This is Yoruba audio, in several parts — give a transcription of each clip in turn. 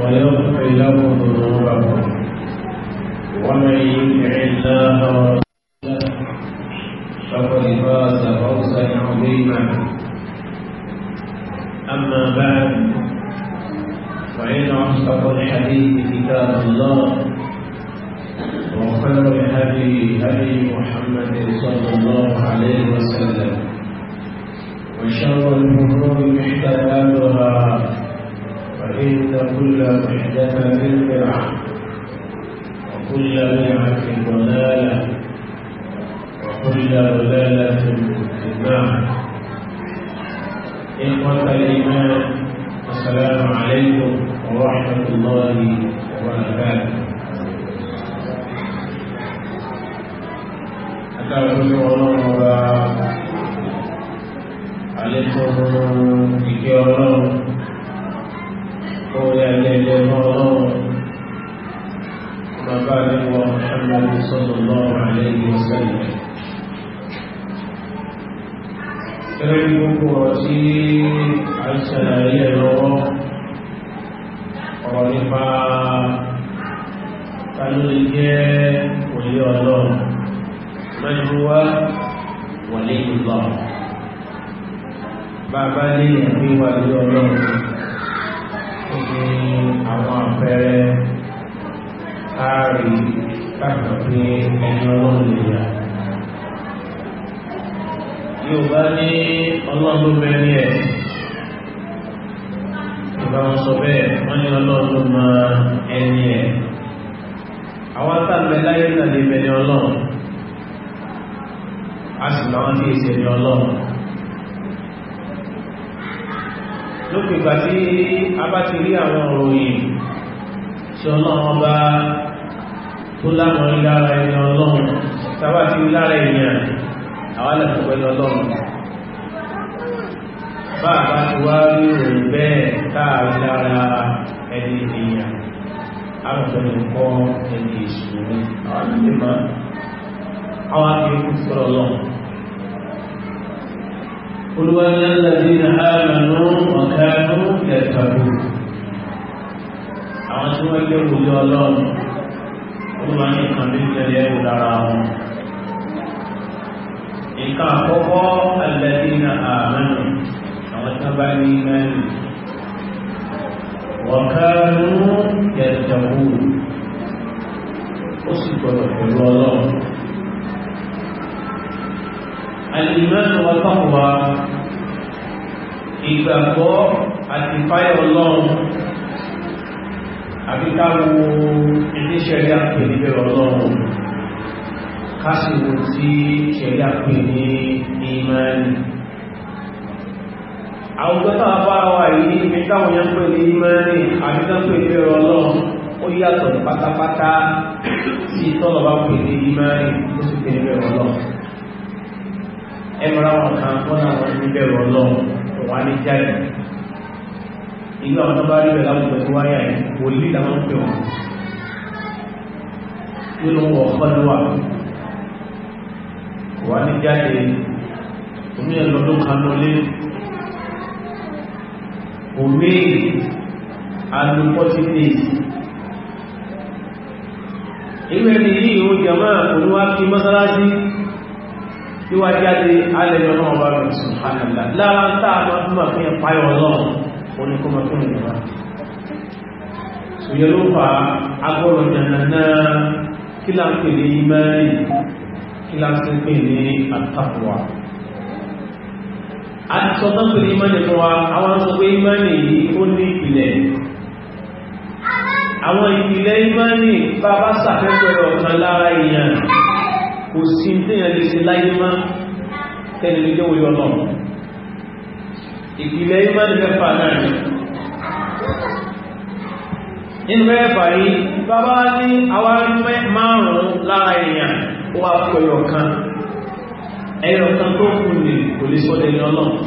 ويغفر لكم ذنوبكم ومن يطع الله ورسوله فقد فاز فوزا عظيما اما بعد فان اصدق الحديث كتاب الله وخير الهدي هدي محمد صلى الله عليه وسلم وشر الامور محتملها فإن كل محدثة بدعة وكل بدعة ضلالة وكل ضلالة في النار إخوة الإيمان السلام عليكم ورحمة الله وبركاته أتعرفون الله عليكم إكي الله orí ayẹyẹ ọlọ́run bàbá àdéhùn Muhammad sallallahu alaihi wasallam ẹ̀rọ gbogbo ọ̀rọ̀ tí a ń ṣàlàyé ẹ̀lọ́wọ́ ọ̀rọ̀ nípa tàbí jẹ́ òye ọlọ́run mẹ́júwá wọlé ìlọ́ bàbá wà ní ọlọ́run ní àwọn àpẹẹrẹ ààrí káàkiri ẹni ọlọ́run nìyà yóò bá ní ọlọ́run bẹ ní ẹ̀ ìbá wọn sọ bẹ́ẹ̀ wọ́n ní ọlọ́run ma ẹni ẹ̀ àwọn tàbí láyé tàbí ẹni ọlọ́run a sì máa ń kí ìṣẹ̀lẹ̀ ọlọ́run lókè ìgbà tí a bá ti rí àwọn òròyìn tí ọlọ́run bá tó lámọ̀ rí lára ẹni ọlọ́run tàbá ti rí lára èèyàn àwálẹ̀kùn pẹ̀lú bá bá ti wá rí òròyìn bẹ́ẹ̀ táàrí lára ẹni èèyàn àwọn àti sọ́rọ̀ ọlọ́run olùwàlẹ̀ الذين آمنوا wa kanu yattaqun àwọn tí wọ́n gbé wòlé ọlọ́run olùwà ní nǹkan bí tẹ̀lé ẹ̀wò lára wọn nǹkan àkọ́kọ́ alladhina amanu àwọn tí ní mẹ́rin wa kanu ó sì gbọdọ̀ pẹ̀lú ọlọ́run alìmánu ọlọ́pàá ìgbàgbọ́ àti fáyọ̀ ọlọ́run àbí káwo ilé ṣẹlẹ̀ àpè níbẹ̀ ọlọ́run kásìwò tí ṣẹlẹ̀ àpè ní ìmánu àwùjọ́ta àbára wà yìí ní táwọn yẹn pè ní ìmánu àbí tán pè ní ọlọ́run ó yàtọ̀ pátápátá sí tọ́lọ̀ bá ẹmọ́ra wọn kan wọ́n náà wọ́n ní bẹ̀rù ọlọ́run wà ní jáde inú àwọn tó bá rí bẹ̀rù àwùjọ tó wáyà yìí kò lè làwọn pè wọn nínú ọ̀pọ̀ ló wà wà ní jáde omi ẹ̀lọ́ ló kan lólé omi alùpọ̀tì days ìwé ni yìí ó jẹ́ máa olúwa kí mọ́sálásí tí wá jáde alẹ́lẹ́ ọmọ ọba rẹ̀ subhanallah lára ń tàà lọ fún àfihàn yẹn páyọ̀ ọlọ́run oníkọmọ fún ìjọba ṣòyẹ ló fà agbọ́rọ̀ jẹ̀nà náà kí là ń pè ní imani kí là ń pè ní àtàkùwà àtìsọ tán pè ní àwọn ìpìlẹ̀ àwọn ìpìlẹ̀ imani bá bá sàfẹ́fẹ́ lára èèyàn kò sí tíyàn lè ṣe láyé má tẹ́lẹ̀ lè jẹ́ wòye ọlọ́run ìpìlẹ̀ yìí máa ń mẹ́fà náà ni nínú mẹ́fà yìí bàbá ní àwárí márùn-ún lára èèyàn ó wá pọ̀ ẹyọ kan ẹyọ kan tó kù ní kò lè sọ́dẹ̀ ní ọlọ́run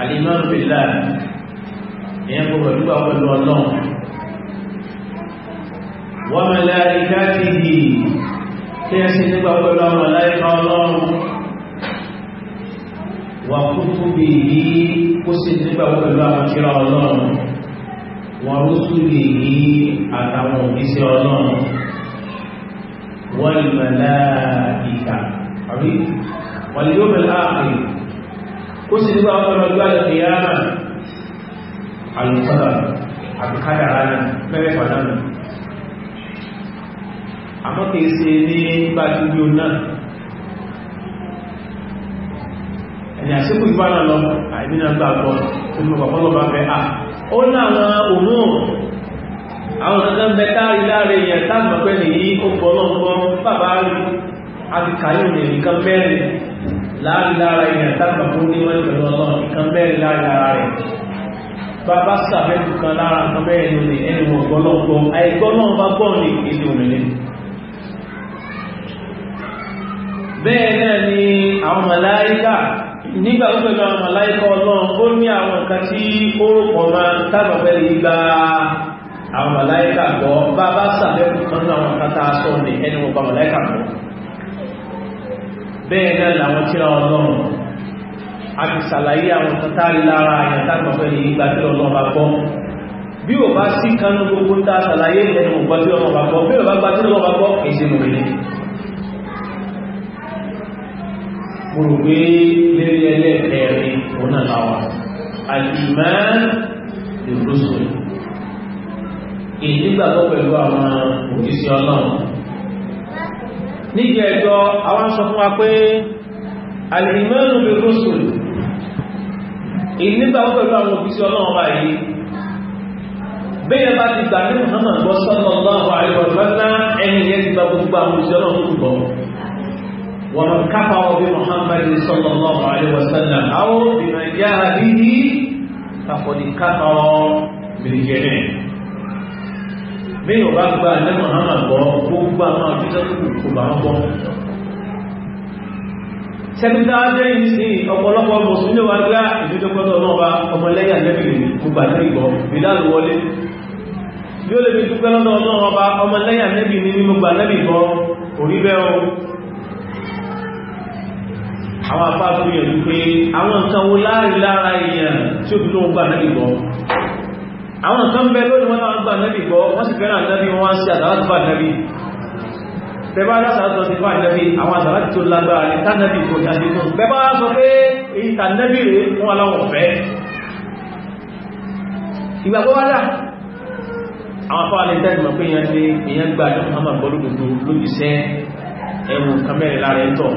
àlìmọ́ bèlà ìyẹn kò pẹ̀lú wọ́n mẹ́lẹ́ àrídájì yìí tí ẹ ṣe nígbà pẹ̀lú àwọn ọ̀láìka ọlọ́run wà kúkú bí i kó sì nígbà pẹ̀lú àwọn kíra ọlọ́run wà rúsù bí i àtàwọn òbíṣẹ́ ọlọ́run wọ́n ìmọ̀lá náà àmọ́ kìí ṣe ní bá ti bí o náà ẹ̀yà síkú ìbára lọ àìmìnà gbàgbọ́ olùgbàpọ́lọ́bà fẹ́ à ó láwọn òmú àwọn ọ̀dọ́dọ́ mẹ́ta ìlàrẹ èèyàn tábàgbẹ́ nìyí ó bọ́lọ́gbọ́ bàbá rí àti kàyùn ní nǹkan mẹ́rin láàrínlára èèyàn tábàgbọ́ ní wọ́n pẹ̀lú ọlọ́run nǹkan mẹ́rin láàrínlára rẹ̀ bàbá sàfẹ́kù kan lára nǹkan mẹ́rin ní ẹnu ọ̀gbọ́lọ́gbọ́ àìgbọ́lọ́ bẹ́ẹ̀ náà ni àwọn màláíkà nígbà tó pẹ̀lú àwọn màláíkà ọlọ́run ó ní àwọn nǹkan tí ó rò pọ̀ máa tábà pẹ̀lú ìgbà àwọn màláíkà gbọ́ bá bá sàbẹ̀kù kan ní àwọn kata sọ ní ẹni wọn bá màláíkà gbọ́ a ti sàlàyé àwọn kata rí lára àyàn tábà pẹ̀lú ìgbà tí ọlọ́run bí o bá sí kanú gbogbo ń ta sàlàyé ẹni wọn gbọ́ tí bí o bá gbá tí ọlọ́run bá gbọ́ gbogbo lérí ẹlẹ́ẹ̀kẹrin òun náà láwà àjùmọ́ ìrúsùn ìdígbàgbọ́ pẹ̀lú àwọn òjíṣẹ́ ọlọ́run nígbà ẹjọ́ àwọn sọ fún wa pé àjùmọ́ ìrúsùn ìdígbàgbọ́ pẹ̀lú àwọn òjíṣẹ́ ọlọ́run wa yìí bẹ́ẹ̀ bá ti gbà ní Muhammad gbọ́ ومن كفر بمحمد صلى الله عليه وسلم أو بمن جاء به فقد كفر بالجميع mi ò bá gba ẹ̀lẹ́ Muhammad bọ́ gbogbo àwọn àjíjẹ́ kò bá ń bọ́ sẹ́kítà jẹ́ ìsì ọ̀pọ̀lọpọ̀ mùsùlùmí wà gbá ìdíjọpọ̀lọ́ náà bá ọmọlẹ́yà lẹ́bìnrin gbogbo àjẹ́ ìgbọ́ Bilal wọlé yóò lè fi dúpẹ́ lọ́dọ̀ ọmọlẹ́yà lẹ́bìnrin gbogbo àjẹ́ ìgbọ́ orí bẹ́ẹ̀ àwọn afáàtò yẹn wípé àwọn nǹkan wo láàrí lára èèyàn tí ó fi lóun gbà náà gbọ́ àwọn nǹkan bẹ lónìí wọn láwọn gbà náà gbọ́ wọ́n sì fẹ́ràn náà bí wọ́n sí àtàlátì bá náà bí bẹ́bá lásàtọ̀ sí fà náà bí àwọn àtàlátì tó lágbára ní tá náà bí kò jáde tó bẹ́bá sọ pé èyí tà náà bí rèé wọn aláwọ̀ fẹ́ ìgbàgbọ́ wá dà àwọn afọ́ alẹ́ tẹ́lẹ̀ mọ̀ pé èèyàn gbà náà Muhammad bọ́lú gbogbo lójúṣẹ́ ẹ̀wù kan mẹ́rin lára ẹ̀tọ́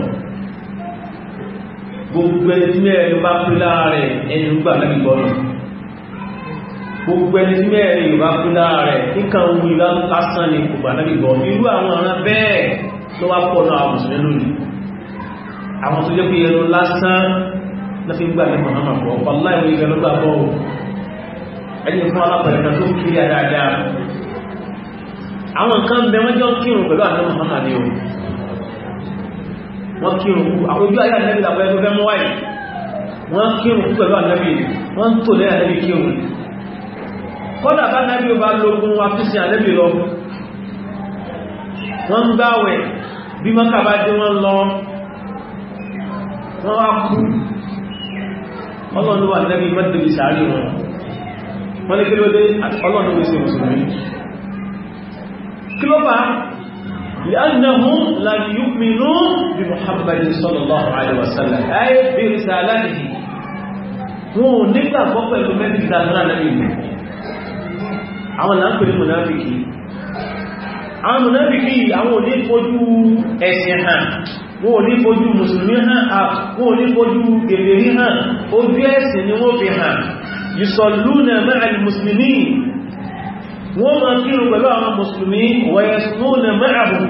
gbogbo ẹni tí mẹ́rin bá pín láàrẹ̀ ẹni gbà lábì bọ́nà gbogbo ẹni tí mẹ́rin bá pín láàrẹ̀ nǹkan wù ní lásán ni kò gbà lábì bọ́nà irú àwọn ọ̀ràn bẹ́ẹ̀ ló wá pọ̀ náà lónìí wọ́n kírun kú àkójú ayé ànẹ́bí làwọn ẹgbẹ́ fẹ́ mọ́ wáyé wọ́n kírun kú pẹ̀lú ànẹ́bí wọ́n ń tò lẹ́yìn ànẹ́bí kírun kọ́dà bá ànẹ́bí bá lógún wa fi sin ànẹ́bí lọ wọ́n ń gbáwẹ̀ bí mọ́kà bá dé wọ́n lọ wọ́n wá kú ọlọ́run wà ànẹ́bí mọ́tẹ́bí sàárì wọn wọ́n ní kí ló dé ọlọ́run ló ṣe mùsùlùmí kí لأنهم لم يؤمنوا بمحمد صلى الله عليه وسلم أي برسالته wọn ò nígbàgbọ́ pẹ̀lú mẹ́bíkà náà lẹ́yìn ìlú àwọn láńpẹ̀ ní mùnáfíkì àwọn mùnáfíkì àwọn ò ní fojú ẹ̀sìn hàn wọn ò ní fojú mùsùlùmí hàn wọn ò ní fojú gẹ̀gẹ̀rí hàn ojú ẹ̀sìn ni wọ́n fi hàn yìsọ̀lú na ma'al muslimin wọ́n máa kírun pẹ̀lú àwọn mùsùlùmí wọ̀yẹ̀sùn mẹ́ràbù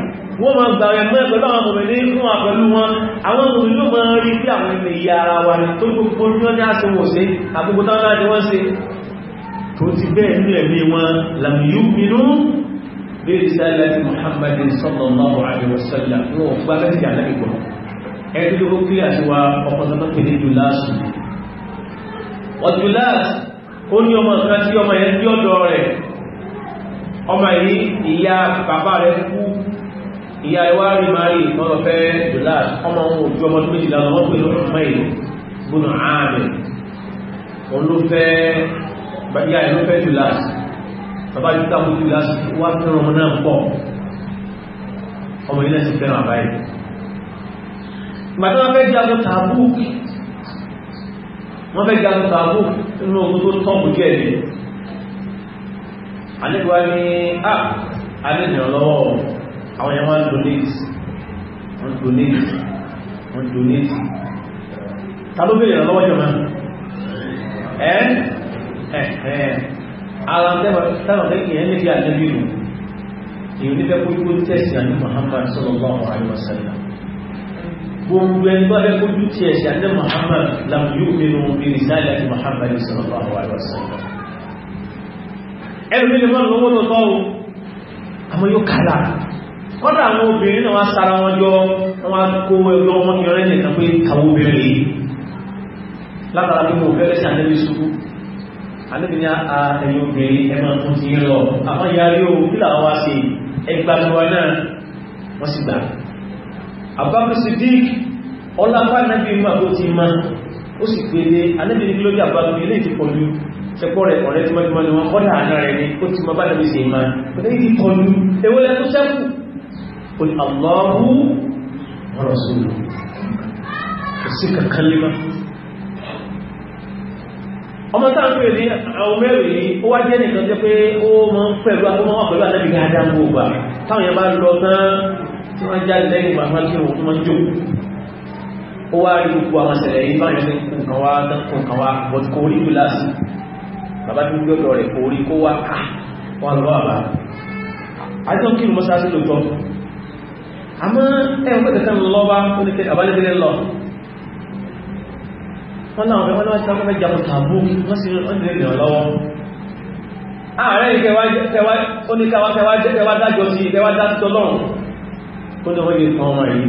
wọ́n máa gbà rẹ̀ mẹ́ pẹ̀lú àwọn mọ̀mẹ̀lẹ́ fún àpẹ̀lú wọn àwọn mọ̀mẹ̀lẹ́ ló máa rí bí àwọn ilẹ̀ ìyá ara wa ní tó gbogbo ní ọjọ́ àṣewò sí àgbogbo táwọn láti wọ́n ṣe tó ti bẹ́ẹ̀ ní ẹ̀mí wọn làmìyú minú bí ìsẹ́lẹ̀ Muhammadin sallallahu alaihi wasallam wọn gbá mẹ́sì ọmọ kan tí bí ọ̀dọ́ rẹ̀ ọmọ yìí ìyá bàbá rẹ̀ kú ìyá ẹwà rí mari mọ́lọ̀fẹ́ dollars ọmọ ohun ojú ọmọ tó méjìlá wọ́n pè lọ́rọ̀ mẹ́rin gbọ́nà ààrẹ òun ló fẹ́ ìyá ẹ̀ ló fẹ́ dollars bàbá yìí táwọn dollars wá fẹ́ràn ọmọ náà pọ̀ ọmọ yìí náà sì fẹ́ràn àbáyé ìgbàtí wọ́n fẹ́ jagun tàbú wọ́n fẹ́ jagun tàbú nínú ogun tó tọ́ àníbíwá ní à ah, alẹ́nìyàn lọ́wọ́ àwọn èèyàn wọ́n donate wọ́n donate wọ́n donate tàbí bèèrè lọ́wọ́ jọ máa ẹ́ ẹ̀ẹ́ ara tẹ́wọ̀n tẹ́kì ẹ̀ níbi àjẹ́bí rù èyí níbẹ̀ kójú tẹ́sì àní Muhammad sallallahu alaihi wasallam gbogbo ẹni tó fẹ́ kójú tẹ́sì àní Muhammad lam yu'minu bi risalati Muhammad sallallahu alaihi wasallam ẹlùmí lè mọ́nà owó tó tọ́wọ́ àmọ́ yóò kààlà kọ́dà àwọn obìnrin náà wá sára wọn jọ wọn kó ẹgbẹ́ ọmọ ìrìn nìkan pé kàwọ́ obìnrin yìí látara pé mo fẹ́rẹ́ sí ànẹ́bí ṣubú ànẹ́bí ní àtẹ̀yìn obìnrin ẹ̀mọ́ tó ti lọ àmọ́ yarí o kí làwọn wá sí ẹgbà tiwa náà wọ́n sì gbà àbábí Siddiq ọlá bá ànẹ́bí mọ́ àbó ti mọ́ ó sì pèlè ànẹ́bí ní kí ló dé àbábí ilé ìtìpọ̀lú sẹ́pọ̀ rẹ̀ ọ̀rẹ́ tí mọ́júmọ́ ni wọ́n kọ́dà àná rẹ̀ ní ó ti mọ́ bá tàbí sí ma kò tẹ́ ìdí kọlu ewé lẹ́tọ́ sẹ́kù ó ní Allahu wa rasuluhu kò sí kankan lé máa ọmọ táà ń pè ní àwọn mẹ́rin yìí ó wá jẹ́ nìkan jẹ́ pé ó mọ́ pẹ̀lú akọ́mọ́wà pẹ̀lú àlẹ́bí gádá gbogbo táwọn yẹn bá lọ tán tí wọ́n jáde lẹ́yìn bàbá kí wọ́n tó mọ́ jò ó wá rí gbogbo àwọn ṣẹlẹ̀ yìí báyìí ní nǹkan wá nǹkan wá bọ̀t kò rí gíláàsì bàbá tó gbé ọ̀dọ̀ rẹ̀ kò rí kó wá ká wọn lọ bàbá àjọ kí ló mọ́sáàsì ló tọ́ àmọ́ ẹ̀wọ̀n pẹ̀tẹ̀ tẹ́ lọ bá ó ní àbálẹ́gbẹ̀rẹ̀ lọ wọ́n náà wọ́n náà sáwọn mẹ́jà mọ́ tàbú wọ́n sì wọ́n ti rẹ̀ lọ́wọ́ ààrẹ ìkẹwàá dájọ́ sí ìkẹwàá dájọ́ lọ́rùn kó tó wọ́n yẹ kan ọmọ yìí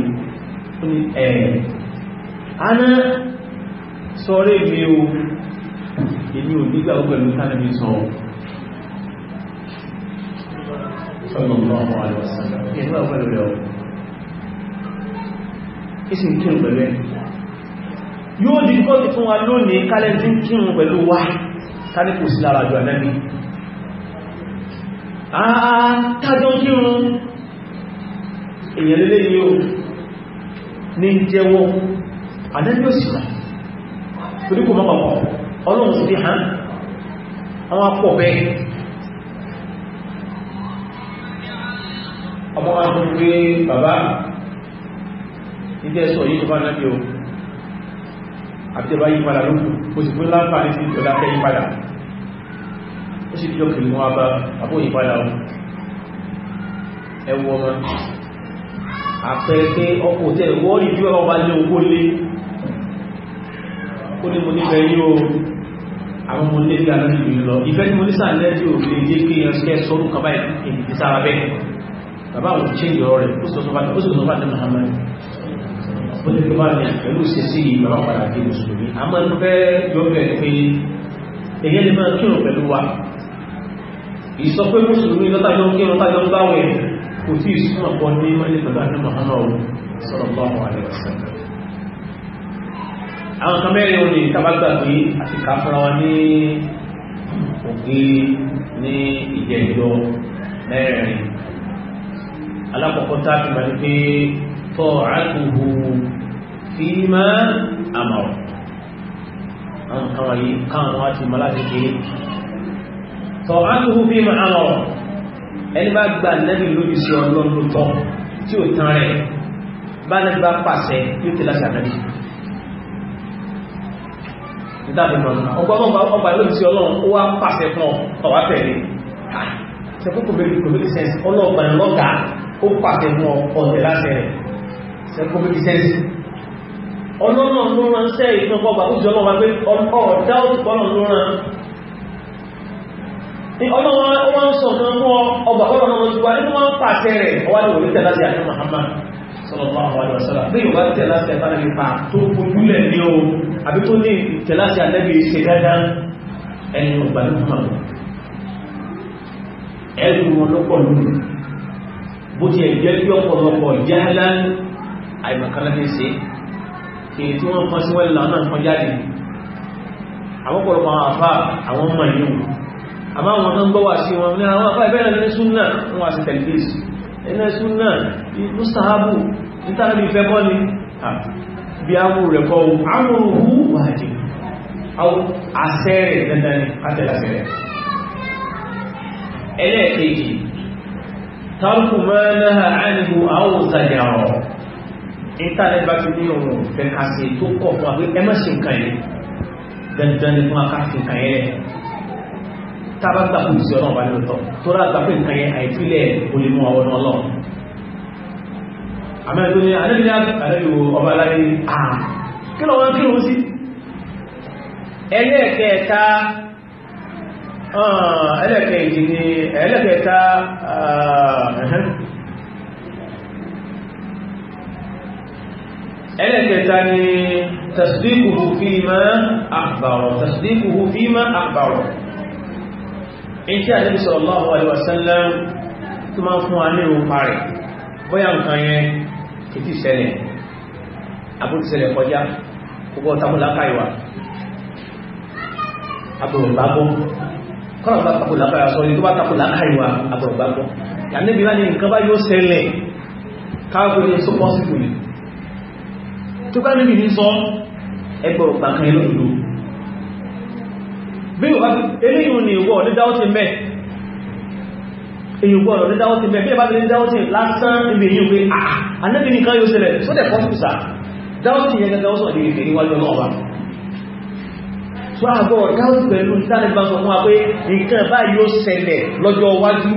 ó ní ẹ̀ẹ́ èmi ò nígbà ó pẹ̀lú tánàbí sọ sallallahu alaihi wasallam ìgbà ó pẹ̀lú rẹ̀ ìsì ń kírùn pẹ̀lú ẹ̀ yóò di kọ́ ti fún wa lónìí kálẹ̀ tí ń kírùn pẹ̀lú wa tánì kò sí lára ni. ànẹ́bí àà tájọ́ kírùn èèyàn ní jẹ́wọ́ ànẹ́bí ò torí kò mọ́ pàpọ̀ ọlọ́run sì fi hàn àwọn apọ̀ bẹ́ẹ̀ ọmọ wa tó gbé bàbá ìdẹ́ sọ yìí tó bá náà bí o àbítẹ́bá yí padà lókù ó sì fún láǹfààní sí ìjọdá fẹ́ yí padà ó sì jọ kìrì wọn bá àbó yí padà o ẹwọ ọmọ àpẹẹrẹ ọkọ̀ tẹ́ wọ́n ìjú ọba lé ogó lé ó ní mo nífẹ̀ẹ́ yí o àwọn ọmọ onílé ìlànà ìlú lọ ìfẹ́ tí mo ní sáà lẹ́jọ́ òfin jẹ́ kí ẹ ṣe sọ́rọ̀ kaba ìdí sára bẹ́ẹ̀ bàbá àwọn òṣìṣẹ́ ìyọrọ rẹ̀ ó sọ̀tọ̀ bàtà ó sọ̀tọ̀ bàtà Muhammad ó lè fi bá ní pẹ̀lú ìṣesí bàbá padà dé mùsùlùmí a máa ń fẹ́ yọ bẹ́ẹ̀ pé èyí ni máa kírun pẹ̀lú wa ìsọ pé mùsùlùmí lọ́tà yọ ń kírun táyọ àwọn kan mẹ́rin ò ní tábàgbà pé àti káfúnra wa ní ògì ní ìjẹ́jọ́ mẹ́rin alákọ̀ọ́kọ́ tá a fi máa ń pé tọ́ àtúhù fíìmà àmọ̀ràn àwọn kan wáyé káwọn wá ti mọ́ láti kéré tọ́ àtúhù fíìmà àmọ̀ràn ẹni bá gba nẹ́bí lójú sí ọlọ́run tó tí ò tán rẹ̀ bá nẹ́bí bá pàṣẹ yóò tẹ̀lé àṣà nẹ́bí dábìmọ̀ ọgbọ́n ọgbà lórí sí ọlọ́run ó wá pàṣẹ fún ọwá tẹ̀lé sẹ́kúkù bèèrè kò lórí sẹ́nsì ọlọ́ọ̀gbà lọ́gà ó pàṣẹ fún ọ̀tẹ̀ láṣẹ rẹ̀ sẹ́kúkù bèèrè sẹ́nsì ọlọ́run ló rán sẹ́ ìfọ́gbà ó jọ ọlọ́run wá pé ọ̀dá ó ti kọ́lọ̀ ló rán ọlọ́run ó wá ń sọ sallallahu alaihi wasallam bí yóò bá tẹ̀lá sí ẹ̀fà nàbí pa tó fojúlẹ̀ ní o àbí tó ní tẹ̀lá sí ànábì ṣe dáadáa ẹni ọgbà ní fún àwọn ẹnu wọn lọ́pọ̀ lónìí bó ti ẹ̀jẹ́ bí ọ̀pọ̀lọpọ̀ jẹ́hálà àìmọ̀kánlá ní ṣe èyí tí wọ́n fọ́n sí wọ́n lọ́nà fọ́n jáde àwọn ọ̀pọ̀lọpọ̀ àwọn àfá ẹ̀nà súnà mustahabu nítàbí fẹ́ kọ́ ni bí a mú rẹ̀ kọ́ amúrùhú wàájì àṣẹ́rẹ̀ dandan ni àtẹ́lẹ̀fẹ́rẹ̀ ẹlẹ́ẹ̀kejì tàbí máa náà ánìhù àwọn òsàyàwó ìtàlẹ̀ bá ti ní ọ̀rọ̀ fẹ́ kàṣẹ tó kọ̀ fún àpẹ́ ẹmọ́sìn kan tába gbà kú sí ọlọ́run bá lóòótọ́ tóra gbà pé nǹkan yẹn àìtílẹ̀ olè mú àwọn ọ̀nà ọlọ́run àmọ́ ẹ̀dọ́ ni adébíyá àdébíwò ọba aláyé à kí lọ́wọ́ kí lóun sí ẹlẹ́ẹ̀kẹta ẹlẹ́ẹ̀kẹjì ni ẹlẹ́ẹ̀kẹta ẹlẹ́ẹ̀kẹta ni tasdíkùhù fíìmá àgbàrọ̀ tasdíkùhù fíìmá àgbàrọ̀ èyí tí Ànábì sallallahu alaihi wasallam tó máa fún wa ní òpa rẹ̀ bóyá nǹkan yẹn kìtì ṣẹlẹ̀ àbúrò ṣẹlẹ̀ kọjá gbogbo ọ̀tàkùnlákà ìwà àbúrògbàgbọ́ kọ́nà bá takùnlákà ìwà sọ́ni tó bá takùnlákà ìwà àbúrògbàgbọ́ Ànábì bá ní nǹkan bá yóò ṣẹlẹ̀ káàkiri ní sọ pọ́sibù yìí tó bí yóò bá eléyìn ní ìwọ̀ ní dáwọ́tí mẹ́ èyí gbọ́ọ̀lọ̀ ní dáwọ́tí mẹ́ bí yóò bá ní dáwọ́tí lásán níbi èyí pé ah, ah, àánẹ́bí nìkan yóò ṣẹlẹ̀ tó dẹ̀ fọ́sùsà dáwọ́tí yẹn gẹ́gẹ́ ọ̀sán ìdí ìfẹ́ níwájú ọlọ́ọ̀bá tó àbọ̀ dáwọ́tí pẹ̀lú ìtàlẹ́bá sọ fún wa pé nǹkan bá yóò ṣẹlẹ̀ lọ́jọ́ iwájú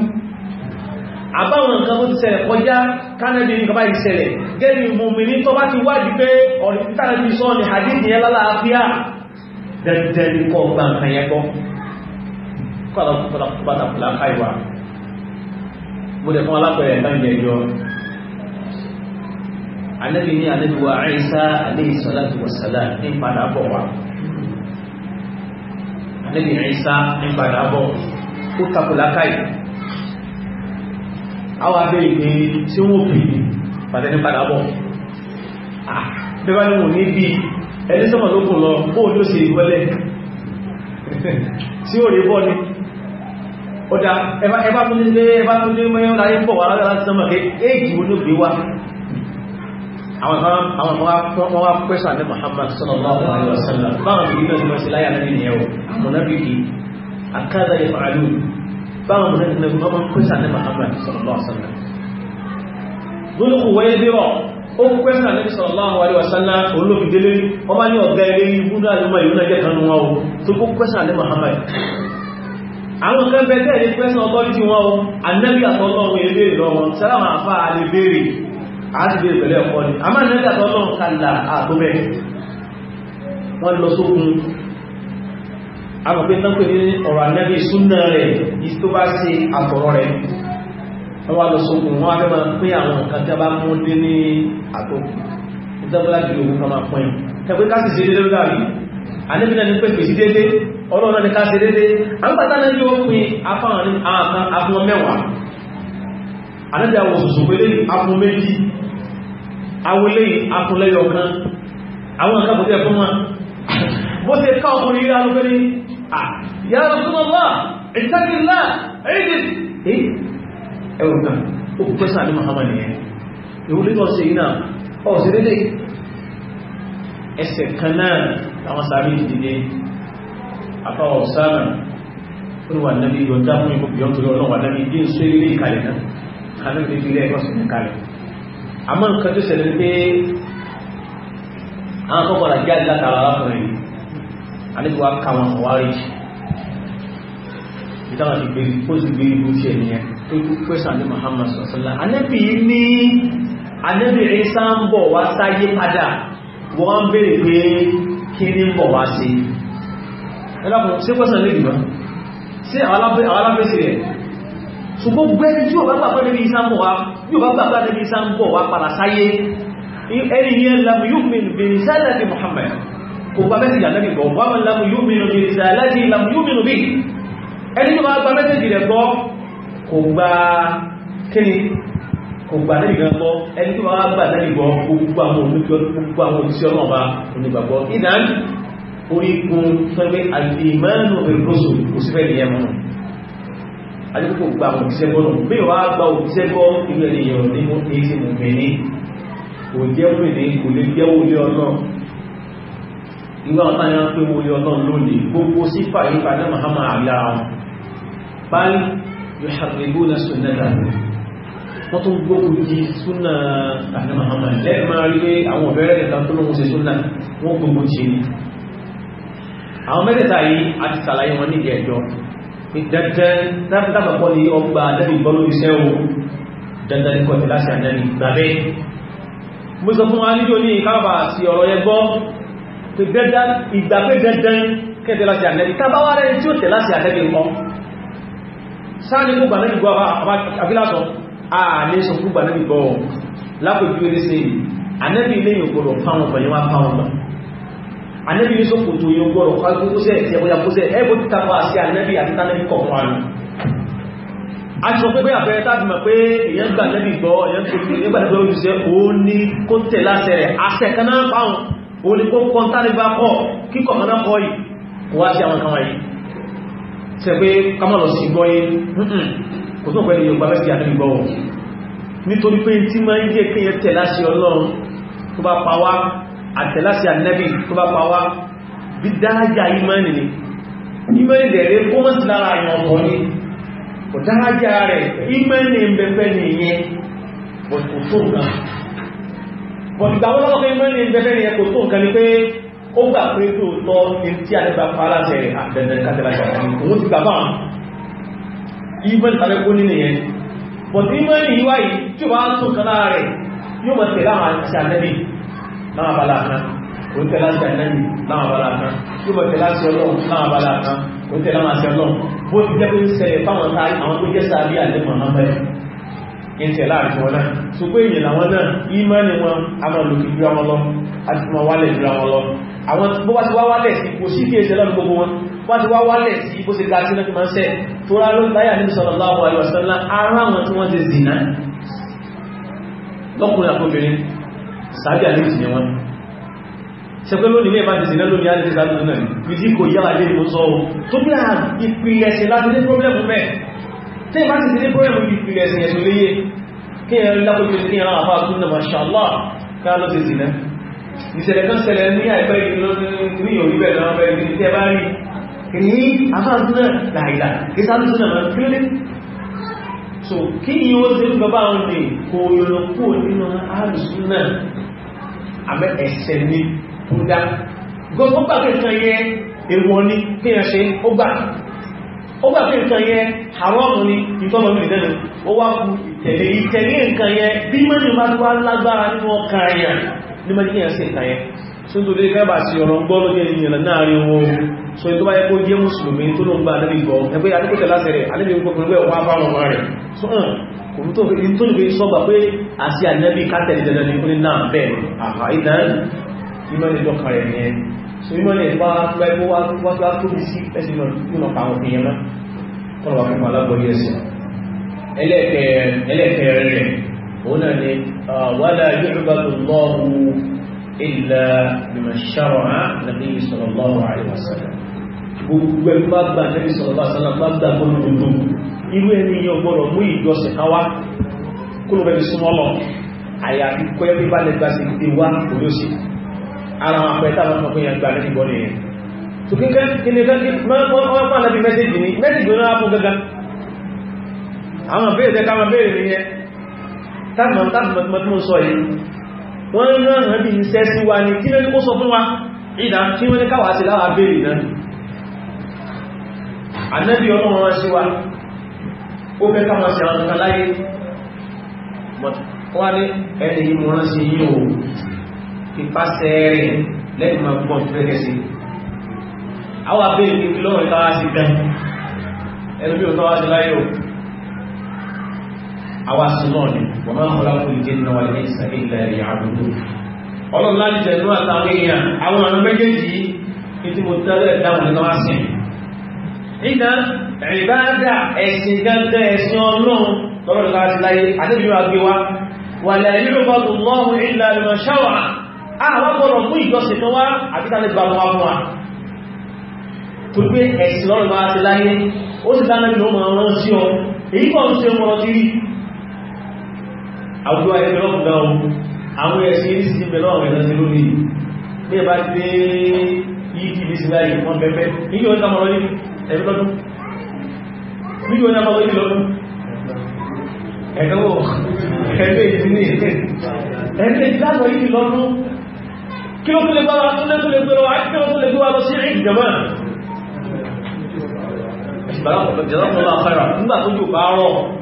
àbáwọn nǹkan tó ti ṣẹlẹ̀ kọjá kánẹ́bí nǹkan bá ti ṣẹlẹ̀ gẹ́gẹ́ bí mòmìnì tó bá ti wájú pé ọ̀rẹ́ ìtàlẹ́bí sọ ni hadith yẹn lálàáfíà dandan ní kọ́ gba nǹkan yẹn gbọ́ kọ́ àwọn kọ́lákọ́lá ká ìwà mo lè fún alápẹ̀rẹ̀ ẹ̀dá ìjẹjọ́ anabi ní anabi wa Isa alayhi salatu wa salam ní padà bọ̀ wá anabi Isa ní padà bọ̀ ó takùlá ká ìwà àwọn abẹ́ ìgbé tí wọ́n fi padà ní padà bọ̀ ah bí wọ́n ní bí ẹni sọ́mọ̀ ló kùn lọ bóò ló sì ìwọ́lẹ̀ tí ó rí bọ́ ní ọ̀dá ẹbá tó ní ẹbá tó ní mẹ́rin láyé pọ̀ wà láti sọ́mọ̀ pé éèkì olóògbé wá àwọn kan wá ní Muhammad sallallahu alaihi wasallam báwọn bí iná sọmọ́ sí láyà náà ní ẹ̀wọ̀ mọ̀nábìkì akádà ìfààlú báwọn mọ̀nábìkì Muhammad sallallahu alaihi wasallam ó ń kwẹ́sà ní sallallahu alaihi wasallam olóbìdélé ní ọ̀gá ilé ibú náà ló ìlú náà jẹ́ kanú wọn o tó kó kwẹ́sà ní Muhammad àwọn kan bẹ tẹ́ẹ̀lé kwẹ́sà ọgọ́rìtì wọn o anẹ́bí àtọ́lọ́run ilé ìlọ wọn sálámà àfá alẹ́ béèrè àti béèrè pẹ̀lẹ́ ọkọ ni wọ́n wá lọ sóògùn wọ́n wá fẹ́ máa pín àwọn nǹkan tí a bá mú dé ní àtòkù ìtẹ́bọ́lá jù òun kan máa pín in tẹ́gbẹ́ ká sì ṣe dédé lórí àrí àníbìnà ní pé fèsì dédé ọlọ́run ní ká ṣe dédé àgbàtà náà yóò pín afọ́n afọ́n mẹ́wàá àníbìnà wọ̀ sòsò pélé méjì awolé afọ́n lẹ́yọ kan àwọn nǹkan bòtẹ́ wọn bó ṣe ká ọkùnrin yíra ló fẹ́ ẹwùn náà ó kò fẹ́sà ní Muhammad yẹn ìwúlé náà sí iná ọ̀sẹ̀ dédé ẹsẹ̀ kan náà àwọn sàárì ìdílé àpáwọ̀ sáàmà olùwà nàbí yọ̀dá fún ipò bíọ́ torí ọlọ́wà nàbí bí n sóyé lé ìkàlẹ̀ náà kàlẹ̀ lè fi lé ẹ̀kọ́ sí ìkàlẹ̀ àmọ́ nǹkan tó ṣẹlẹ̀ pé àwọn akọ́kọ̀ rà jáde látara arákùnrin àdébùwà káwọn àwárí ìtàwọn ti gbé tó pẹ́sà ní Muhammad sọ̀sọ́lá anẹ́bì ní anẹ́bì Ìsá ń bọ̀ wá sáyé padà wọ́n bèèrè pé kí ní bọ̀ wá sí ẹlọ́pùn sí pẹ́sà lè gbìmọ̀ sí alábẹ́sì rẹ̀ ṣùgbọ́n gbẹ́ni tí yóò bá gbàgbọ́ níbi Ìsá ń bọ̀ wá yóò bá gbàgbọ́ níbi ẹni yu'min bi Muhammad kò gbà mẹ́sì jà lẹ́bì gbọ́ yu'min bi risalati yu'min bi ẹni tó bá gbà mẹ́sì rẹ̀ kò gba kíni kò gba nẹ́bì gan gbọ́ ẹni tó wá gbà nẹ́bì gbọ́ gbogbo àwọn olùkọ́ gbogbo àwọn òṣìṣẹ́ ọlọ́run bá onígbàgbọ́ ìdán orígun sọ́gbé àdìmọ́nù ìrúsù òṣìfẹ́ nìyẹn mọ́nà adékòkò gba àwọn òṣìṣẹ́ gbọ́ náà bí wàá gba òṣìṣẹ́ gbọ́ inú ẹni yẹn ní mo ní sí mo bè ní kò jẹ́ wò ní kò lè jẹ́ wò lé ọlọ́run ìwé àwọn táyà ń pé wò lé ọlọ́run lónìí gbogbo sífà yípa náà mahama àlà báyìí يحرمون سنته wọ́n tún gbókùn jí súnà àti Muhammad lẹ́ẹ̀ máa rí pé àwọn ọ̀bẹ̀rẹ̀ ìta tó lóhun ṣe súnà wọ́n gbókùn jí ní àwọn mẹ́tẹ̀ẹ̀ta yìí a ti sàlàyé wọn ní ìjẹjọ́ ìdẹ́jẹ́ dákàkọ́ ní ọgbà dẹ́bì bọ́lú iṣẹ́ ohun dandan kọ́ ti láti àjẹ́ ní gbàbẹ́ mo sọ fún wa níjò ní ìkábà sí ọ̀rọ̀ yẹn gbọ́ ìgbàgbé dandan kẹ́tẹ̀ láti àjẹ́ ní tábáwárẹ́ tí ó tẹ̀ láti àjẹ́ ní nǹkan sáàlì gbogbo ànábì gbọ́ àbílásọ ààlé sọ gbogbo ànábì gbọ́ lápòjú eré sí èyí ànábì ilé yóò gbọ́dọ̀ fáwọn pẹ̀lú wá fáwọn pẹ̀lú ànábì ní sọ́kòtò yóò gbọ́dọ̀ kọ́sẹ̀ ẹ̀bọ̀yà kọ́sẹ̀ ẹ̀bọ̀ ti tàbà sí ànábì àti tánẹ́bì kọ̀ọ̀kan a ti sọ pé bẹ́yà fẹ́rẹ́ tàbí mọ̀ pé èyàn gbà lẹ́bì gbọ́ èyàn tó fi nígbà lẹ́bì orí ṣe ó ní kó tẹ̀ láṣẹ rẹ̀ àṣẹ kanáà pàun ó ní kó kọ́ntánibá kọ́ kíkọ̀ kanáà kọ́ yìí wá sí àwọn kan wáyìí ṣe pé kamọ́lọ̀ sí gbọ́ yé kò tó pẹ̀lú yorùbá mẹ́sì àti ìgbọ́ wọn nítorí pé tí máa ń jẹ́ pé yẹn tẹ̀láṣẹ ọlọ́run tó bá pa wá àtẹ̀láṣẹ ànẹ́bì tó bá pa wá bí dáájá ìmánì ni ìmánì dẹ̀rẹ́ gómọ̀tì lára àyàn ọ̀tọ̀ ni kò dáájá rẹ̀ ìmánì bẹ̀fẹ́ ni ìyẹn kò tó nǹkan ó gbà pé tó tọ́ tí a nígbà paláṣẹ rẹ̀ àtẹ̀lẹ̀ kátẹ̀láṣẹ òun ti gbàbá ìbọn ìtàlẹ̀ kó nínú yẹn bọ̀tí ìbọn yìí wáyé tí ó bá tó kan lára rẹ̀ yóò mọ̀ tẹ̀lé àwọn àti ànẹ́bì náà bala kan ó tẹ̀lé àti ànẹ́bì náà bala kan yóò mọ̀ tẹ̀lé àti ọlọ́run náà bala kan ó tẹ̀lé àwọn àti ọlọ́run ni wọn a máa lòkè jura wọn lọ àti máa wálẹ̀ jura àwọn bó wá ti wá wálẹ̀ sí kò sí kí èsẹ̀ lọ́nà gbogbo wọn wá ti wá wálẹ̀ sí bó ti ga sí lọ́nà máa ń sẹ́ tó rá ló láyà ní sallallahu alaihi wasallam ara wọn tí wọ́n ti zìnà lọ́kùnrin àkóbìnrin sàájà ní ìtìyẹ wọn ṣe pé lónìí mẹ́fà ti zìnà lónìí alẹ́ ìsàlù náà fìdí kò yára lé ìlú sọ tó bí a ìpìlẹ̀ sí láti ní pọ́blẹ́mù mẹ́ tí ìbá ti ní pọ́blẹ́mù ìṣẹ̀lẹ̀ kan ṣẹlẹ̀ ní àìpẹ́ ìlọ́nà gbogbo gbàgbé kan yẹ èwọ̀ ni kí ẹ ṣe ó gbà ó gbà pé nǹkan yẹn haramu ni ìtọ́mọ̀ ní ìdẹ́nu ó wá kú ìtẹ̀lé ìtẹ̀lé nǹkan yẹn bí mẹ́rin bá tó wá lágbára nínú ọkàn ẹ̀yàn ní mẹ́jìyàn sí ìtàn yẹn tí ó tó lè kábà sí ọ̀rọ̀ gbọ́rọ̀ ní ènìyàn láàrin wọn so tó bá yẹ kó jẹ́ mùsùlùmí tó ló ń gba àdébì gbọ́ ẹgbẹ́ adékòtẹ̀ láti rẹ̀ alébì ń pọ̀pọ̀ ẹgbẹ́ so hàn kò tó fi tó lè sọ́gbà pé àti ànábì kátẹ̀lì dandan ní kún ní náà bẹ́ẹ̀ àhà ìdán mímọ́ ní so mímọ́ ní ìfá pẹ́ẹ́kọ́ wá tó tóbi sí ẹ̀sìn náà pa àwọn èèyàn náà kọ́nà wà fún alábọ̀ yẹ̀sìn ẹlẹ́ẹ̀kẹ́ rẹ̀ هنا ولا يعبد الله إلا بما شرع النبي صلى الله عليه وسلم gbogbo ẹni bá gbà nẹ́bí sọ̀rọ̀ bá sálà bá gbà gbọ́nà gbogbo irú ẹni yẹn gbọ́nà mú ìjọsìn kan wá kó ló bẹ́ẹ̀ súnmọ́ lọ àyàfi kọ́ ẹbí bá lè gbà sí ìdè wá olóṣì ara wọn pẹ̀lú àwọn ọmọ yẹn gbà nẹ́bí gbọ́nà yẹn tó kíkẹ́ kíni kí wọ́n pàdánù mẹ́sẹ̀jì ni mẹ́sẹ̀jì náà fún gẹ́gẹ́ àwọn béèrè tẹ́ ká máa béèrè nìyẹn táàmù mọ́tún sọ yìí wọ́n ń rán àbí iṣẹ́ sí wa ní kí lẹ́ni kó sọ fún wa ìdá kí wọ́n ní káwà sí láwà bèèrè náà ànẹ́bí ọlọ́run rán sí wa ó fẹ́ káwà sí àwọn ọ̀kan láyé wọ́n ní ẹni yìí mọ́ rán sí yí o ìpasẹ̀ rẹ̀ lẹ́yìn máa pọ̀ fẹ́rẹ̀ sí àwọn ò àwa sinọ́ọ̀nì wọ́n máa ń kọ́lá fún ìdí náà wọlé ìsàlẹ̀ ilẹ̀ ìyá àdúgbò ọlọ́run láti tẹ̀lú àtàwọn èèyàn àwọn ọ̀nà méjèèjì ní tí mo tẹ́lẹ̀ dáwọn nínú àsìn nígbà ìbáadà ẹ̀sìn gángan ẹ̀sìn ọlọ́run lọ́rọ̀ láti láyé àdébí wa gbé wa wà lẹ́yìn lọ́gbọ́dù lọ́hùn ìlà ìmọ̀ ṣáwà àwọn fún ìjọsìn kan wá àti tàbí bá wọn tó gbé ẹ̀sìn lọ́rọ̀ láti láyé ó sì dáná ìlú ọmọ ọ̀rọ̀ sí ọ èyí kan ṣe ọmọ ọtí àwùjọ ayẹ́bẹ̀lọ́pù náà àwọn ẹ̀sìn yìí sí bẹ̀rọ àwọn ẹ̀nà sí lórí ní ẹ̀bá ti dé yìí bí sí láyé wọ́n bẹ̀bẹ̀ nígbà wọ́n tàbí lọ́dún ẹ̀bẹ̀lọ́dún nígbà wọ́n tàbí lọ́dún ẹ̀dọ́wọ̀ ẹgbẹ́ ìdíní ẹgbẹ́ ìdílágbọ̀ yìí lọ́dún kí ló tún lè gbára tún lè tún lè gbẹ̀rọ àti tún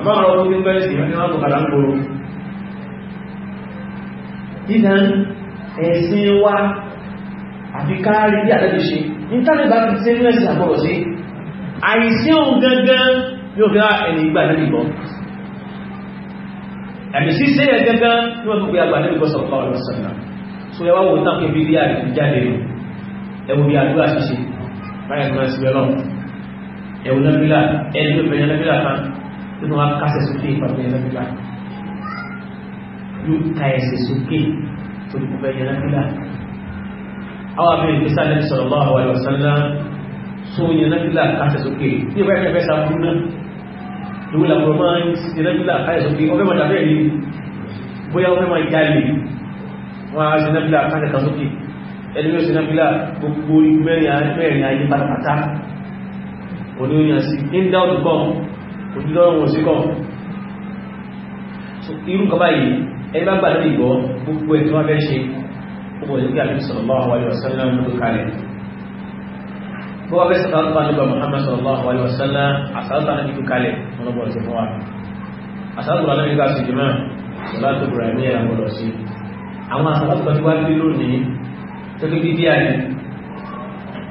àbáwọn ọdún tí ń bẹ́rẹ̀ sí ní wọ́n kàrà ń gbòrò ìdán ẹ̀sìn wa àfi káàrí bí àtẹ́jú ṣe ní tàbíbá ti ṣe ní ẹ̀sìn àbọ̀rọ̀ sí àìsí ohun gangan yóò fi ẹni ìgbà lórí ìbọn ẹ̀mí sí sí ẹ̀ gangan ní wọ́n tó pé àgbà lórí ìbọn sọ̀rọ̀ ọ̀rọ̀ sọ̀rọ̀ so ẹwà wò náà pé bí i àrí jáde nù ẹwù bí àdúrà ṣíṣe báyìí máa ń sí ọlọ́run ẹwù náà ẹni tó fẹ̀yẹ náà bí nínú wa kásẹ̀ sókè ìpàdé ẹlẹ́gbẹ̀lá yóò ka ẹsẹ̀ sókè torí kò fẹ́ ẹlẹ́gbẹ̀lá àwọn abẹ́rẹ́ ìgbésà lẹ́nu sọ̀rọ̀ lọ́wọ́ àwọn ẹ̀rọ sọ́nà so ẹlẹ́gbẹ̀lá kásẹ̀ sókè tí ìbá ẹ̀fẹ́ fẹ́ sàkúrú náà lówó làbúrò máa ń ẹlẹ́gbẹ̀lá kásẹ̀ sókè ọfẹ́ mọ̀ tàbí ẹ̀rí bóyá ọfẹ́ máa jalè wọn á ẹlẹ́gbẹ̀lá kásẹ̀ sókè ẹni yóò ẹlẹ́gbẹ̀lá gbogbo mẹ́rin ayé pátápátá òní ó yàn sí ní dáwọ́ òjúlọ́rùn òsíkọ̀ irú kọba yìí ẹni bá gbàdé ìgbọ́ gbogbo ẹ̀ tí wọ́n fẹ́ ṣe gbogbo ẹ̀ nígbà tí alaihi wasallam ń lò kalẹ̀ gbogbo abẹ́ sọ̀rọ̀ bá Muhammad sallallahu alaihi wasallam àsàlùtà ní lò kalẹ̀ ọlọ́bọ̀ ti fún wa àsàlùtà ní nígbà sí jùmọ́ sọlá tó bùrẹ̀ ní ẹ̀rọ gbọdọ̀ sí àwọn àsàlùtà tí wá ni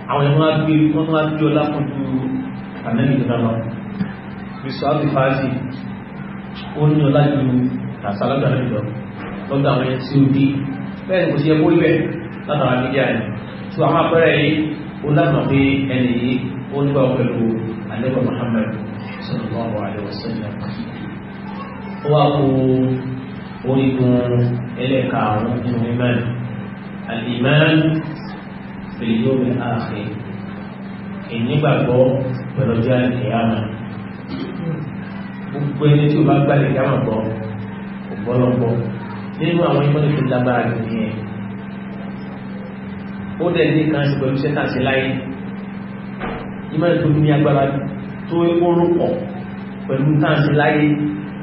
àwọn ẹ̀wọ̀n á gbé wọn á gbé ọlá fún ju àmẹ́lì tó dáná ìsáàbì fàájì ó ní ọlá ju àsálàgbà náà lọ lọ́dọ̀ àwọn ẹni tí ó dé bẹ́ẹ̀ ni kò sí ẹkó ibẹ̀ látara mídíà ni tó àwọn apẹ́rẹ́ yìí ó lánàá pé ẹni yìí ó nígbà pẹ̀lú alẹ́bà Muhammad sallallahu alaihi wasallam ó wá kó orígun ẹlẹ́karùn-ún nínú ìmánì al-iman bil yawm al-akhir ìnígbàgbọ́ pẹ̀lú ọjọ́ ìyáàmù gbogbo ẹni tí o bá gbá lè dáhùn gbọ́ ọ̀pọ̀lọpọ̀ nínú àwọn ẹgbẹ́ tó fi lágbára jù nìyẹn ó dẹ̀ ní kan ṣe pẹ̀lú sẹ́tà sí láyé ìmọ̀ tó ní agbára tó ewúro pọ̀ pẹ̀lú tá à ń ṣe láyé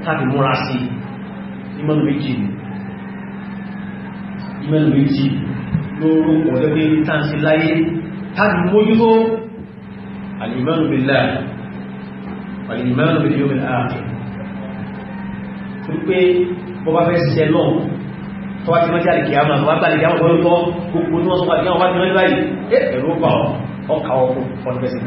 tàbí múra sí ìmọ̀ tó méjì ìmọ̀ tó méjì lóró pọ̀ lẹ́gbẹ̀ẹ́ tá à ń ṣe láyé tàbí mójútó àlùmọ́nù bíi láyé pàlìmọ́nù bí yóò mìíràn ààrẹ tó pé bọ́ bá fẹ́ ṣiṣẹ́ náà tó wá ti mọ́ jáde kìámà wá gbàlẹ̀ kìámà bọ́ lókọ́ gbogbo tí wọ́n sọ pàdé wá ti mọ́ báyìí ẹ ẹ̀rọ pa ọ ọkà ọkọ̀ fọ́nbẹ́sì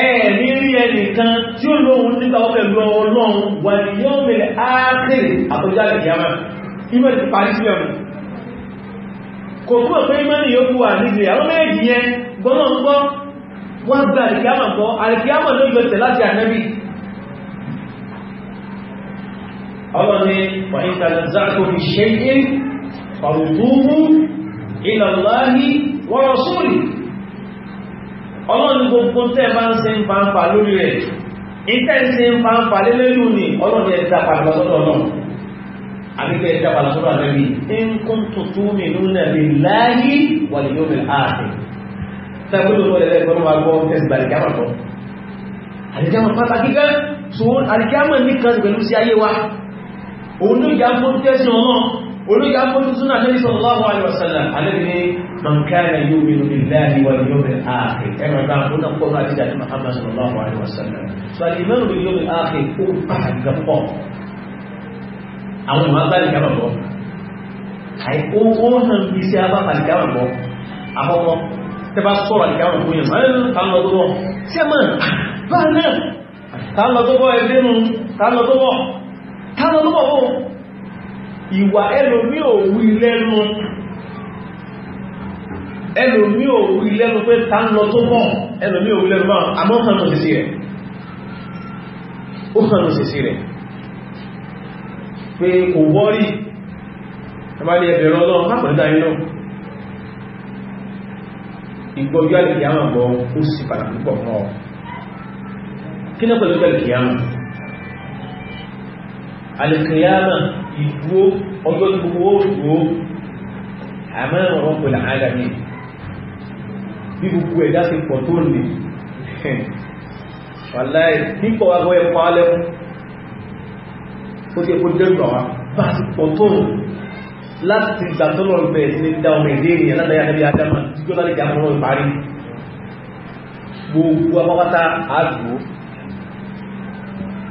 ẹ̀ẹ̀rí rí ẹnìkan tí ó lóhun níta ọpẹ̀lú ọlọ́run wà ní yóò mẹ́lẹ̀ áàkìrì àtọ́jáde ìyàmá inú ẹ̀ ti parí sí ọmọ kò fún ọ̀pẹ́ ìmọ́ni yóò wà nígbè àwọn méjì yẹn gbọ́nà ń gbọ́ wọ́n gba àríkíámà gbọ́ àríkíámà ló yọ tẹ̀ láti ànábì ọlọ́ni wà ní ọlọ́run gbogbo tẹ́ bá ń ṣe ń pàǹpà lórí rẹ̀ ìtẹ́ ń ṣe ń pàǹpà lélẹ́yìn ní ọlọ́run ẹ̀dá pàdásọ́dọ̀ náà àbíkẹ́ ẹ̀dá pàdásọ́dọ̀ àbẹ́bí ń kún tuntun mi ló nà lè láyé wà lè yóò bẹ̀rẹ̀ ààrẹ tẹ́gbẹ́lú tó lẹ́lẹ́ gbọ́dọ̀ wà gbọ́ ẹ̀sìn gbàlìkàmà lọ àlìkàmà pàtàkì gan so àlìkàmà nìkan pẹ̀lú sí ayé wa òun ló yà fún tẹ́sán náà olóyè agbójútúnà lórí sallallahu alaihi wasallam alẹ́bìní mọ̀nkánà yóò mìíràn ní láàrí wà ní yóò ààrẹ ẹgbẹ̀ta àkókò pọ̀ bá ti dàdí Muhammad sallallahu alaihi wasallam so alìmọ́rùn ní yóò ààrẹ ó pàtàkì pọ̀ àwọn ìwọ̀n agbáyé kábà bọ̀ àìkó ó hàn bí sí abápàdé kábà bọ̀ àkọ́kọ́ tẹ́ bá sọ̀rọ̀ àdìkábà fún yẹn máa ìwà ẹlòmí òwú lẹ́nu ẹlòmí òwú lẹ́nu pé ta ń lọ tó mọ̀ ẹlòmí òwú lẹ́nu bá àmọ́ fẹ́nu sí sí rẹ̀ ó fẹ́nu sí sí rẹ̀ pé kò wọ́rí ẹbálẹ̀ ẹbẹ̀rẹ̀ ọlọ́run lápẹ̀lẹ́dá inú ìgbọ́jú àlèkìyàmà bọ́ ó sì padà púpọ̀ mọ́ alìkìyàmà ìdúó ọjọ́ tí gbogbo ó dúó àmọ́ ọ̀rọ̀ pẹ̀lú àádàmì bí gbogbo ẹ̀dá ti pọ̀ tó lè wàláì pípọ̀ agbọ́ ẹ̀kọ́ alẹ́kùn ó ti ẹ̀kọ́ dẹ́gbà wá bá ti pọ̀ tó láti ti gbà tó lọ́rọ̀ bẹ̀ẹ̀ sí dá ọmọ èdè ènìyàn látàyà níbi adama tí ó láti jà mọ́ ìparí gbogbo apápátá àdúgbò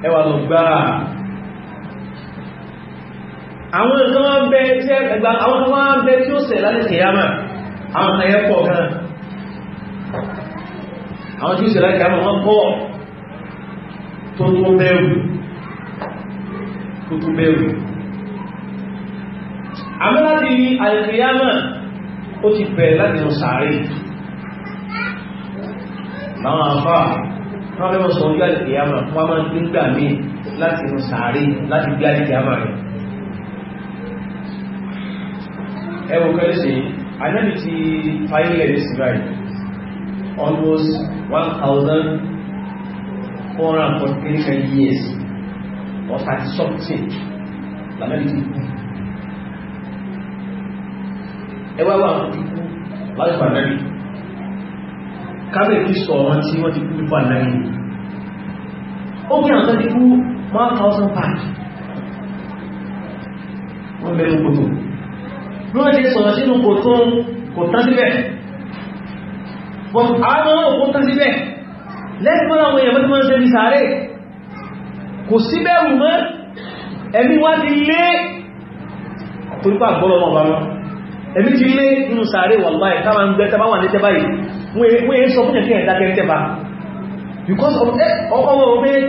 ẹwà lọ gbáà àwọn nǹkan wọ́n bẹ tí ẹgbà àwọn nǹkan wọ́n bẹ tí ó sẹ̀ láti kìyàmà àwọn kan yẹ pọ̀ kan àwọn tí ó sẹ̀ láti kìyàmà wọ́n pọ̀ tó tó bẹ̀rù tó tó bẹ̀rù àmọ́ láti àìkìyàmà ó ti bẹ̀rẹ̀ láti lọ sàárè láwọn afá wọ́n fẹ́ mọ́ sọ ojú àìkìyàmà wọ́n máa ń gbígbà mí láti lọ sàárè láti gbí àìkìyàmà rẹ̀ ẹwọ kẹ́lẹ́ sí anábi ti fáyílẹ̀ ní síbáì almost 1,443 years or 30 something lànàbi ti kú ẹwà wà kú láti fànàbi kábẹ̀ kí sọ̀rọ̀ tí wọ́n ti kú fànàbi ó kí àwọn tó ti kú 1,000 pounds wọ́n bẹ̀rẹ̀ kòtò bí wọ́n ṣe sọ̀rọ̀ sínú kò tó kò tán síbẹ̀ bọ̀n àwọn òkú tán síbẹ̀ lẹ́gbọ́n àwọn èèyàn mẹ́tí wọ́n ṣe bí sàárè kò síbẹ̀rù mọ́ ẹ̀mí wá ti lé torípa gbọ́lọ́mọ̀ bá wọn ẹ̀mí ti lé inú sàárè wàláhì káwà ń gbẹ́ tẹ́bá wà ní tẹ́bá yìí wọ́n èé sọ fún ẹ̀kẹ́ ẹ̀dákẹ́ tẹ́bá because ọkọ̀ wọn ọmọ ẹgbẹ́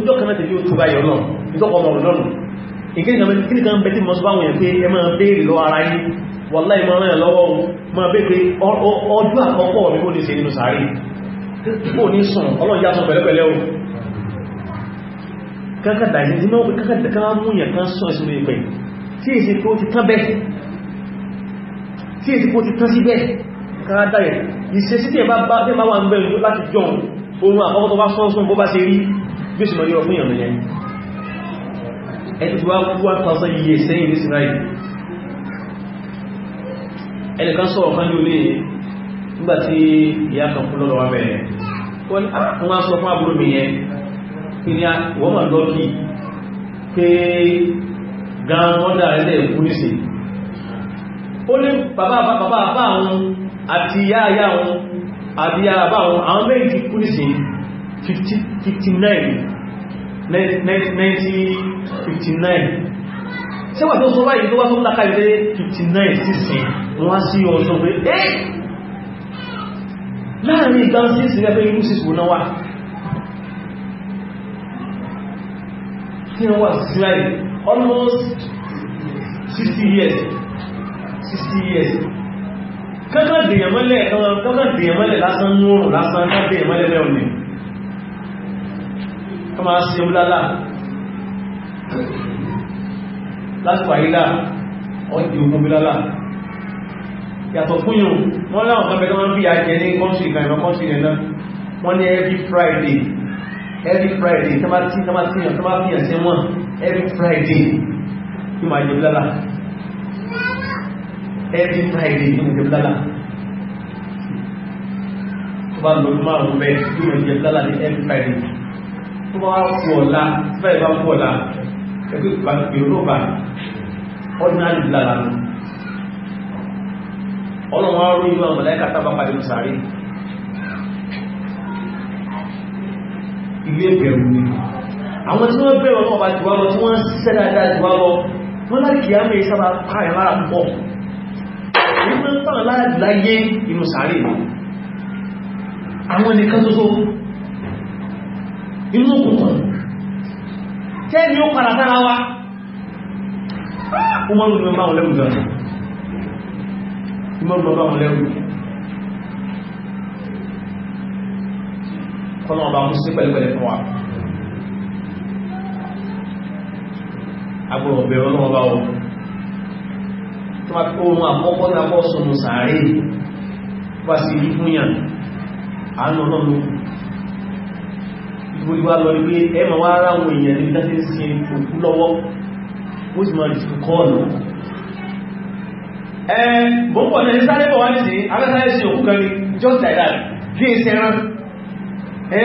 ìjọ́ kan náà tẹ̀lé ó lọ́nà ìgbìyànjẹ́ bẹ̀tí mọ́sùbáwọn yẹn pé ẹ máa bèèrè lọ ara yìí wọ́lá ìmọ̀ràn lọ́wọ́ máa bèèrè pé ọjọ́ àkọ́kọ́ mi ó lè ṣe nínú sàárì ó ní sùn ọlọ́yà sọ pẹ̀lẹ́pẹ̀lẹ́ o kákàdà ìdímọ́ kákàdà múyàn kan sọ ìsinmi ìpẹ̀ tí èsì kó ti tán bẹ́ẹ̀ tí èsì kó ti tán sí bẹ́ẹ̀ káàdà ẹ̀ ìṣẹ́sí tí ẹ bá wà ń bẹ̀rẹ̀ láti jọ ohun àkọ́kọ́ tó bá sọ́ọ́sùn bó bá ṣe rí bí ó sì mọ̀ ní yẹn ẹni tí wá kú 1000 years sẹ́yìn ní Israel ẹnìkan sọ̀rọ̀ kan ní olè nígbàtí ìyá kan kú lọ́rọ̀ wá bẹ̀rẹ̀ ah, wọ́n wá sọ fún àbúrò mi yẹn kí ni wọ́n mà lọ́kì pé gan mọ́dà ẹlẹ́ ìkú nìsẹ̀ ó ní bàbá bàbá àbá àwọn àti ìyá ayá àwọn àbí àbá àwọn àwọn méjì kú nìsẹ̀ 59 90 59 ṣẹ́wà tó sọ báyìí tó wá tó lákàí pé 59 sísìn wọ́n sí ọ̀ṣọ́ pé ẹ́ láàrin ìdán sísìn rẹ̀ pé irú sísìn náà wà tí wọ́n wà sí láì almost 60 years 60 years kankan dèyàn mọ́lẹ̀ kankan dèyàn mọ́lẹ̀ lásán nùrùn lásán kankan dèyàn mọ́lẹ̀ mẹ́rin kọmọ sí ọmọlára lásìkò àyílá ọdí ogun bílálà yàtọ̀ fún yóò wọ́n láwọn kan bẹ̀rẹ̀ wọ́n bí ajẹ́ ní kọ́nsì ìgbàmọ̀ kọ́nsì ìrìnà wọ́n ní every Friday every Friday tọ́mátí tọ́mátí tọ́mátí ẹ̀sẹ̀ wọ́n every Friday yóò máa jẹ bílálà every Friday yóò jẹ bílálà tó bá lọ márùn-ún bẹ́ẹ̀ yóò jẹ bílálà ní every Friday tó bá wá kú ọ̀la fẹ́ẹ̀ bá kú ẹgbẹ́ ìrọ̀bà ordinary blood lánà ọlọ́run wá rú ìwọ̀n mọ̀lẹ́kà tábà padì ń sàárè ilé ìbẹ̀rù ni àwọn tí wọ́n bẹ̀rù ọlọ́ọ̀bá jùwá lọ tí wọ́n ṣiṣẹ́ dáadáa jùwá lọ wọ́n láti kìí àmì ìsába káàrin lára púpọ̀ wọ́n mọ́ ń tàn láàdìláyé inú sàárè àwọn nìkan tó tó inú òkùnkùn tẹ́ni ó padà sára wá ó mọ́rún ní ọmọ àwọn lẹ́rù jọ mọ́rún ọmọ àwọn lẹ́rù kọ́nà ọba mú sí pẹ̀lẹ́pẹ̀lẹ́ fún wa agbọ̀rọ̀ bẹ̀rẹ̀ ọlọ́wọ́ bá wọn tó wá kó ohun àkọ́kọ́ tàbọ́ sọ̀nù sàárè wá sí ìfúnyàn àánú ọlọ́run gbogbo alọ́ ní pé ẹ ma wá ara àwọn èèyàn níbi tàbí sí òkú lọ́wọ́ ó sì máa jù kọ́ọ̀lù ẹ bọ́pọ̀ ní sáré bọ̀ wá ní sí alásáré sí òkú kan ní just like that kí é ṣe rán ẹ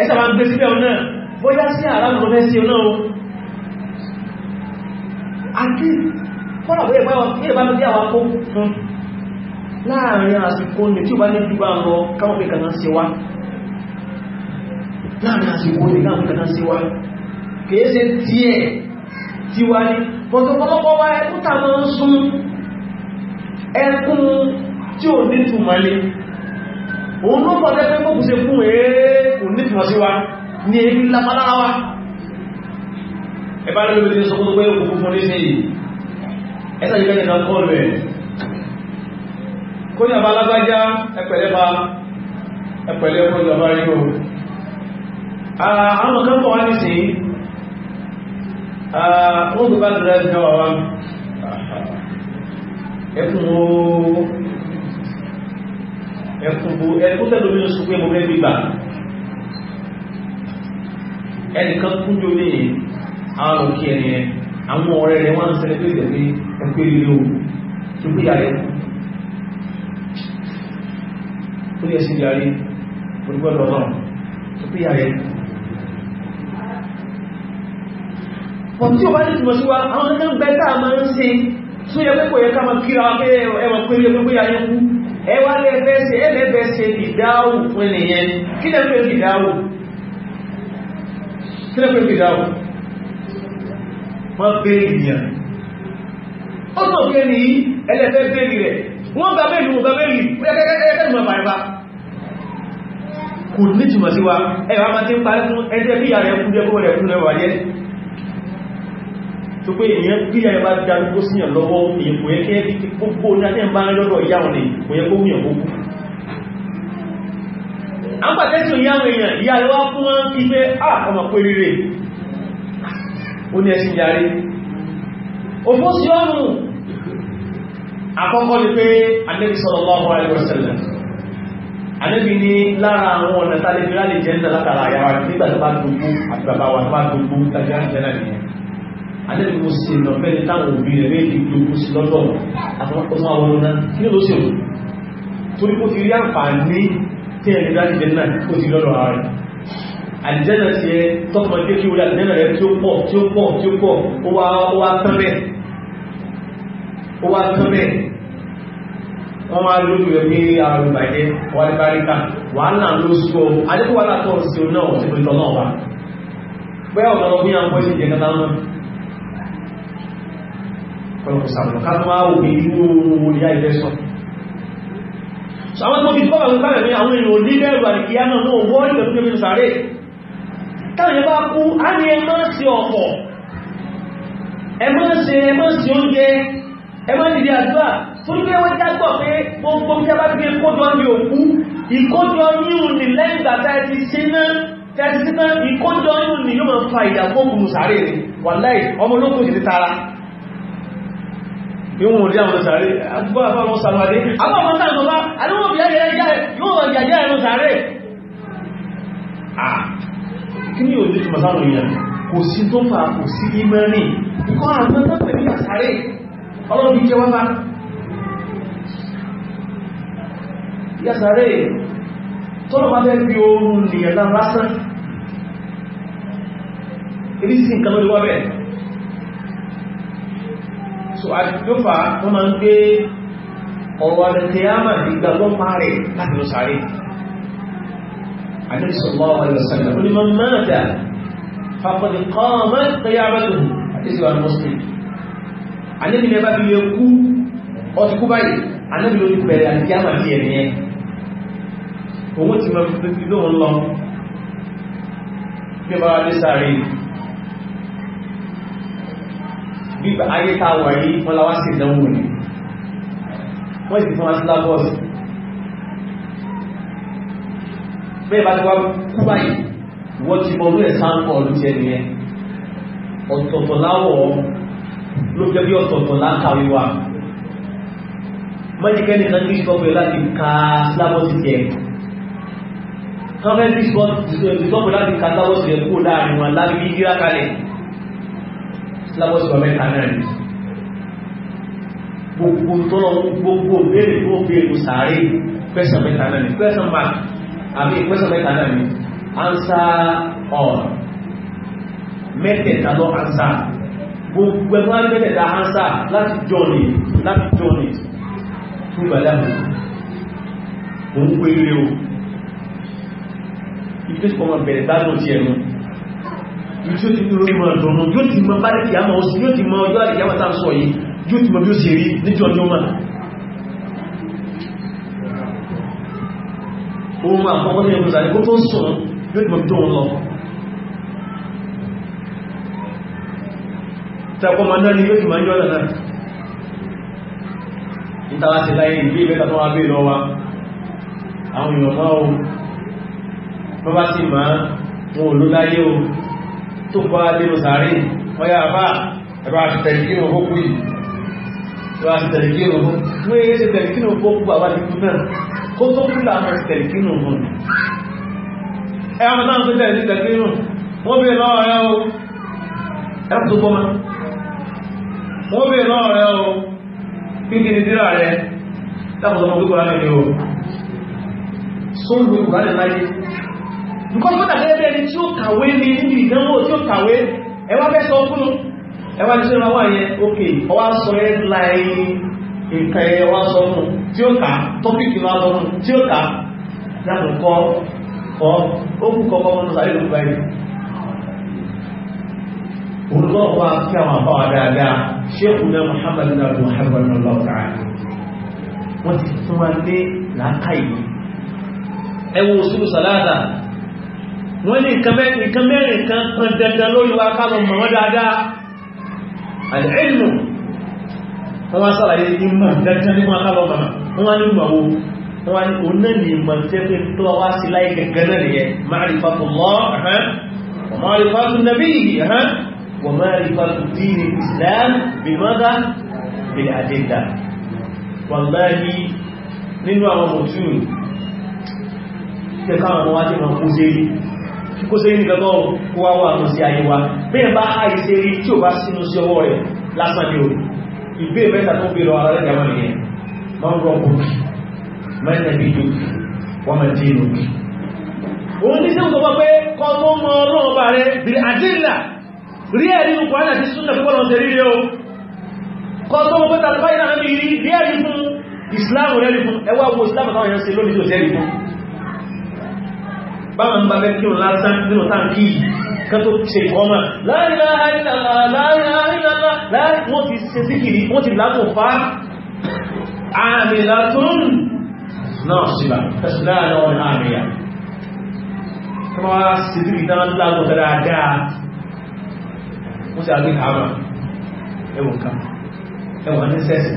ẹ sábà ń gbé síbẹ̀ ọ̀nà bóyá sí àrá lọ fẹ́ sí ọ̀nà o àti fọ́nà bóyá ìbá ló dé àwọn akó fún láàrin àsìkò ní tí ò bá ní gbígbà lọ káwọn pé kàná sí wa láàrin àsìkò ní láàrin kaná sí wa kìí ṣe díẹ̀ tí wá ní pọ̀tọ̀pọ̀lọpọ̀ wá ẹkún tà máa ń sún ẹkún tí ò ní túnmọ̀ lé òun ló pọ̀ lẹ́pẹ́ mọ́ kùsẹ̀ fún ẹ̀ẹ́ kò ní túnmọ̀ sí wa ní èrí lápalára wa ẹbá lórí ní sọ pé òkú fún ní kó ní àbá alágbájá ẹpẹ̀lẹ́ba ẹpẹ̀lẹ́ ìjọba rí Ah, àwọn kan kọ̀ wá ní sí ah, wọ́n tó bá dúró ẹgbẹ́ wà wá ẹkùn ó ẹkùn bó ẹkùn tẹ́lú mi sọ pé mo fẹ́ gbígbà ẹnìkan kúnjó ní àwọn òkè ẹni ẹ àwọn ọ̀rẹ́ rẹ̀ wọ́n ń sẹ́lẹ̀ bọ̀ tí ó bá nìtìmọ̀ sí wa àwọn ọ̀nà bẹ́ta ma ń ṣe tó yẹ pẹ́kọ̀ yẹ ká ma kíra pé ẹwà pé yẹ pẹ́kọ̀ yẹ kú ẹwà lẹ́ẹ̀bẹ́ẹ̀ṣe ẹlẹ́bẹ́ẹ̀ṣe ìdáhù fún ènìyàn kí lẹ́pẹ́ ìdáhù kí lẹ́pẹ́ ìdáhù wọ́n bẹ́ ènìyàn ó tọ̀ pé ní ẹlẹ́fẹ́ bẹ́ẹ̀lì rẹ̀ wọ́n bá bẹ́ẹ̀lì wọ́n kò ní jùmọ̀ sí wa ẹ̀wà máa ti ń parí fún ẹjẹ́ bí ìyà rẹ̀ jẹ́ kó rẹ̀ fún ẹwà jẹ́ tó pé èèyàn bí ẹ̀ bá darúgbó síyàn lọ́wọ́ èèyàn kò yẹ kẹ́ fi gbogbo dáadé ń bá rẹ lọ́dọ̀ ìyá wọn ni kò yẹ kó wúyàn gbogbo a ń pàtẹ́ tí òyìn àwọn èèyàn ìyá rẹ wá fún wọn fi pé à ọmọ pé rere ó ní ẹsìn yarí òfó sí ọrùn àkọ́kọ́ ni pé anẹ́bí sallallahu alaihi wasallam anẹ́bí ní lára àwọn ọ̀nà tàbí rálì jẹ́ ń tàbí látara àyàwó nígbà tó bá gbogbo àti bàbá wa tó bá gbogbo tàbí àjẹ́ náà nìyẹn alẹ́bí mo sì lọ fẹ́ táwọn òbí rẹ̀ méjì gbogbo sí lọ́dọ̀ àtọ́kọ́sọ́ àwọn ọ̀nà kí ló sì rò torí kó ti rí àǹfààní tí ẹni bá ti dẹ̀nà kó ti lọ́dọ̀ ara rẹ̀ àlìjẹ́nà ti ẹ tọ́kọ̀ jẹ́ kí orí àlìjẹ́nà rẹ̀ tí ó pọ̀ tí ó pọ̀ tí ó pọ̀ ó wá tán bẹ́ẹ̀ ó wá tán bẹ́ẹ̀ wọ́n máa lójú rẹ̀ ní àrùn ìbàjẹ́ wà ní báríkà wàhálà ló sọ adékòwàlà tó ń se náà sí ìtọ́nà wa pẹ́ ọ̀nà ọgbìn àwọn ìjẹ̀kátà náà pẹ̀lúkùsàmù ká máa wò ní inú olùyá ìfẹ́sọ̀ àwọn tó fi kọ́ àwọn ìpàrẹ̀ ní àwọn èèyàn onílẹ̀rù àríkíyá náà náà wọ́n ìgbẹ̀ tó gbẹ̀rẹ̀ sàárè táwọn ẹbá kú a ní ẹmọ́ sí ọ̀pọ̀ ẹmọ́ sí ẹmọ́ sí oúnjẹ ẹmọ́ sí àdúrà fún pé wọ́n jágbọ́ pé gbogbo bí a bá gbé kójọ ní òkú ìkójọ yíò ní lẹ́yìn bàtà ti ṣe yíwọ̀n orí àwọn sàárè àgbà àwọn sàmàdé àbáwọn sàmàdé àdúgbò bí ayẹyẹ jẹ́ yóò wọ́n jẹ́ ẹ̀rùn sàárè kí ni òjú tí masáwọn èèyàn kò sí tó fà kò sí imẹ́rin ikọ́ àwọn tọ́pẹ̀ ní sàárè ọlọ́bí jẹ́ wọ́n bá yá sàárè tọ́lọ̀ bá fẹ́ bí oorun nìyàn lásán so àjúfà wọ́n máa ń gbé ọ̀rọ̀ alẹ́kẹ̀yàmà ìgbàgbọ́ parẹ̀ láti lọ sáré Ànábì sallallahu alaihi wasallam ó ní man mata faqad qamat qiyamatuhu àdísì wà mọ́sílì Ànábì ní ẹbá fi lè kú ọtí kú báyìí Ànábì ló ti bẹ̀rẹ̀ alẹ́kẹ̀yàmà ti ẹ̀ nìyẹn òun ti mọ̀ fi lóhun lọ bí ọba adé sáré bí ayé ta wà yí wọ́n láwá sí ìdánwò ní wọ́n sì fún asílábọ́ọ̀sì bẹ́ẹ̀ bá ti wá kú báyìí wọ́n ti mọ̀ lóyẹ̀ sáńpọ̀ ọdún jẹ́ nìyẹn ọ̀tọ̀ọ̀tọ̀ láwọ̀ ló jẹ́ bí ọ̀tọ̀ọ̀tọ̀ lákàwé wa mọ́nìkẹ́ni náà ní ìsọ́pẹ̀ láti ka lábọ́sọ̀ mẹ́ta náà ni gbogbo tọ́lọ gbogbo béèrè tó béèrè sàárè pẹ́sàn mẹ́ta náà ni pẹ́sàn máa àbí pẹ́sàn mẹ́ta náà ni ansa ọ̀rọ̀ mẹ́tẹ̀ẹ̀ta lọ ansa gbogbo ẹgbẹ́ mẹ́tẹ̀ẹ̀ta ansa láti jọ́ni láti jọ́ni fún gbàdámù òun pé ilé o ìgbésùn ọmọ bẹ̀rẹ̀ gbádùn ti yóò ti ní orímọ̀ ìdọ̀nà yóò ti mọ bá lẹ́kì àmà oṣù yóò ti mọ ọjọ́ àríyàmà tàà sọ yìí yóò ti mọ bí ó ṣe rí níjọ́ ọjọ́ máa ohun máa kọ́kọ́ ní ẹgbẹ̀rẹ̀ àríkó tó ń sọ̀rọ̀ yóò ti mọ bí tó ń lọ tẹ́kọ́ ma náà ni yóò ti mọ yọ́ lọ́nà ìtàlá ti láyé ìgbé ìbẹ́ta tó wá bí lọ wa àwọn èèyàn máa ó bọ́bá sì máa wọn ò ló láyé o tó bá lérò sàárè ọya àbá ẹ̀bá ti tẹ̀lẹ̀kínú òkú yìí ẹ̀bá ti tẹ̀lẹ̀kínú òkú wọ́n yẹ́ ṣe tẹ̀lẹ̀kínú òkú àbá ti kú náà kó tó kú láàmà ti tẹ̀lẹ̀kínú òkú ẹ̀wọ̀n náà tó tẹ̀lẹ̀kínú because wọ́n tàbí ẹgbẹ́ ẹni tí ó kàwé ní níbi ìdánwò tí ó kàwé ẹwà fẹ́ sọ fún ẹwà tí ó wà yẹn ok ọwá sọ ẹ́ láì nǹkan ẹ̀ ọwá sọ fún tí ó kà tọ́pìkì wá sọ fún tí ó kà yàtọ̀ kọ́ kọ́ ó kú kọ́kọ́ mọ́nú sàrí ló bá yìí olùkọ́ wa kí àwọn àbáwá dáadáa ṣéèkù náà Muhammad náà Muhammad náà lọ́ọ̀tà wọ́n ti tún wá dé làákàyè ẹwọ́ òṣèlú sàládà wọ́n ní nǹkan mẹ́rin kan pọn dandan lórí wa káàmù mọ̀ dáadáa alẹ́lù wọ́n wá sàlàyé ìmọ̀ dandan ní wọn káàmù mọ̀ wọ́n ní ìmọ̀ wo wọ́n ní oná ní ìmọ̀ tẹ́ pé tó wá sí láì gẹ̀gẹ̀rẹ̀ rẹ̀ ma'rifatullah wa ma'rifatu nabiyyi wa kó sí nìkan tó kó wá wà tó sí ayé wa bẹ́ẹ̀ bá ha ìṣe rí tí ò bá sínú sí ọwọ́ rẹ̀ lásán ni o ìgbé mẹ́ta tó bí lọ ara rẹ̀ dáwọn nìyẹn máa ń rọ̀kù mẹ́ta bí ju wọ́n máa dín inú bí. òun ní sẹ́wọ̀n tó bá pé kọ́ tó mọ ọlọ́run bá rẹ̀ bìrì àdínlà rí ẹ̀rí nǹkan àti súnà púpọ̀ lọ sí rírí o kọ́ tó mọ pẹ́ta lọ́pàá ìlànà mi rí ẹ̀rí fún ìsìláàmù rẹ̀ fún ẹwà wo ìsìláàmù táwọn èèyàn ṣe lónìí tó sẹ́rí báwọn bá fẹ́ kírun lásán nínú táǹkì yìí kan tó ṣe ìkọ́mà la ilaha illallah la ilaha illallah wọ́n ti ṣe síkìrì wọ́n ti látò fa àmìlátún náà sílá tẹ́sílá àwọn àmìyà wọ́n sì rí ìdá lágbò dáadáa wọ́n sì àgbé àmà ẹwọ̀n kan ẹwọ̀n ní sẹ́sì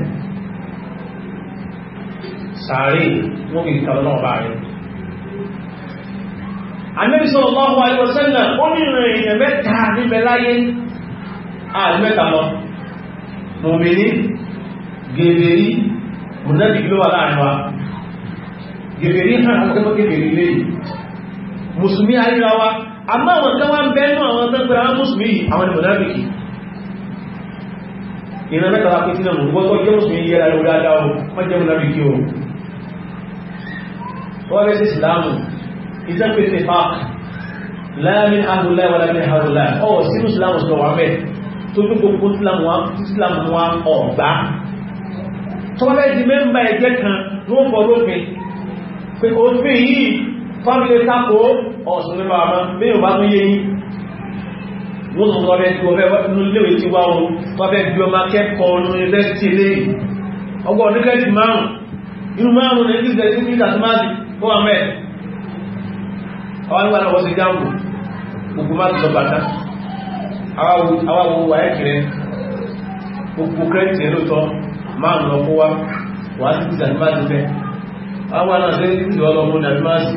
sàárè wọ́n kìí kàlọ́ náà bá rẹ̀ Ànábì sallallahu alaihi wasallam ó ní ìrìn èèyàn mẹ́ta níbẹ̀ láyé àìmẹ́ta lọ mọ̀mìnì gèdèrí mùnẹ́bì ló wà láàrin wa gèdèrí hàn àkọ́kọ́ gèdèrí léyìí mùsùlùmí ayíra wa àmọ́ àwọn kan wá ń bẹ́nu àwọn tẹ́gbẹ̀rẹ̀ àwọn mùsùlùmí àwọn mùnẹ́bì kìí ìran mẹ́ta lápé sínú mú gbọ́tọ̀ jẹ́ òsìn yẹ́ ara ìwò dáadáa o wọ́n jẹ́ múnàbí kí o wọ́n rẹ̀ sí ìsìláàmù ìtẹ́pẹ́ ní park láàrin àdúlá wà láàrin àdúlá ọ̀ sí islam sọ wà bẹ́ẹ̀ tó gbogbo gbogbo islam wa islam wa ọ̀gbá tó wá bẹ́ẹ̀ di mẹ́mbà ẹgbẹ́ kan ló ń bọ̀ lófin pé òfin yìí fábílẹ̀ tako ọ̀sùn ní bàbá bí yóò bá tún yé yìí wọ́n tún tọ́ bẹ́ẹ̀ tí wọ́n fẹ́ níléèwé ti wá wọn tọ́ bẹ́ẹ̀ bí ọmọ akẹ́kọ̀ọ́ yunifásitì lẹ́yìn ọgbọ́n oníkẹ́jì márùn-ún inú márùn-ún ní ẹgbẹ́ ìgbẹ́ ìgbẹ́ ìgbẹ́ àwọn nígbà náà wọ́n ti dáàbò gbogbo má lọ bàtà àwọn àwọn wà ẹ́kìrẹ́ gbogbo kírẹ́tì ẹlòtọ́ máa lọ kó wá wà á ti tàbí máa ti fẹ́ àwọn náà ṣe ti ọlọ́mọ nàbí máa sì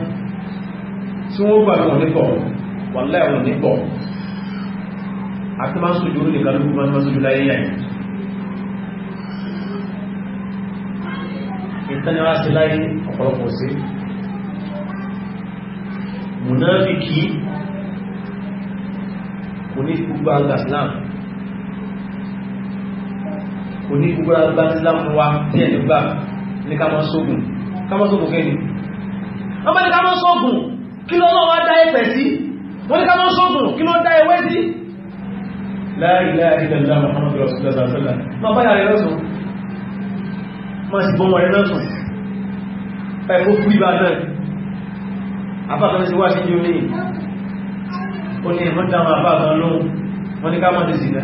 tí wọ́n gbà wọn nípọ̀ wọ́n lẹ́wọ̀n nípọ̀ àti máa ń sojú nìkan lókùn máa ń sojú láyé yẹn ìtẹ́ni wá sí láyé ọ̀pọ̀lọpọ̀ sí mùnáfíkì kò ní gbogbo àgbà islam kò ní gbogbo àgbà islam wa tí ẹ̀ nígbà ní ká máa sógun ká máa sógun kẹ́ni wọ́n bá ní ká máa sógun kí ló lọ́wọ́ dá ẹ̀pẹ̀ sí wọ́n ní ká máa sógun kí ló dá ẹwẹ́ sí la ilaha illallah muhammadu rasulullah sallallahu alaihi wasallam ma bá yàrá ìrọ́sùn ma sì bọ́ wọn ìrọ́sùn ẹ̀kọ́ fún ìbá náà àbákan sí wá sí yóò ní ó ní ẹ̀mọ́ dáwọn àbákan lóhun wọ́n ní ká mọ́ ti sínà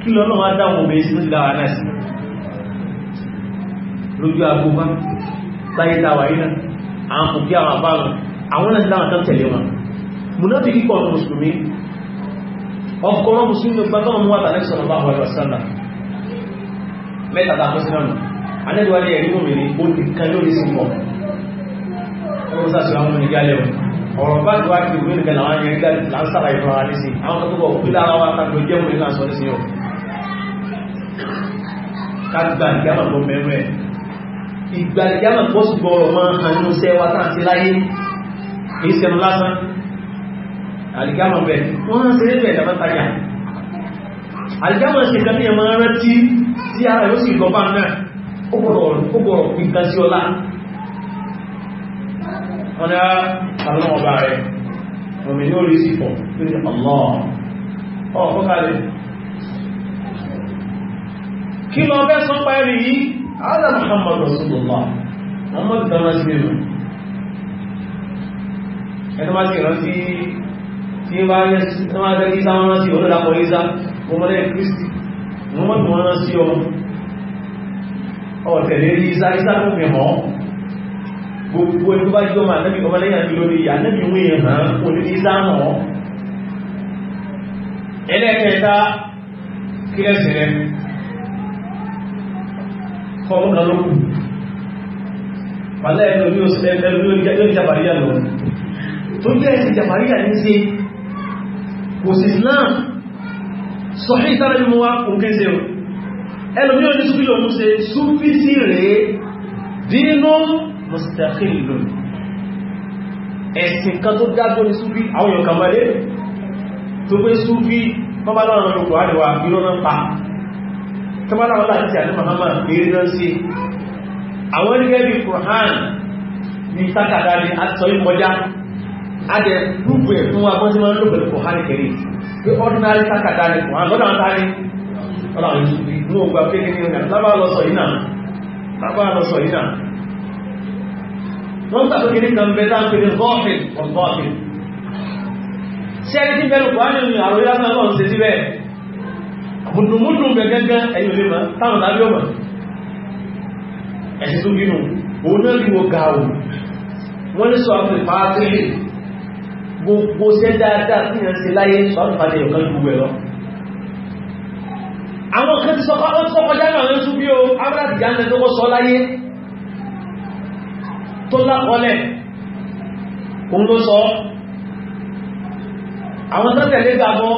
kí lọ náà dáwọn òmè sí lóti dáwà náà sí lójú agbóbá láyé dáwà yìí náà àwọn kò kí àwọn àbákan àwọn náà dáwọn tán tẹ̀lé wọn múná ti kíkọ̀ ọ̀nà mùsùlùmí ọkọ̀rọ̀ mùsùlùmí ló gbátọ̀ mú wàtà lẹ́sọ̀ ọ̀nà báwọn ẹ̀rọ sálà mẹ́ta tàbí sínú ànẹ́dùwálé ẹ̀rí mòmìnir ó nìkan lórí sí mọ̀ ẹgbẹ́ sáṣọ àwọn onígbàlẹ̀ ọ̀rọ̀ bá ti wá kí ìwé nìkan làwọn yẹn gbà láńsàrà ìfọ̀rọ̀ wa ní sí àwọn tó bọ̀ pí lára wa tàbí jẹ́ òun nìkan sọ nísìnyàn kágbà ìgbàmà tó mẹ́rẹ̀ ìgbà ìgbàmà tó sì bọ̀rọ̀ mọ́ àánú sẹ́ wa tàà sí láyé kìí sẹ́nu lásán àdìgbàmà bẹ̀ wọ́n ń ṣe lẹ́gbẹ̀ẹ́ ìdàmátayà àdìgbàmà ṣe kan ní ẹ̀mọ́ rántí sí ara yóò sì gbọ́ wọ́n ní àwọn ọba rẹ̀ mọ̀mí ní orí sípọ̀ tó ní Allah ọ̀pọ̀ kalẹ̀ kí lọ bẹ́ sọ pẹ̀lú yìí ala Muhammad Rasulullah Muhammad dama sí nínú ẹni máa ti rántí tí bá yẹ máa tẹ́ ìsá wọn rántí olóòdà pọ̀ ìsá mọ́mọ́lẹ́ Kristi mọ́mọ́lẹ́ wọn rántí ọ ọ̀tẹ̀lẹ́ ìsá ìsá gbogbo ẹni bá jọ máa nẹ́bí ọmọ lẹ́yìn àti lórí ànẹ́bí wọ́n yẹn hàn kò ní ní sáhàn ọ́ ẹlẹ́kẹta kílẹ̀sì rẹ fọwọ́ kan ló kù pàlẹ́ ẹ̀lú ní jàbàríyà lọ tó jẹ́ ẹ̀sì jàbàríyà ní sí kò sí Islam sọ̀hí ìsára ní mo wá kò kéèsè ẹlòmí ò ní súnfí lòun ṣe súnfí sí rèé dínú mustaqillun ẹ̀sìn kan tó dágbó ní súfí àwọn èèyàn kan mọ́lé tó pé súfí bọ́bá lọ́rọ̀ lọ́rọ̀ kò àríwá ìrọ́ náà pa tọ́bálà wọ́n láti àti mahama lérí náà sí àwọn ilẹ̀ bí kùrán ní sákàdá ní àtọ́ ìkọjá adẹ gbogbo wọ́n tàbí kiri kan bẹ tá à ń pè ní bọ́ọ̀fì ọ̀bọ́ọ̀fì ṣé ẹni o bẹ́ẹ̀ a ánìyàn àwọn ilé lásán náà ń ṣe síbẹ̀ mùdùmùdù bẹ gẹ́gẹ́ ẹ̀yìn olè mọ́ táwọn tàbí ọmọ ẹ̀sìn tó bínú òun náà bí wọ́n ga o o só wọ́n ní sọ àwọn ìfàátìrì gbogbo ṣe dáadáa tí ìrìn ṣe láyé sọ àwọn ìfàátìrì ọ̀kan gbogbo ẹ̀rọ àwọn kan ti sọ tó lákọọ́lẹ̀ òun ló sọ àwọn tó tẹ̀lé gbàgbọ́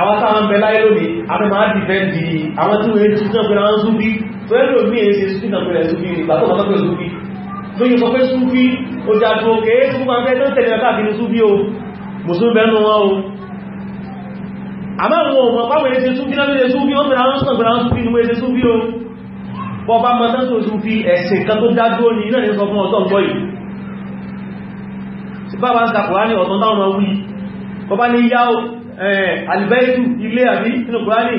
àwọn táwọn bẹ láyé lónìí àwọn máa dìfẹ́ di àwọn tí wọ́n ti náà pẹ̀lú àwọn súnbí tó ẹ́lò mí èsì súnbí náà pẹ̀lú súnbí ìgbà tó máa pẹ̀lú súnbí tó yí sọ pé súnbí ó jàdù òkè súnbí àwọn tó tẹ̀lé káàkiri súnbí o mùsùlùmí bẹ́ẹ̀ nù wọn o àmọ́ àwọn òmọ̀ pàwọn èsì súnbí náà pẹ̀lú súnbí ó pẹ̀lú àwọn súnbí bọba mọ́tán tó tún fi ẹ̀sìn kan tó dájú ní iná ní sọ fún ọ̀tọ́ gbọ́ yìí sí bàbá ń kàkùrá ní ọ̀tọ́ táwọn wí bọba ní yá alìbẹ́ẹ̀tù ilé àbí nínú kùránì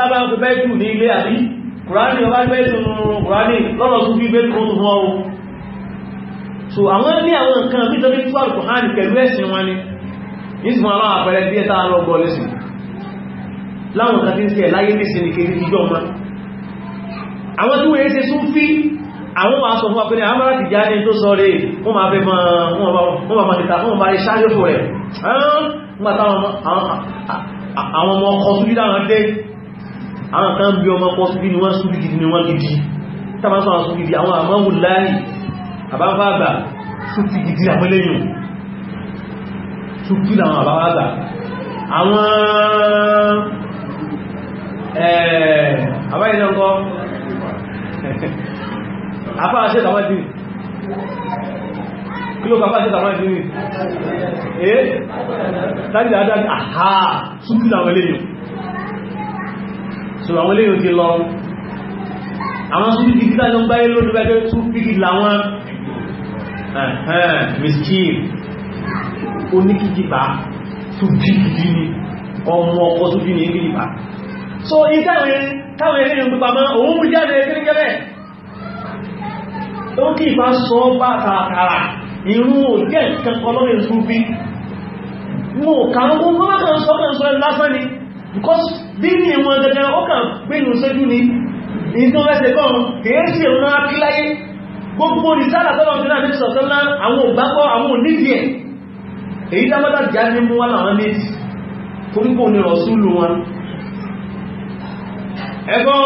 lábáńkùbẹ́ẹ̀tù ní ilé àbí kùránì ọba bẹ́ẹ̀tù nínú kùránì lọ́rọ̀ tún fi bẹ́ẹ̀tù tó wọ́n o so àwọn ní àwọn nǹkan bí tó fi tó alùkùránì pẹ̀lú ẹ̀sìn wọn ni nísìmọ̀ àwọn àpẹẹrẹ bí ẹ̀ta lọ́gbọ́ lẹ́sìn láwọn kan tí ń ṣe ẹ̀ láyé nísìn ní kejì ìjọ wọn àwọn tí wọ́n ṣe súnfí àwọn wà sọ fún apẹ́lẹ̀ àmàrà ti já ní tó sọ rẹ̀ wọ́n ma fẹ́ wọ́n ma tẹ̀ta wọ́n ma rí ṣáyé fún rẹ̀ àwọn ọmọ ọkọ̀ súnfí láwọn dé àwọn kan bí ọmọ ọkọ̀ súnfí ni wọ́n súnfí gidi ni wọ́n gidi tàbá sọ àwọn súnfí gidi àwọn àmọ́wù láì àbáfàgbà súnfí gidi àmọ́lẹ́yìn súnfí làwọn àbáfàgbà àwọn ẹ̀ẹ̀ àfáà ṣe tàwọn ìdí kí ló bàbá ṣe tàwọn ìdí ní ẹ́ tàbí dáadáa ní àhá súnkú àwọn eléyìn so àwọn eléyìn ti lọ àwọn súnkú títà ló ń báyé lónìí bẹ́ẹ̀ súnkú làwọn miskin oníkìjìbá súnkú ní ọmọ ọkọ̀ súnkú ní ìgbìyànjú so ìtẹ́rin káwọn eré yóò pípa máa òun mú jáde gẹ́gẹ́rẹ́ ó kí ìbá sọ bá tààtàrà ìrún òjẹ́ ìkan ọlọ́rin fún bí mú kàrùkún tó bá kàn sọ kàn sọ lásán ni because bí ní ìwọ̀n gẹ́gẹ́ ó kàn gbínú sójú ni ìtọ́wẹ́sẹ̀ kan kèéṣì ìrún akíláyé gbogbo ìsára tọ́lọ̀ ẹgbọ́n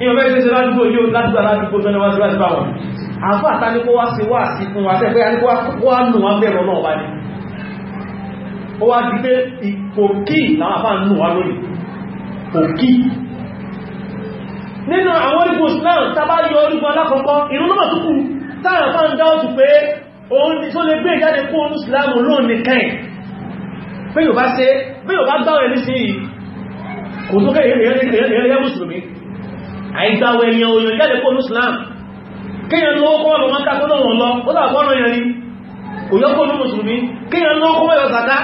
ìyàn bẹ́ẹ̀ ṣe ṣe ládùúgbò yóò ládùúgbà ládùúgbò tó ní wá sí wá sí báwọn àfáà ta ní kó wá sí wá sí fún wa tẹ́ pé a ní kó wá nù wá bẹ̀rọ náà wá ní ó wá di pé ipò kí làwọn àfáà nù wá lórí ipò kí nínú àwọn orígun Islam tàbá yọ orígun alákọ̀ọ́kọ́ ìrún náà tó kù táwọn àfáà ń dá òtù pé òun ni tó lè gbé ìjáde kó onú Islam lónìí kẹ́yìn bí yóò bá gbáwẹ̀ nísìnyí kò tó kẹ́ ìrẹ́ mùsùlùmí àìgbàwẹ̀ èèyàn òyìn jáde kó ní islam kíyàn lówó kọ́ ọ̀nà wọn kákọ́ náà lọ ó dàgbọ́nà yẹn ni kò yọ́kọ́ ní mùsùlùmí kíyàn lówó kọ́ ọ̀yọ̀ zàká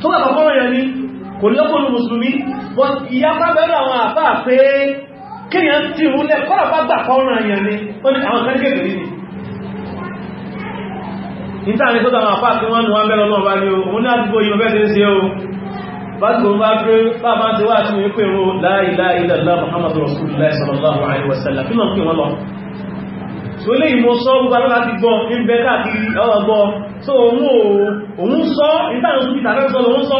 tó dàgbọ́nà yẹn ni kò yọ́kọ́ ní mùsùlùmí bọ́ ìyapa bẹ̀rẹ̀ àwọn àfá pé kíyàn ti rúlẹ̀ kọ́lọ̀pá gbà kọ́ọ̀nà yẹn ni ó ní àwọn kan kéde ní níta ni tó dàwọn àfá tí wọ́n nu wọn bẹ́rẹ̀ náà wá ní o òun ní àdúgbò yìí ọbẹ̀ bákan bá pé bábá ti wá tí wọ́n pè rú la ilaha illallah muhammadu rasulullah sallallahu alaihi wasallam kí lọ pè wọ́n lọ so ilé ìmọ̀ sọ gbogbo alára ti gbọ́ ń bẹ káàkiri ọgbọ́ so òun sọ ìtàrùn sí ìtàrẹ́ sọ lòun sọ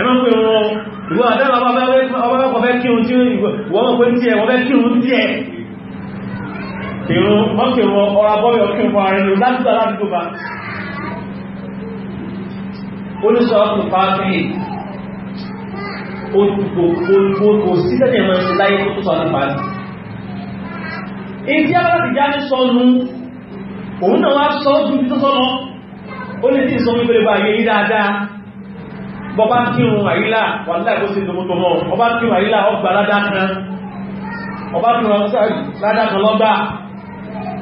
ẹ̀mọ́ pé wọn ìwọ àdára ọbábẹ́kọ̀ fẹ́ kírun tí wọ́n mọ̀ pé tí ẹ̀ wọ́n fẹ́ kírun tí ẹ̀ kírun mọ́kírun ọ̀rọ̀ abọ́bẹ̀ ọkírun fún ààrẹ Olha só o o oníṣọ́ọ̀tún fàáfíì olùgbò sí tẹ́tẹ̀ mọ́ sí láyé tó sọ nípa ní ìdí abára ti já ní sọ́nù òun náà o sọ́ ju tó sọ́nà ó lè tí ìsọ́mí pẹ̀lú bá o dáadáa bọba kírun àyílà wà láìkó sí o ọba kírun àyílà ọgbà ládákan ọba kírun o lọ́gbà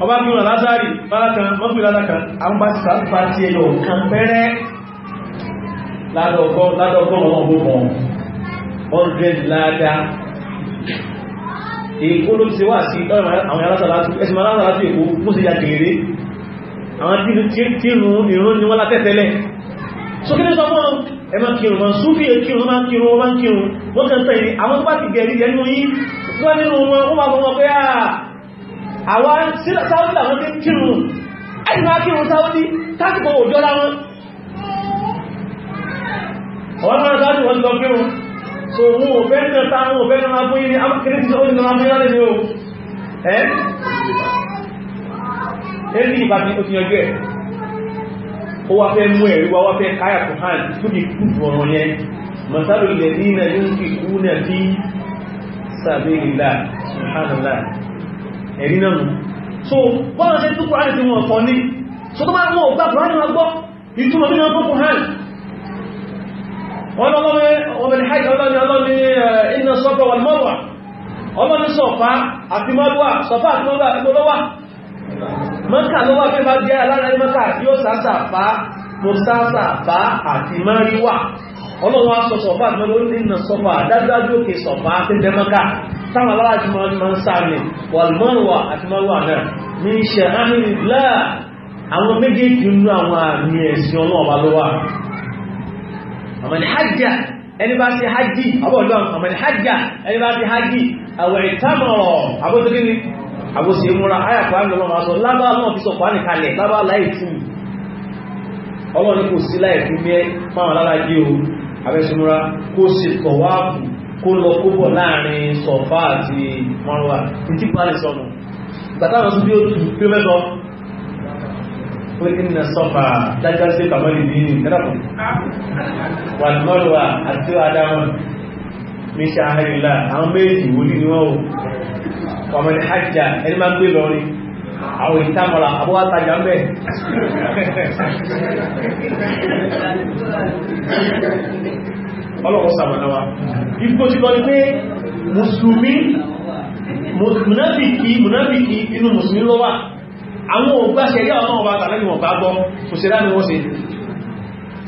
ọba kírun lázárì ládákan mọ́fì ládákan o bá ti sàáfà ti ẹ̀yọ̀ kan pẹ́rẹ́ ládọ́gbọ́n ládọ́gbọ́n ọmọ ọgbọ́n hundred ládá èkó ló ti wá sí àwọn alásàlátù ẹ̀sìn alásàlátù èkó mú sí yàgèrè àwọn kírun ìrún ni wọ́n látẹ́tẹ́lẹ̀ so kí ní sọ fún ẹmà kírun wọn súnfí kírun wọn kírun wọn kírun wọ́n kàn tẹ́ ìrìn àwọn tó bá ti gẹ̀rí ẹnu yí tó wá nínú wọn ó wà fọmọ pé àwọn sáwọ́dí àwọn kírun ẹ̀sìn ọ̀rọ̀ náà sáájú wọ́n lọ kírun so wọn ò fẹ́ tẹ́ ta wọn ò fẹ́ náà fún yìí akéré tí ó ní náà múlá lè ní o ẹ́ ẹni ìbàdí ó ti yanjú ẹ̀ ó wá fẹ́ mú ẹ̀rí wá wá fẹ́ káyà kò hàn tó bí kú ọ̀rọ̀ yẹn masalu ilẹ̀ ní ilẹ̀ yóò fi kú náà bí so bọ́n ṣe túkọ̀ á ti wọn kọ ní so tó bá wọn ò gbà kùránì wọ́n lọ́wọ́ ọmọdé hajj ọlọ́ni ọlọ́ni iná sọ́fà wà mọ́wà ọlọ́ni sọ̀fà àti mọ́wà sọ̀fà àti mọ́wà àti mọ́wà mọ́kà lọ́wọ́ pé bá jẹ́ alára mọ́kà yóò sàṣàfà mọ́sàṣàfà àti mọ́ríwà ọlọ́wọ́ àti mọ́wà iná sọ́fà àti àmọ́ni hajjá ẹni bá ti hajjí àbọ̀lọ́n àmọ́ni hajjá ẹni bá ti hajjí àwẹ̀ ìtàmọ̀rọ̀ àbótókíní àbóṣe múra ayàkọ̀ àmìlọ́wọ́ aṣọ lábáà náà fi sọ̀pọ̀ ánìkalẹ̀ lábáà láì fún ọlọ́ni kò sí láì fún mẹ́ fáwọn lára yí o abẹ́sùmúra kó sì tọ̀ wá kó lọ kó bọ̀ láàrin sọ̀fà àti mọ́rọ̀wà ní tí pàálì sọ̀nà ìgbàtàwọn tó bí ó tù kí ó mẹ́tọ́ قل إن الصفا تجلس كمال ديني كرم والمروة أتوا أدام من شعائر الله أم بيتي ولي نوو ومن حج إن ما بلوني أو إتامر أبو أتا جنبه ọlọ́wọ́ sàmànáwà ipò ti lọ ní pé mùsùlùmí mùnáfìkì inú mùsùlùmí lọ́wà àwọn ògbà ṣẹ̀rí àwọn ọba tàbí wọn bá gbọ́ kò sí láti wọ́n sí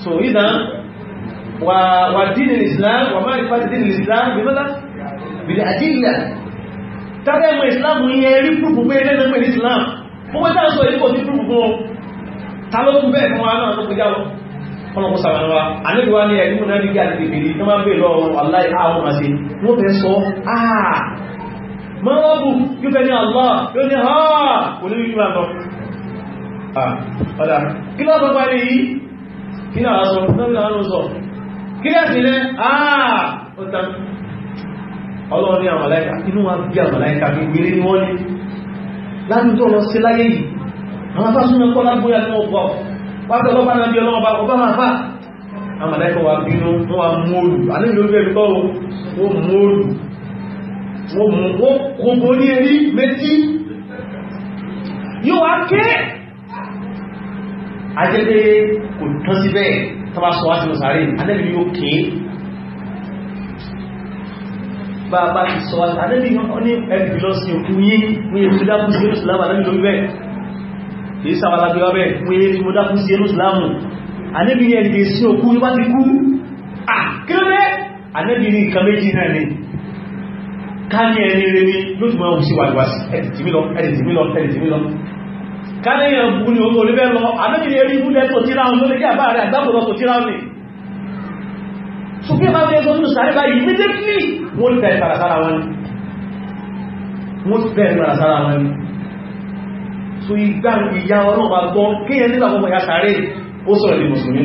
so ìdá wà dínì islam wà máa ìfà dínì islam bí mọ́lá bìdì àdílà tàbí ẹmọ islam yẹ rí púpù pé ẹlẹ́nà pẹ̀lú islam fún wọ́n tàbí sọ ìdíkò sí púpù fún wọn ta ló kú bẹ́ẹ̀ fún wa náà tó kọjá wọn kọlọ̀kọ́ sàmàlúwà anẹ́gbẹ̀wà ní ẹ̀rí múnadígbà àti bèbèrè tó máa ń bèèrè lọ́wọ́ aláìháwọ́ mọ́ọ̀bù yóò fẹ́ Allah yóò ní ha kò ní kira lọ ọ̀dá Kira lọ́pọ̀ parí yìí kí náà sọ lọ́rọ̀ sọ kí lẹ́sì lẹ́ àà ọ̀tá ọlọ́run ní àmàláìkà inú wa bí àmàláìkà bí gbèrè ní wọ́n ní láàrín lọ sí láyé yìí àwọn afásúnmọ́ kọ́ lágbóyà ní ọgbọ̀ pàtàkì ọlọ́pàá náà bí ọlọ́ọ̀bá ọba máa fà àmàláìkà wà bínú wọ́n wà mú òòlù wọ́n mú kògbò ní erí méjì yóò wá ké ajẹ́dẹ́ kò tán sí bẹ́ẹ̀ tàbá sọ wá sínú sàárè anẹ́bí yóò ké bàbá ti sọ wá anẹ́bí ní ẹgbì lọ ye òkú yí ní èkú dákú sí erùsùlámù anẹ́bí lórí bẹ́ẹ̀ èyí sábàlá bí wá bẹ́ẹ̀ mú eré mo dákú sí erùsùlámù anẹ́bí ní ẹgbì sí òkú yí bá ti kú ah kí ló dé anẹ́bí ní nǹkan méjì ni káàkiri ẹni rere ní ló ti máa wù sí wàdíwàsí ẹ̀dìtìmílọ ẹ̀dìtìmílọ ẹ̀dìtìmílọ káàkiri ẹni bú ní ogun olébẹ́ lọ àbẹ́bìnrin erí bú lẹ́tọ̀ tí ráun lórí jẹ́ àbá rẹ̀ àgbàbọ̀lọ́tọ̀ tí ráun ní ṣùgbẹ́ bá bẹ́ẹ̀ gọ́dún sáré báyìí immediately wọ́n fẹ́ ìpàdàsára wọn ni wọ́n fẹ́ ìpàdàsára wọn ni so igbá ìyá ọlọ́pàá gbọ́ kéèyàn nígbà gbogbo ya sáré ó sọ̀rọ̀ ní mùsùlùmí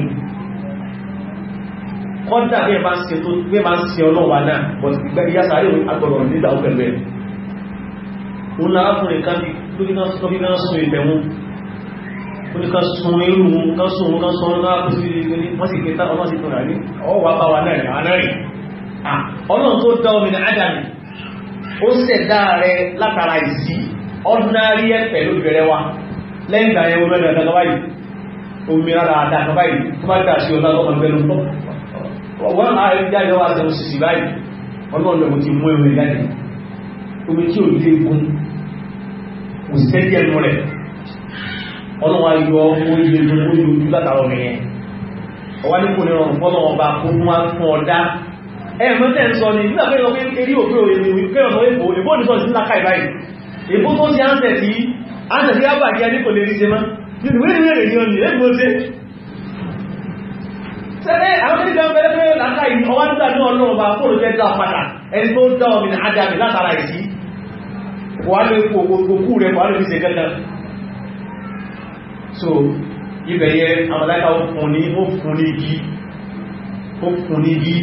kọ́dà bí ẹ bá ń ṣe tó bí ẹ bá ń ṣe ọlọ́wà náà but ìgbẹ́ ìyá sáré agbọ̀rọ̀ nígbà ó pẹ̀lú ẹ̀ òun lára fún ẹ̀ká bí lórí náà sọ bí náà sun ìbẹ̀ wọn ó ní ká sun irú wọn ká sun wọn ká sun wọn náà kó sí ilé ní wọ́n sì pé táwọn náà sì tún rà ní ọwọ́ bá wa náà rìn àná rìn ọlọ́run tó dá omi ní ádámì ó ṣẹ̀dá rẹ látara ìsí ordinary ẹ̀ pẹ̀lú ìbẹ̀rẹ̀ wa lẹ́yìn ìgbà yẹn omi ọ̀dọ̀ àgbà báyìí omi ara àdá àgbà báyìí tó bá dà sí ọ̀dọ̀ àgbà bẹ́ẹ̀ lọ́pọ̀ wọ́n máa rẹ̀ jáde wá jẹun sísì báyìí ọlọ́run lọ́wọ́ ti mú ẹ̀rọ ìjáde omi tí ò lé gun kò sí tẹ́jẹ́ ẹnu rẹ̀ ọlọ́run ọgwụ ọmọ ilé gun ó yọ ojú látara ọmọ yẹn ní kò ní fọ́nà ọba kó mú fún mọ́ tẹ́ ń sọ nígbà pé ọmọ eré ọmọ èbó ní káì báyìí èbó tó sẹ́lẹ̀ àwọn tí ìjọba ẹgbẹ́ láta ìwọ́n wá nígbà ní ọlọ́run bá kó ló fẹ́ dá padà ẹni tó dá omi ní ádámi látara ìdí wà ló òkú rẹ̀ wà ló fi gẹ́gẹ́ so ibẹ̀ yẹ àwọn láìka ó fún ní ó fún ní igi ó fún ní igi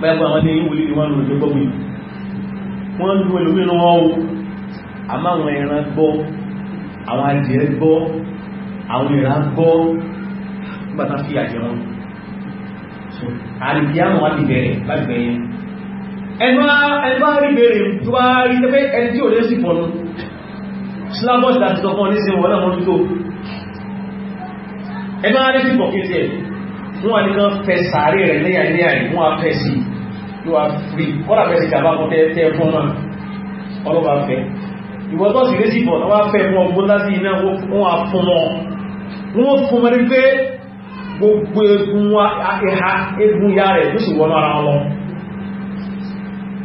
pẹ́pẹ́ àwọn tí ìwòlì ni wọ́n lò ní gbogbo wọ́n lú ẹlòmínú ọwọ́ àmá àwọn ẹran gbọ́ àwọn adìẹ gbọ́ àwọn ìran gbọ́ gbàtà fi àjẹ wọn àrìbí àwọn wá ti bẹ̀rẹ̀ láti bẹ̀rẹ̀ ẹnu bá rí bẹ̀rẹ̀ tó bá rí tẹ́fẹ́ ẹni tí ò lé sí fọ́nù slabos láti sọ fún ọ ní sí wọn náà mọ́ wọ́n ní kan fẹ́ sàárè rẹ̀ léyà léyà rẹ̀ wọ́n á fẹ́ sí yóò á fi kọ́lá fẹ́ sí kàbá kan tẹ́ fún náà ọlọ́ba fẹ́ ìwọ́n tó sì lé sí bọ̀ wọ́n á fẹ́ fún ọgbọ́n láti iná wọ́n á fún wọn wọ́n fún mẹ́rin pé gbogbo egun ẹha egun ya rẹ̀ ló sì wọ́n ara wọn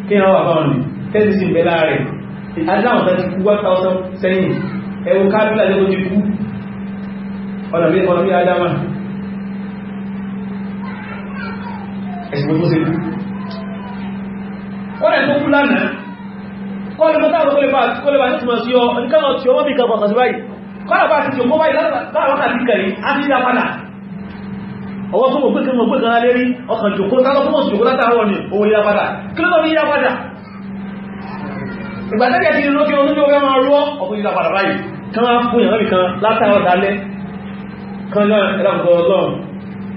kí ni wọ́n bá wọn ní tẹ́sí sí ìbẹ̀lá rẹ̀ adáwọn tẹ́sí kú 1000 sẹ́yìn ẹ̀wọ̀n kábílà lẹ́gbọ́n ti kú ọ̀nà bí ọ̀nà bí adáwọn ẹ̀sìn tó ṣe rí wọ́n rẹ̀ tó kú lánàá kọ́lù mọ́ta àwọn kọ́lù bá kọ́lù bá nítumọ̀ sí ọ oníkàwọ̀ tí ọmọ bí kan kọ̀ọ̀kan sí báyìí kọ́lù bá ti tí ọmọ báyìí láwọn àti kẹrì á ti dá padà ọwọ́ tó mọ̀ pé kí mọ̀ pé kan lérí ọkàn jòkó látọ́ fún òsìnkú látàrọ ni owó yá padà kí ló tọ́ ní yá padà ìgbàtẹ́kẹ́ ti ló kí oúnjẹ ọgbẹ́ máa rọ́ ọkùn yíra padà báyìí kan á fún ìyàn lórí kan látàrọ dalẹ́ kan lọ́rọ̀ ẹ̀dàkùnkọ̀ ọlọ́run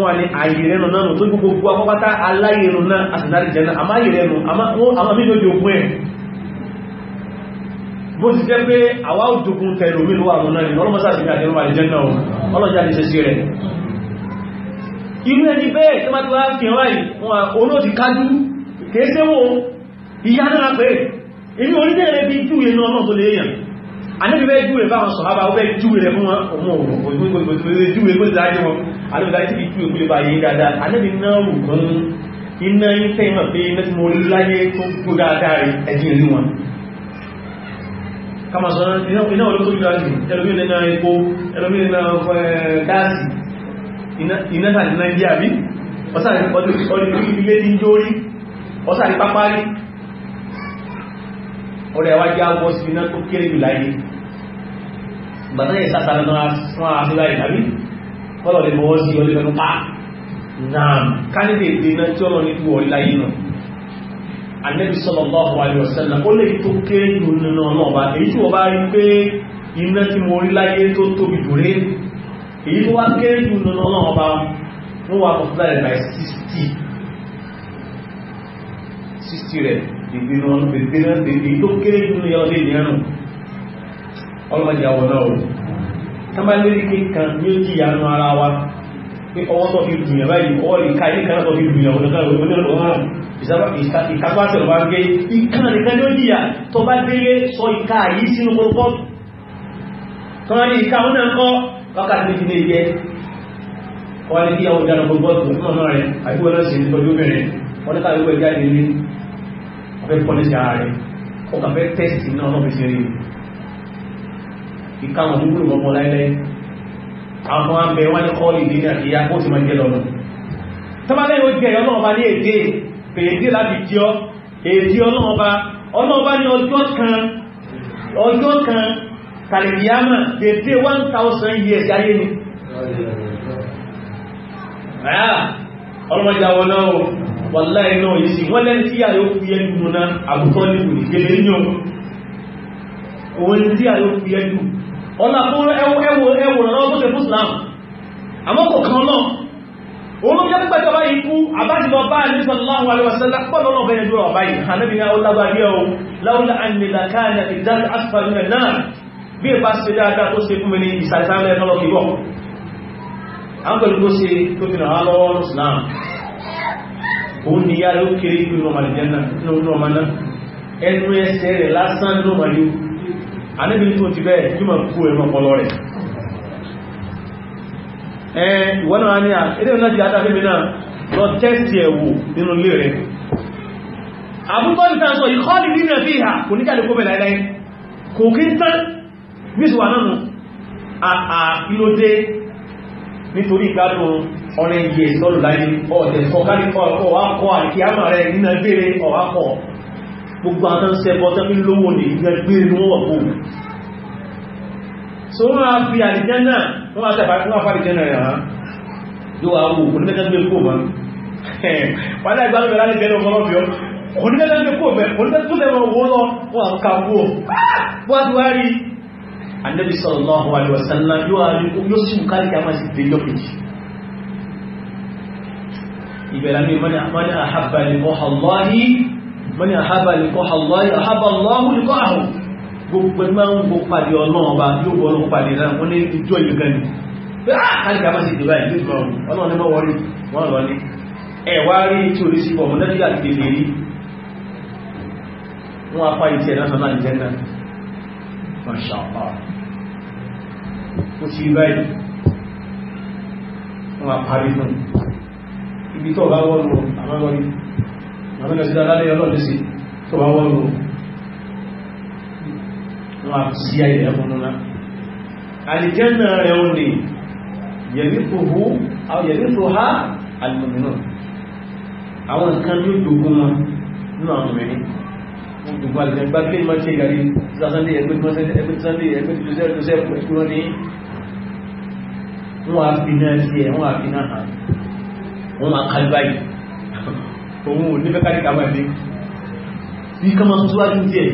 wọ́n ni àìrẹ́nu náà tó gbogbo akọ́pátá aláyẹ̀nu náà àṣìdárí jẹ́ náà àmáyẹ̀rẹ́nu àmá mílò jogun ẹ̀ bó ti jẹ́ pé àwá òjòkun tẹ̀lú mílò àwọn náà ni ọlọ́mọsáàdì ìyá náà pé inú orílẹ̀-èdè bí jù yẹnu ọmọ tó lè yàn anẹ́bíbẹ́ júwe báwọn sọ̀hábà ó bẹ́ júwe rẹ̀ fún ọmọ òjúwe kó dájú wọn alóbìdájú bí júwe kó lè bá yìí dáadáa anẹ́bí náà rù gan iná yí fẹ́ ìmọ̀ pé mẹ́sí mo rí láyé tó gbó dáadáa rẹ̀ ẹ̀jìn ìlú wọn kama sọ iná olóko jù láti ẹlòmí nínú epo ẹlòmí nínú gáàsì iná tàbí nàìjíríà bí ọ̀sán ọdún ilé ní jórí ọ̀sán ìpápárí ọ̀rẹ́ wa jẹ́ àwọ̀ sí iná tó kéré jù láyé gbàtà yẹ sátánà náà fún àṣẹ láyé tàbí kọ́lọ̀ lè mọ́wọ́ sí ọdún mẹ́nu pa náà kánìdé ìdè iná tí ọlọ́ni tó wọlé láyé náà Ànábì sallallahu alaihi wasallam ó lè tó kéré jù nínú ọlọ́ọ̀bá èyí tí wọ́n bá rí pé iná tí mo rí láyé tó tóbi jù rí èyí tó wá kéré jù nínú ọlọ́ọ̀bá wọ́n wà kọ̀ọ̀tún láyé by 60 rẹ̀ ìbínú ìbínú èyí tó kéré jù ní ọdún ìyẹnu ọlọ́mọdé àwọ̀ náà o tábàlérí kíkan ní ó jìyà nù ara wa pé ọwọ́ tó fi dùnyàn báyìí ọwọ́ lè ká ilé kan tó fi dùnyàn ọdún kan lórí ọdún ọ̀hún ìkápásẹ̀ ló bá gbé ìkan nìkan ní ó jìyà tó bá délé sọ ìka yìí sínú kórópọ́ kan ní ìka ọ̀nà kọ́ wákàtí méjì ní ẹgbẹ́ wọ́n ní kí àwọn ìdáná gbogbo ọ̀tún fún ọmọ rẹ̀ àti wọ́n lọ́sìn ìtọ́jú obìnrin wọ́n ní káwé gbẹ̀jáde ní fẹ́ pọ́lísì ara rẹ̀ ọkà fẹ́ tẹ́sì náà lọ́bí sí rí ìkáwọn múlò mọ́mọ́ láìlẹ́ àwọn abẹ wá ní kọ́ọ̀lì ní àkíyá ó sì máa jẹ́ lọ́nà tọ́bálẹ́ ó jẹ́ ọlọ́ọ̀bá ní èdè pèèdè láti jọ èdè ọlọ́ọ̀bá ọlọ́ọ̀bá ní ọjọ́ kan ọjọ́ kan kàlẹ̀bíyàmà pèèdè 1000 years ayé ni ọlọ́mọjà wọ́n náà wàlá iná ìsì wọ́n lẹ́ni tí a yóò fi ẹlù múná àbùkọ́ nínú ìgbèlè ní ọmọ òun tí a yóò fi ẹlù ọ̀nà fún ẹwọ̀n ọ̀rọ̀ tó tẹ fún Islam àmọ́kọ̀ kan náà òun jẹ́ pípẹ́jọ bá ikú àbájúmọ̀ bá ní sallallahu alaihi wasallam pọ̀lọ́ náà bẹ́ẹ̀ jọ ọ̀bá yìí hànábi ní àwọn lágbàrí ẹ̀ o láwùlá àmìlà káàdà ìdájọ́ asfàlú ẹ̀ náà bí ìbá ṣe dáadáa tó ṣe fún mi ní òun ni yára ó kéré pé ọmọ àlìjẹ́nà ní ọdún ọmọ náà ẹnu ẹsẹ̀ rẹ̀ lásán ló wà yóò anẹ́bí tó ti bẹ́ẹ̀ yóò máa kú ẹ̀mọ́ ọpọlọ rẹ̀ ẹ̀ ìwọ́n náà ní à ilé náà ti adá fẹ́mi náà lọ tẹ́sì ẹ̀wò nínú ilé rẹ̀ àbúkọ́ ní sáà sọ ìkọ́lì nínú ẹ̀fí ìhà kò ní jáde kó bẹ̀ láìláì kò kí ń tán bí sì wà náà nù àà ìlódé nítorí ìgbádùn ọ̀rẹ́ iye ìtọ́lù láyé ọ̀tẹ̀ sọ̀kánikọ́ ọ̀pọ̀ wá kọ́ àti àmà rẹ̀ nínú ẹgbẹ̀rẹ̀ ọ̀wá kọ́ gbogbo àtọ́ sẹ́bọ̀ tó fi lówó ní ìgbẹ̀gbẹ̀rẹ̀ ní wọ́n wọ́n so wọ́n a fi àdìjẹ́nà wọ́n a tẹ̀bà fún àfàdìjẹ́nà rẹ̀ hàn yóò wá wò kò ní mẹ́ta gbé kó wọn wọ́n láì gbá lọ́bẹ̀ láti bẹ̀rẹ̀ ọmọ ọ̀bẹ̀ kò ní mẹ́ta gbé kó bẹ̀ kò ní mẹ́ta tó lẹ́wọ̀n wọ́n lọ wọ́n a ká wó wọ́n ti wá rí Ànábì sallallahu alaihi wasallam yóò sì mú kárí kí a máa sì dé lọ́kùnrin ìbẹ̀rẹ̀ ní mọ́ni àhábà lẹ́kọ́ àlọ́hì mọ́ni àhábà lẹ́kọ́ àlọ́hì àhábà lọ́hù lẹ́kọ́ àhùn gbogbo ẹgbẹ́ ń gbó pàdé ọlọ́run ọba yóò wọ́n ló pàdé náà wọ́n ní ìjọ ìlú gan ni pé ah, á káàkiri àbá sì dìbà ìlú ìgbà ọ̀run ọlọ́run wọ́n rí ibi tó bá wọ́n lọ àmọ́mọ́rí àmọ́mọ́ sí aláàrẹ ọlọ́dún sí tó bá wọ́n lọ wọ́n a sí ayé ẹ̀fọ́núná alìjẹ́nà rẹ̀ wọ́n ni yẹ̀rífò ha alìmọ̀mìnà àwọn nǹkan ní òdògún wọn nínú àwọn mẹ́rin òdògún alìjẹ́gbá kí ma ṣe ìyàrí sáàsánlé ẹgbẹ́ wọ́n máa kálí báyìí òun ò nífẹ́ kárí kàmà dé bí kọ́ máa túwájú tí ẹ̀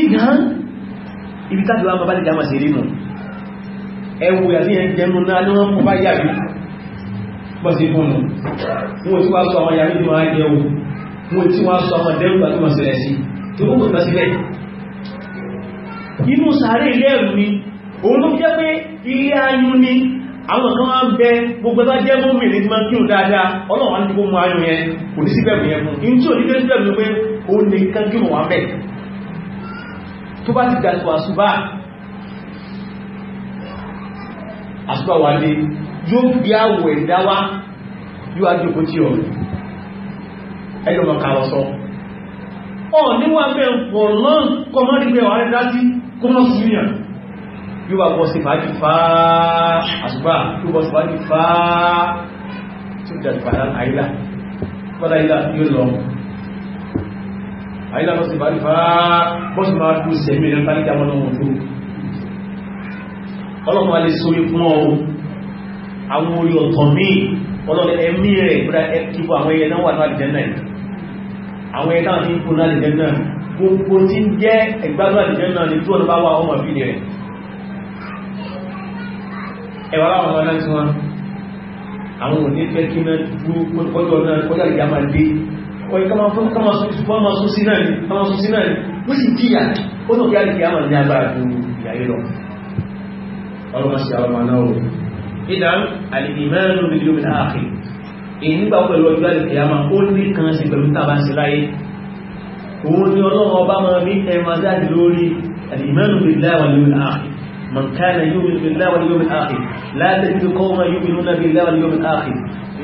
ìdán ibi tàbí wọ́n bá lè dámà sí rí nù ẹwù àti ẹ̀ jẹun náà ní wọ́n bá yà bí bọ́ sí fún un wọ́n tí wá sọ ọmọ yàrí ní wọ́n á jẹun wọ́n tí wá sọ ọmọ dẹ́rù bá tó mọ̀ sílẹ̀ sí tó kó kò sílẹ̀ òun ló jẹ́ pé ilé ayún ni àwọn kan wọ́n bẹ gbogbo tó jẹ́ mú mìírí tí máa kí o dáadáa ọlọ́run wọ́n ti kó mú ayọ́ yẹn kò ní síbẹ̀mù yẹn fún in tí ò ní fẹ́ síbẹ̀mù pé ó lè kán kí o wà mẹ́ tó bá ti dàtò àṣùbá àṣùbá wà lè yóò gbé àwọ̀ ẹ̀dá wá yóò ajókòó tí ọ ẹjọ́ mọ̀ kàwọ̀ sọ ọ níwà bẹ́ẹ̀ pọ̀ lọ́n kọmọ́rí pé wà rẹ̀ yóò wà bọ́ sí fàájì fàá àṣùgbà yóò bọ́ sí fàájì fàá tí ó jàjì fàá àìlà kọ́lá ìlà yóò lọ àìlà bọ́ sí fàájì fàá bọ́ sí máa kú sẹ̀mí rẹ̀ bá nígbà mọ́nà wọn tó ọlọ́pàá wà lè sórí fún ọ àwọn orí ọ̀tọ̀ míì ọlọ́pàá ẹ̀mí rẹ̀ kúrò ẹwà láwọn ọmọ náà tí wọn àwọn òní fẹ́ kí náà dúró kọjọ́ náà kọjá ìyá máa dé ọ̀yẹ́ kama fún kama sún sí náà ni kama sún sí náà ni ó sì díyà ó tó kíá ìyá máa ní agbára ju ìyá yìí lọ ọlọ́mọ sí àwọn ọmọ náà o ìdá àlìkì ni ọlọ́run ọba máa ní ẹ̀mọ́ jáde lórí àlìkì mẹ́rin من كان يؤمن بالله واليوم الآخر لا تجد قوما يؤمنون بالله واليوم الآخر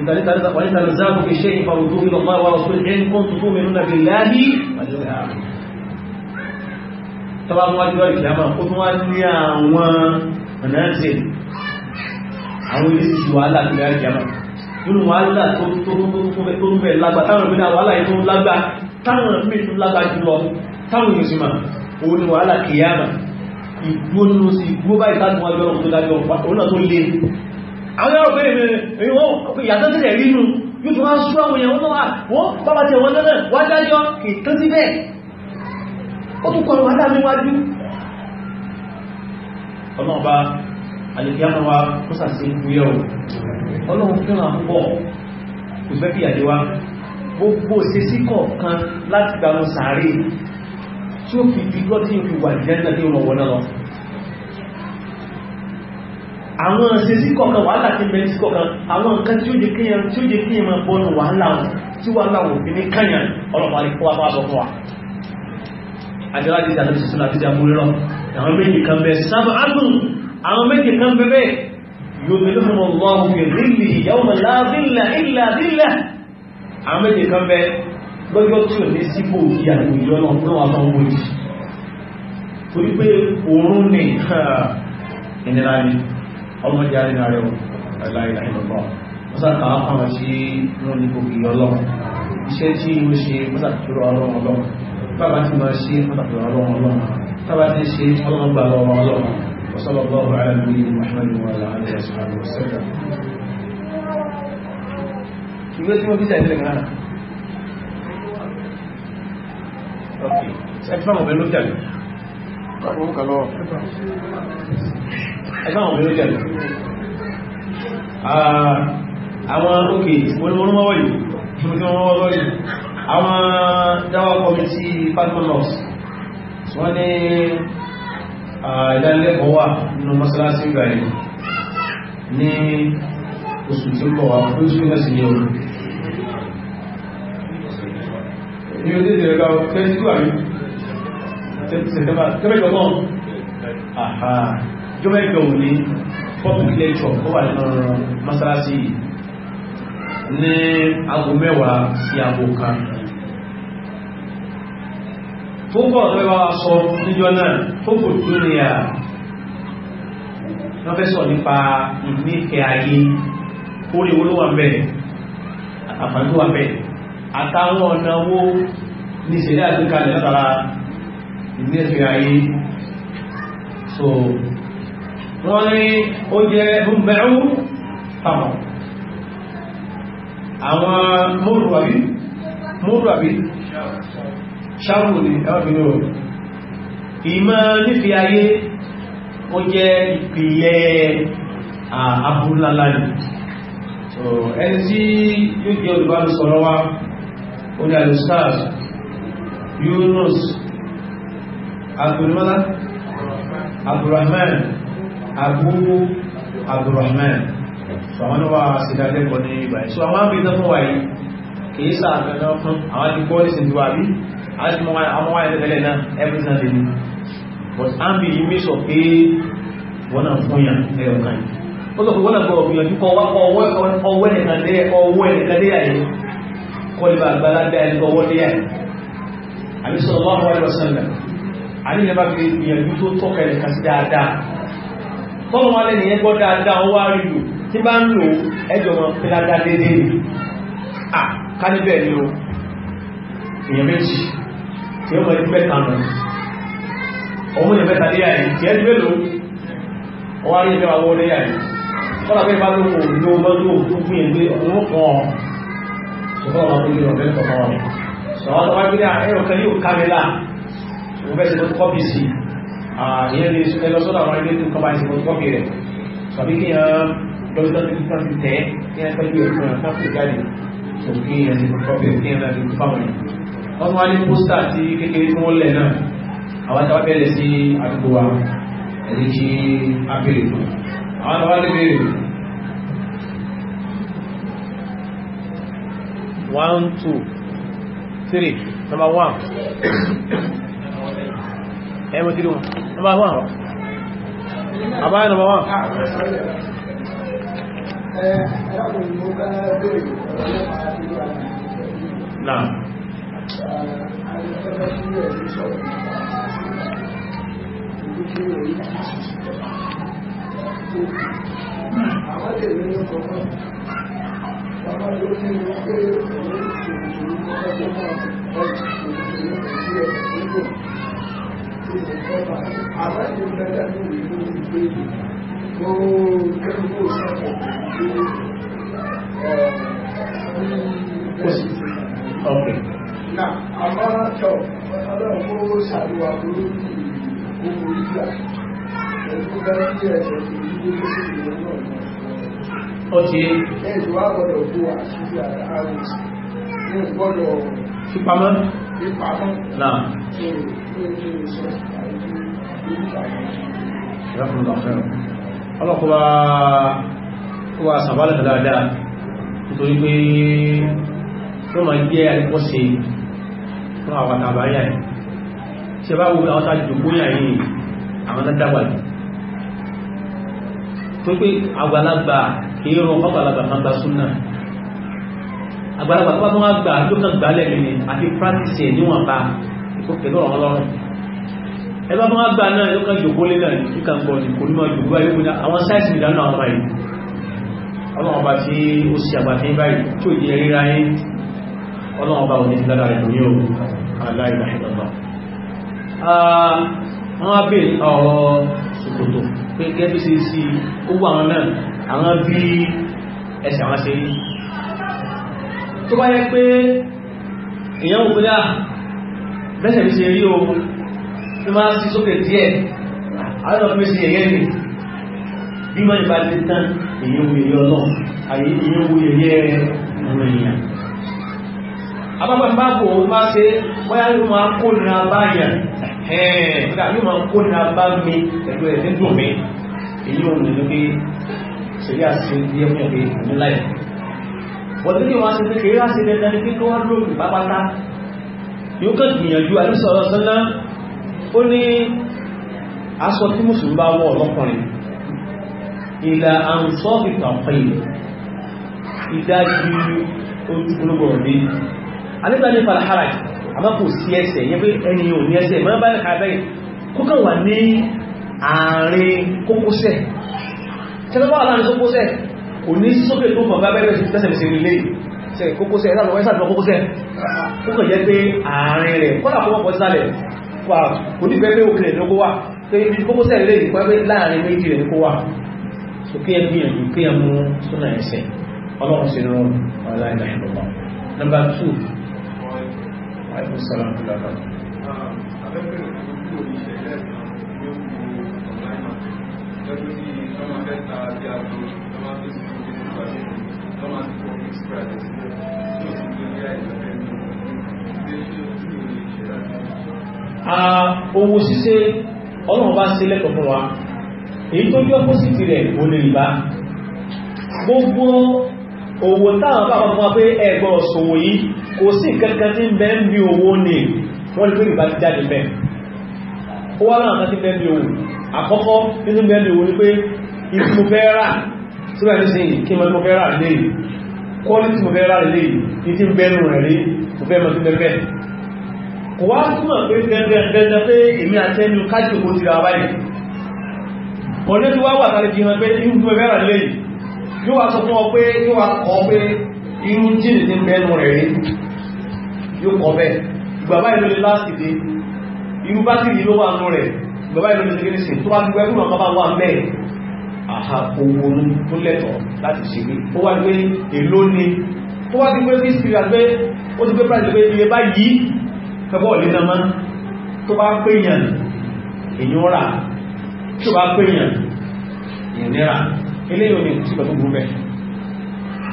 إذا رزق وإذا رزاق في شيء فردوه إلى الله ورسوله إن كنتم تؤمنون بالله واليوم الآخر طبعا ما تقولك يا من خذوا الدنيا ونازل أو يسجد ولا تقولك يا من كل ما لا تقولك تقولك لا بتأمل من الله يقول لا بتأمل من الله جل وعلا تأمل يا من كل ما لا قيامة ìgbó nínú sí ìgbó báyìí láti wájú ọ̀rọ̀ tó dájọ́ òun náà tó lè àwọn ọ̀pẹ́ ìyàtọ̀ sílẹ̀ rínú yóò tó wá sú àwọn èèyàn náà wọ́n bábá tí wọ́n náà wá dájọ́ ìtàn síbẹ̀ ó tún kọlu wádá mi wájú ọlọ́ọ̀bá alìkíyàmọ́ wa kó sàṣe ìgbúyẹ̀ ọlọ́run fẹ́ràn pọ̀ kò fẹ́ fìyàjẹ́ wa gbogbo ṣe síkọ̀ọ̀kan láti gbanú sàárè tí ó fi dígbọ́ tí ó fi wà jẹ́nà tí ó lọ wọ́n lọ àwọn ṣesí kọ̀kan wàhálà tí mẹ́rin sí kọ̀kan àwọn nǹkan tí ó jẹ́ kíyàn tí ó jẹ́ kíyàn máa bọ́nu wàhálà tí wàhálà wò fi ní kányàn ọlọ́pàá lè fọ́ apá sọ́fọ́ wa àjọ́lá ti tàbí sísun àti ìjà múrí lọ àwọn méjì kan bẹ sábà ágùn àwọn méjì kan bẹ bẹ yóò fi lófin ọlọ́run fi rí ìyàwó lábílà ìlà lọ́jọ́ tí ò ní sípò kí àgbòjọ́ náà náà wà tán wòlì torí pé òórùn ní ìnira ni ọlọ́jà rí náà rẹ̀ aláìláìlọ́gbọ́ mọ́sàkà àwọn tí wọ́n ní gbogbo ìyọ́lọ́ iṣẹ́ tí ó ṣe mọ́sàkìrò ọlọ́run ọlọ́run bàbá tí máa ṣe mọ́sàkìrò ọlọ́run ọlọ́run tàbá ti ṣe ọlọ́run gbà lọ́wọ́ وصلى الله على نبينا محمد وعلى اله وصحبه وسلم. Ìgbésí wọn bí sàìlẹ̀ kan náà. ẹgbẹ́ ah, àwọn mẹ́lú jẹ̀lú àwọn òkè olúmọ́wọ́ yìí tí wọ́n wọ́n lọ́rí àwọn dáwà kọmítí patronus wọ́n ní ah, ìdánilẹ́kọ̀ọ́ wà nínú mọ́sálásí ìgbà ní oṣù tí ó kọ̀wà fún ìṣúgbẹ́sì ní oòrùn ní o tẹ́sí rẹ̀ káwọ́ tẹ́sí tó àmì tẹ́mẹ́jọ mọ́ àhà jọmẹ́jọ ò ní public lecture ó wà nínú mọ́sálásí ní aago mẹ́wàá sí aago kan tó bọ̀ lọ́wọ́ sọ níjọ náà tó kò tó ní à wọ́n fẹ́ sọ nípa ìnífẹ̀ẹ́ ayé orí olówó wà bẹ́ẹ̀ àtàfàdúwà bẹ́ẹ̀ àtàwọn ọ̀nà owó ní ìṣẹ̀lẹ̀ àgbékalẹ̀ látara ìgbésẹ̀ ayé so wọ́n ní ó jẹ́ búbẹ̀rún papọ̀ àwọn mọ́rùwàbí mọ́rùwàbí ṣáàrù ní ẹwàbìnrin òun ìmọ̀ nífẹ̀ẹ́ ayé ó jẹ́ ìpìlẹ̀ àbúrúláláàrí ẹni tí yóò jẹ́ olùbánisọ̀rọ̀ oní alustars Yunus abdulmọ́lá abdulrahman abu abdulrahman sọ̀wọ́n ní wà sídálẹ́kọ̀ọ́ ní ibáyìí so àwọn àbí ìdánwò wáyìí kìí sàkànná fún àwọn ti kọ́ ìsìn tí wà bí àwọn wáyé tẹ́tẹ́lẹ̀ náà everything náà tẹ́lẹ̀ but àmì yìí mí sọ pé wọ́n náà fún yàn ẹ̀rọ kan yìí ó sọ pé wọ́n náà gbọ́ ọ̀gbìyànjú kọ́ kọ́líbà àgbàlagbà ẹni gbọ́wọ́ ní ẹ̀ àbí sọ̀rọ̀ wà wọ́n lọ sẹ́lẹ̀ àní ìyẹn bá fi ìyẹ̀jú tó tọ́ka ẹ̀ kà sí dáadáa tọ́lọ́ wọn lẹ́nu yẹn gbọ́ dáadáa wa wá rí lò tí bá ń lò ẹjọ́ wọn fi dáadáa déédéé ni à ká níbẹ̀ ni o èèyàn méjì tí ó mọ ẹni mẹ́ta nù ọmọ èèyàn mẹ́ta ní àyè tí ẹni mélòó ọwọ́ àyè ìjọba wọlé àyè kọ́lá pé bá lóko ló mọ́ lóko tó gbìyànjú ọ̀hún kan ọlọ́run tó yẹ ọ̀fẹ́ kọ̀ọ̀kan wọn sọ̀rọ̀ tó wá gbé ẹ̀rọ kan yóò kárẹ́ là mo fẹ́ ṣe tó kọ́pì sí ìyẹn lè ṣe lọ sọ́dọ̀ àwọn ilé tó kọ́ bá ṣe tó kọ́pì rẹ̀ tàbí kí yẹn lọ́jọ́ tó ti tán ti tẹ̀ kí yẹn tọ́jú ẹ̀ fún ẹ̀ fún ẹ̀ jáde tó kí yẹn ṣe tó kọ́pì kí yẹn láti fáwọn yẹn wọ́n tún wá ní pósítà tí kékeré tí wọ́n lẹ̀ náà àwọn tí wọ́n bẹ̀rẹ̀ sí àdúgbò wa one two three number one ẹ mọ̀ tìrì number one àbáyé number one náà Thank you. Okay. Now, ó ti yé fipamọ́ náà ọlọ́kọ̀ọ́ wa sàbálẹ̀ dáadáa nítorí pé ló ma jẹ́ àríkọ́sí fún àwọn àbáyà ẹ̀ tí a bá wo àwọn tàjògbóyà yìí àwọn dáadáa wà ní tó pé àgbàlagbà kìí rọ ọgbàlagbà kan gba súnà àgbàlagbà tó bá tó wá gbà ló kàn gbà lẹ́nu ni àti practice ẹ̀ níwọ̀n bá kó pẹ̀lú ọ̀rọ̀ ọlọ́run ẹ bá tó wá gbà náà ló kàn jòkó lé náà ní kàn gbọ́ ní kò ní máa jòkó ayé kúnlẹ̀ àwọn sáìsì ìdáná àwọn ọmọ yìí ọlọ́run ọba tí ó ṣe àgbàfẹ́ báyìí tó yẹ ríra yín ọlọ́run ọba òní ti o aláìláìlọ́lọ́ wọ́n á bèèrè ọ̀rọ̀ ṣòkòtò pé gẹ́bí sí sí ó wà wọn náà àwọn bí ẹsẹ̀ àwọn ṣe rí tó bá yẹ pé èyàn ò gbọ́dá ah, bẹ́sẹ̀ bí ṣe rí o tó máa sí sókè díẹ̀ àwọn ọmọ sí ẹ̀yẹ́ rẹ̀ bí mọ́ ìbá lè tán èyàn wo èyàn náà àyè èyàn wo èyẹ àwọn èèyàn abábàbábò má ṣe wáyá ló máa kó nira báyà ẹ̀ẹ́ yóò máa kó nira bá mi pẹ̀lú ẹ̀ ṣẹlẹ̀ àṣìṣe díẹ̀ fún ẹ̀kẹ́ ìlú láì wọ́n tí wọ́n ṣe kékeré láti lẹ́dá ní kíkọ́ wọ́n lóòrùn pápátá yóò kàn gbìyànjú àrísọ̀rọ̀ sọ́lá ó ní aṣọ tí mùsùlùmí bá wọ̀ lọ́kùnrin ìlà àǹsọ́ ìtàpín ìdájú ojúgbogbo ọ̀dẹ́ alẹ́gbà ní falahara àmá kò sí ẹsẹ̀ yẹ́ pé ẹni ò ní ẹsẹ̀ tẹ́lọ́wọ́ aláàrin sókósẹ̀ kò ní sókè tó mọ̀ bábẹ́rẹ̀ tẹ́sẹ̀ sí ilé ṣe kókósẹ̀ ẹ̀sàtọ̀wọ́ ẹ̀sàtọ̀wọ́ kókósẹ̀ ó kàn jẹ́ pé àárín rẹ̀ kọ́lá fọwọ́ pọ̀ sílẹ̀ kò ní bẹ́ẹ̀ òkèrè ní kó wà pé ibi kókósẹ̀ ilé ìpẹ́bẹ́ láàrin méjì rẹ̀ ní kó wà sókè ẹgbìyànjú kí ẹ mú súnà ẹsẹ̀ ọlọ́run sí rọrùn aláìdá ìlọ́wọ́ nọ́mbà 2 wáyé fún sọ́lá lọ́dún ní ọmọ mẹ́ta àti àgbò ọmọ tó sì ń gbé pàdé ọmọ àti fún mix price tí ó sì gbé ní àìlọ́fẹ́ ní ilé tí ó sì lè ṣe láti. owó ṣíṣe ọlọ́run bá ṣe lẹ́kọ̀ọ́ fún wa èyí tó jẹ́ pósìtì rẹ̀ ò lè bá gbogbo owó táwọn bá fún pé ẹgbọ́n ṣòwò yìí kò sí kankan tí ń bẹ ń bí owó ní wọ́n lè pé ti jáde mẹ́ ó wá láwọn àkọ́kọ́ nínú bẹ́ẹ̀lẹ̀ wo ni pé ìfún mo fẹ́ rà tí wà ní sí kí mọ́ mo fẹ́ rà lè kọ́ ní tí mo fẹ́ rà lè ní tí bẹ́ẹ̀lù rẹ̀ rí mo fẹ́ mọ́ sí bẹ́ẹ̀ kò wá túnmọ̀ pé dandan pé èmi àti ẹni kájì kò tira wáyé ọ̀nà tí wá wà tàbí fi hàn pé yóò wá bẹ́ẹ̀ ìgbà báyìí lè láti dé irú bá sì rí wà nú rẹ̀ bàbá ìlú ti kéré sí tó wá gbé ẹgbùn ọmọ wà mẹ́rin àha owó tó lẹ́tọ̀ láti ṣe rí ó wá gbé èló ni ó wá gbé sí spirit àgbé ó ti gbé price pé iye bá yí kẹbọ́ ọ̀lẹ́ náà má tó bá péyàn èyí ó rà tó bá péyàn ìnira eléyìí ò ní sí pẹ̀lú gbogbo bẹ́ẹ̀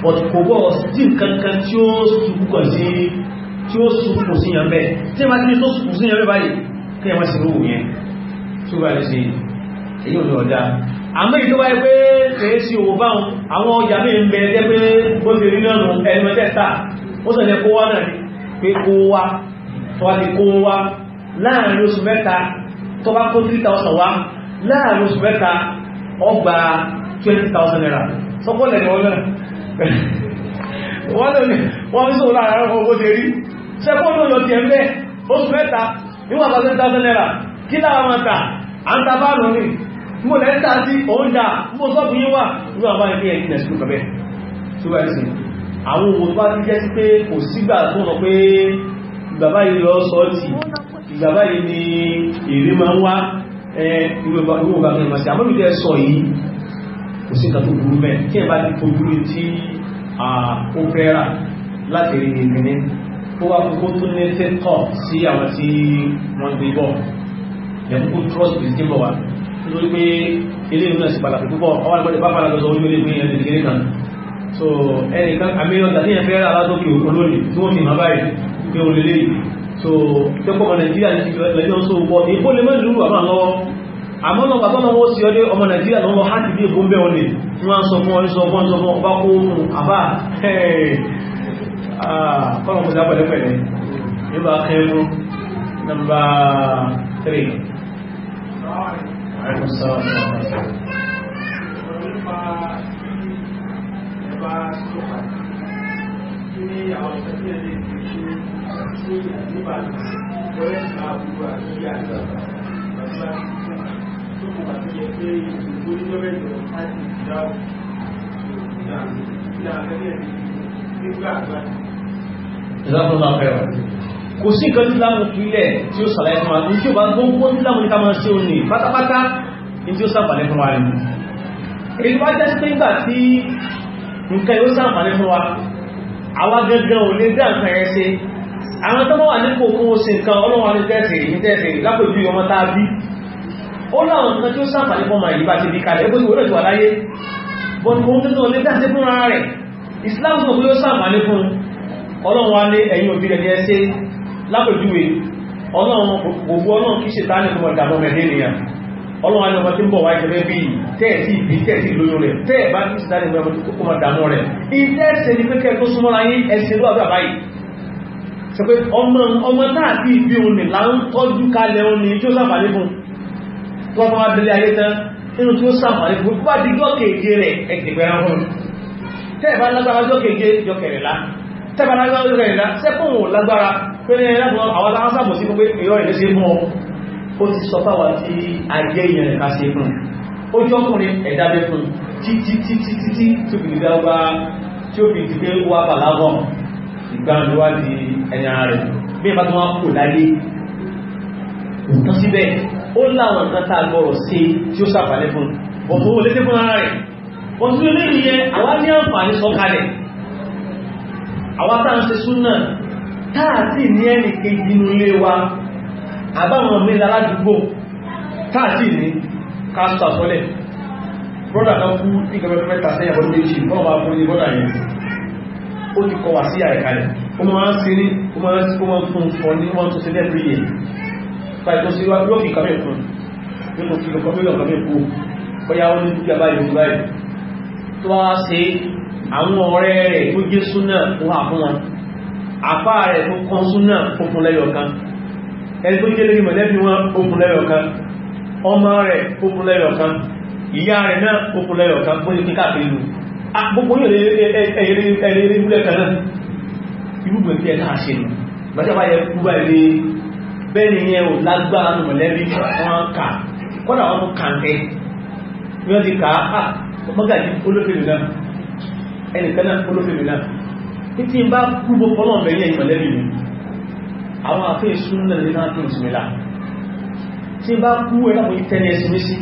but kò bọ́ sí nǹkan kan tí ó sùkú kan sí tí ó sùkú sí yàn bẹ́ẹ̀ tí ẹ bá ti ní tó sùkú sí yàn bẹ́ẹ̀ báyìí kí ẹ má sì rówó yẹn tí ó bá lè ṣe èyí ò ní ọ̀dá àmọ́ ìlú wáyé pé kèé sí òwò báhùn àwọn ọjà mí ń bẹ̀rẹ̀ jẹ́ pé ó ti rí lọ́nà ẹlẹ́mẹ́tẹ́ta ó sọ̀rọ̀ kó wá náà pé kó wá tó wá ti kó wá láàrin oṣù mẹ́ta tó bá kó 3000 wá láàrin oṣù mẹ́ta ọgbà 20,000 naira sọ́kọ́lẹ̀ ni wọ́n náà wọ́n ní wọ́n ń sọ láàrin ọmọ owó tẹ́rí sẹ́kọ́lù yọ ti ẹ̀mẹ́ oṣù mẹ́ta níwọ̀n 20,000 naira kí láwọn máa ta à ń ta fáànù ní mo lẹ́ ń ta sí oúnjẹ mo sọ́pù yí wà ní àwọn ẹgbẹ́ ẹni nẹ̀ sùn kọ̀bẹ̀ síwájú sí àwọn òwò tó bá ti jẹ́ sí pé kò sígbà tó rọ pé ìgbàbá yìí lọ sọ́ọ̀tì ìgbàbá yìí ni èrè máa ń wá ìwọ̀n bá fẹ́ ìmọ̀sí àmọ́ ìdẹ́ sọ yìí kò sí ìtàtò burú mẹ́ kí ẹ bá ti fojú rí tí ó fẹ́ rà láti rí ìrìnlẹ́ tó wá yẹn kó trust the table wa nítorí pé ilé ìlú náà pàtàkì púpọ̀ ọwọ́ àgbẹ̀dẹ̀ pápá lọ́sọ orí ìgbé ẹni kékeré kan so ẹnì kan àmìlíọ̀n tàbí ẹ̀fẹ́ alátòkè olóòlì tí wọ́n fi hàn báyìí pé o so tẹ́kọ̀ ọmọ nàìjíríà ní ìlẹ́jọ́ ń sówó pọ̀ èkó lè mẹ́rin lúrù àmà lọ́wọ́ àmọ́ náà bàtọ́ náà wọ́n sí ọdẹ ọmọ nàìjíríà lọ́wọ́ láti bí èkó ń bẹ́ wọn lè tí wọ́n sọ fún ọ Ìjọba ọ̀pẹ̀rẹ̀ kò sí nǹkan tí láàmù pínlẹ̀ tí ó sàlàyé fún wa ní Kata-kata bá gbogbo pada láàmù níta máa ṣe ó ní pátápátá ní tí ó sàbàlẹ̀ fún wa rí èyí wá jẹ́ pé nígbà tí nǹkan yóò sàbàlẹ̀ fún wa àwa gẹ́gẹ́ ò lè dá nǹkan yẹn ṣe àwọn tó wà nípò fún di kalẹ̀ ó orang tua láyé bọ́n mo ń tó lè dá sí fún ara rẹ̀ Islam tó kú yóò sàbàlẹ̀ fún ọlọ́wà ní ẹ̀yìn òbí rẹ̀ ní ẹsẹ̀ lápòjúwe ọlọ́run gbogbo ọlọ́run kí ṣe tánì fún ọjà lọ́mọ ẹ̀dẹ́ nìyàn ọlọ́run àti ọmọ tí ń bọ̀ wáyé tẹ́lẹ̀ bí tẹ́ẹ̀tì bí tẹ́ẹ̀tì lóyún rẹ̀ tẹ́ẹ̀ bá kí ṣe tánì fún ọmọ tó kọ́ dàmú rẹ̀ ilé ẹsẹ̀ ni pẹ́kẹ́ tó súnmọ́ra yín ẹsẹ̀ ló àbúrà báyìí sọ pé ọmọ náà bí ibi òun nì láwọn tọ́jú kalẹ̀ òun ni tí ó sàǹfààní fún tó bá délé ayé tán nínú tí ó sàǹfààní fún bá di jọ́kèje rẹ̀ ẹgbẹ̀rẹ̀ ọ̀hún tẹ́ẹ̀ bá lágbára jọ́kèje jọ́kẹ̀rẹ̀ lá tẹ́bàlá lọ́rọ̀ ìlà sẹ́kùn lágbára pẹ̀lú ẹ̀lẹ́gbọ́n àwọn aláwọ́sàbò sí pé ìrọ̀ ìlẹ́ sí mọ́ ó ti sọ fáwà tí ajé ìyẹn rẹ̀ ká sí fún ó jọ ọkùnrin ẹ̀dábẹ́ fún títí títí títí tó fi dìgbà wá tí ó fi dìgbà wá bàlágọ́n ìgbàlúwádìí ẹ̀yà rẹ̀ bí ìbá tó wá kò láyé nǹkan síbẹ̀ ó láwọn nǹkan tá a gbọ́rọ̀ sí tí ó sàfàlẹ́ fún ọ̀tún olóṣèlú fún ara rẹ̀ ọ̀tún olóṣèlú yẹn àwọn ní àǹfààní sọ kalẹ̀ àwọn tá à ń ṣe súnà táàtì ní ẹnì kejì nínú ilé wa àbáwọn mẹ́lẹ̀ aládùúgbò táàtì ní káàsù àsọ́lẹ̀ brọ́dà kan kú ní gẹ́gẹ́ mẹ́ta sẹ́yà ọdún méjì wọ́n bá fún ní brọ́dà yẹn ó ti kọ wà sí àìkalẹ̀ ó máa ń sí ní ó máa ń fún fún ní wọ́n tún sí lẹ́ẹ̀rí yẹn báyìí tó sí wá yóò fi kàmẹ́ fún nínú kìlọ̀ kọ́mílọ̀ kàmẹ́ fún bóyá ó ní dúkìá báyìí tó wá sí àwọn ọ̀rẹ́ rẹ̀ tó jẹ́ súnà fún wà fún wọn àfá rẹ̀ tó kan súnà fún lẹ́yọ̀ kan ẹni tó jẹ́ lórí mọ̀lẹ́bí wọn fún lẹ́yọ̀ kan ọmọ rẹ̀ fún lẹ́yọ̀ kan ìyá rẹ̀ náà fún lẹ́yọ̀ kan fún ní káàkiri lù gbogbo yóò ẹ̀rẹ́ ìrúlẹ̀ kan náà irúgbẹ̀ tí ẹ náà ṣe nù gbàjábá yẹ kúgbà ilé bẹ́ẹ̀ ni yẹn ò lágbára nù mọ̀lẹ́bí wọn kà kọ́dà wọn kàǹtẹ́ wọ́n ti kà á mọ́gàjì olókèlè náà ẹnìkan náà olófèlú náà títí bá kú gbogbo ọlọ́run bẹ̀rẹ̀ ìmọ̀lẹ́bí mi àwọn àfẹ́ ìṣúná ní náà tún ìsinmi láà tí bá kú ẹlọ́pọ̀ ìtẹ́lẹ̀ ẹ̀sìn sí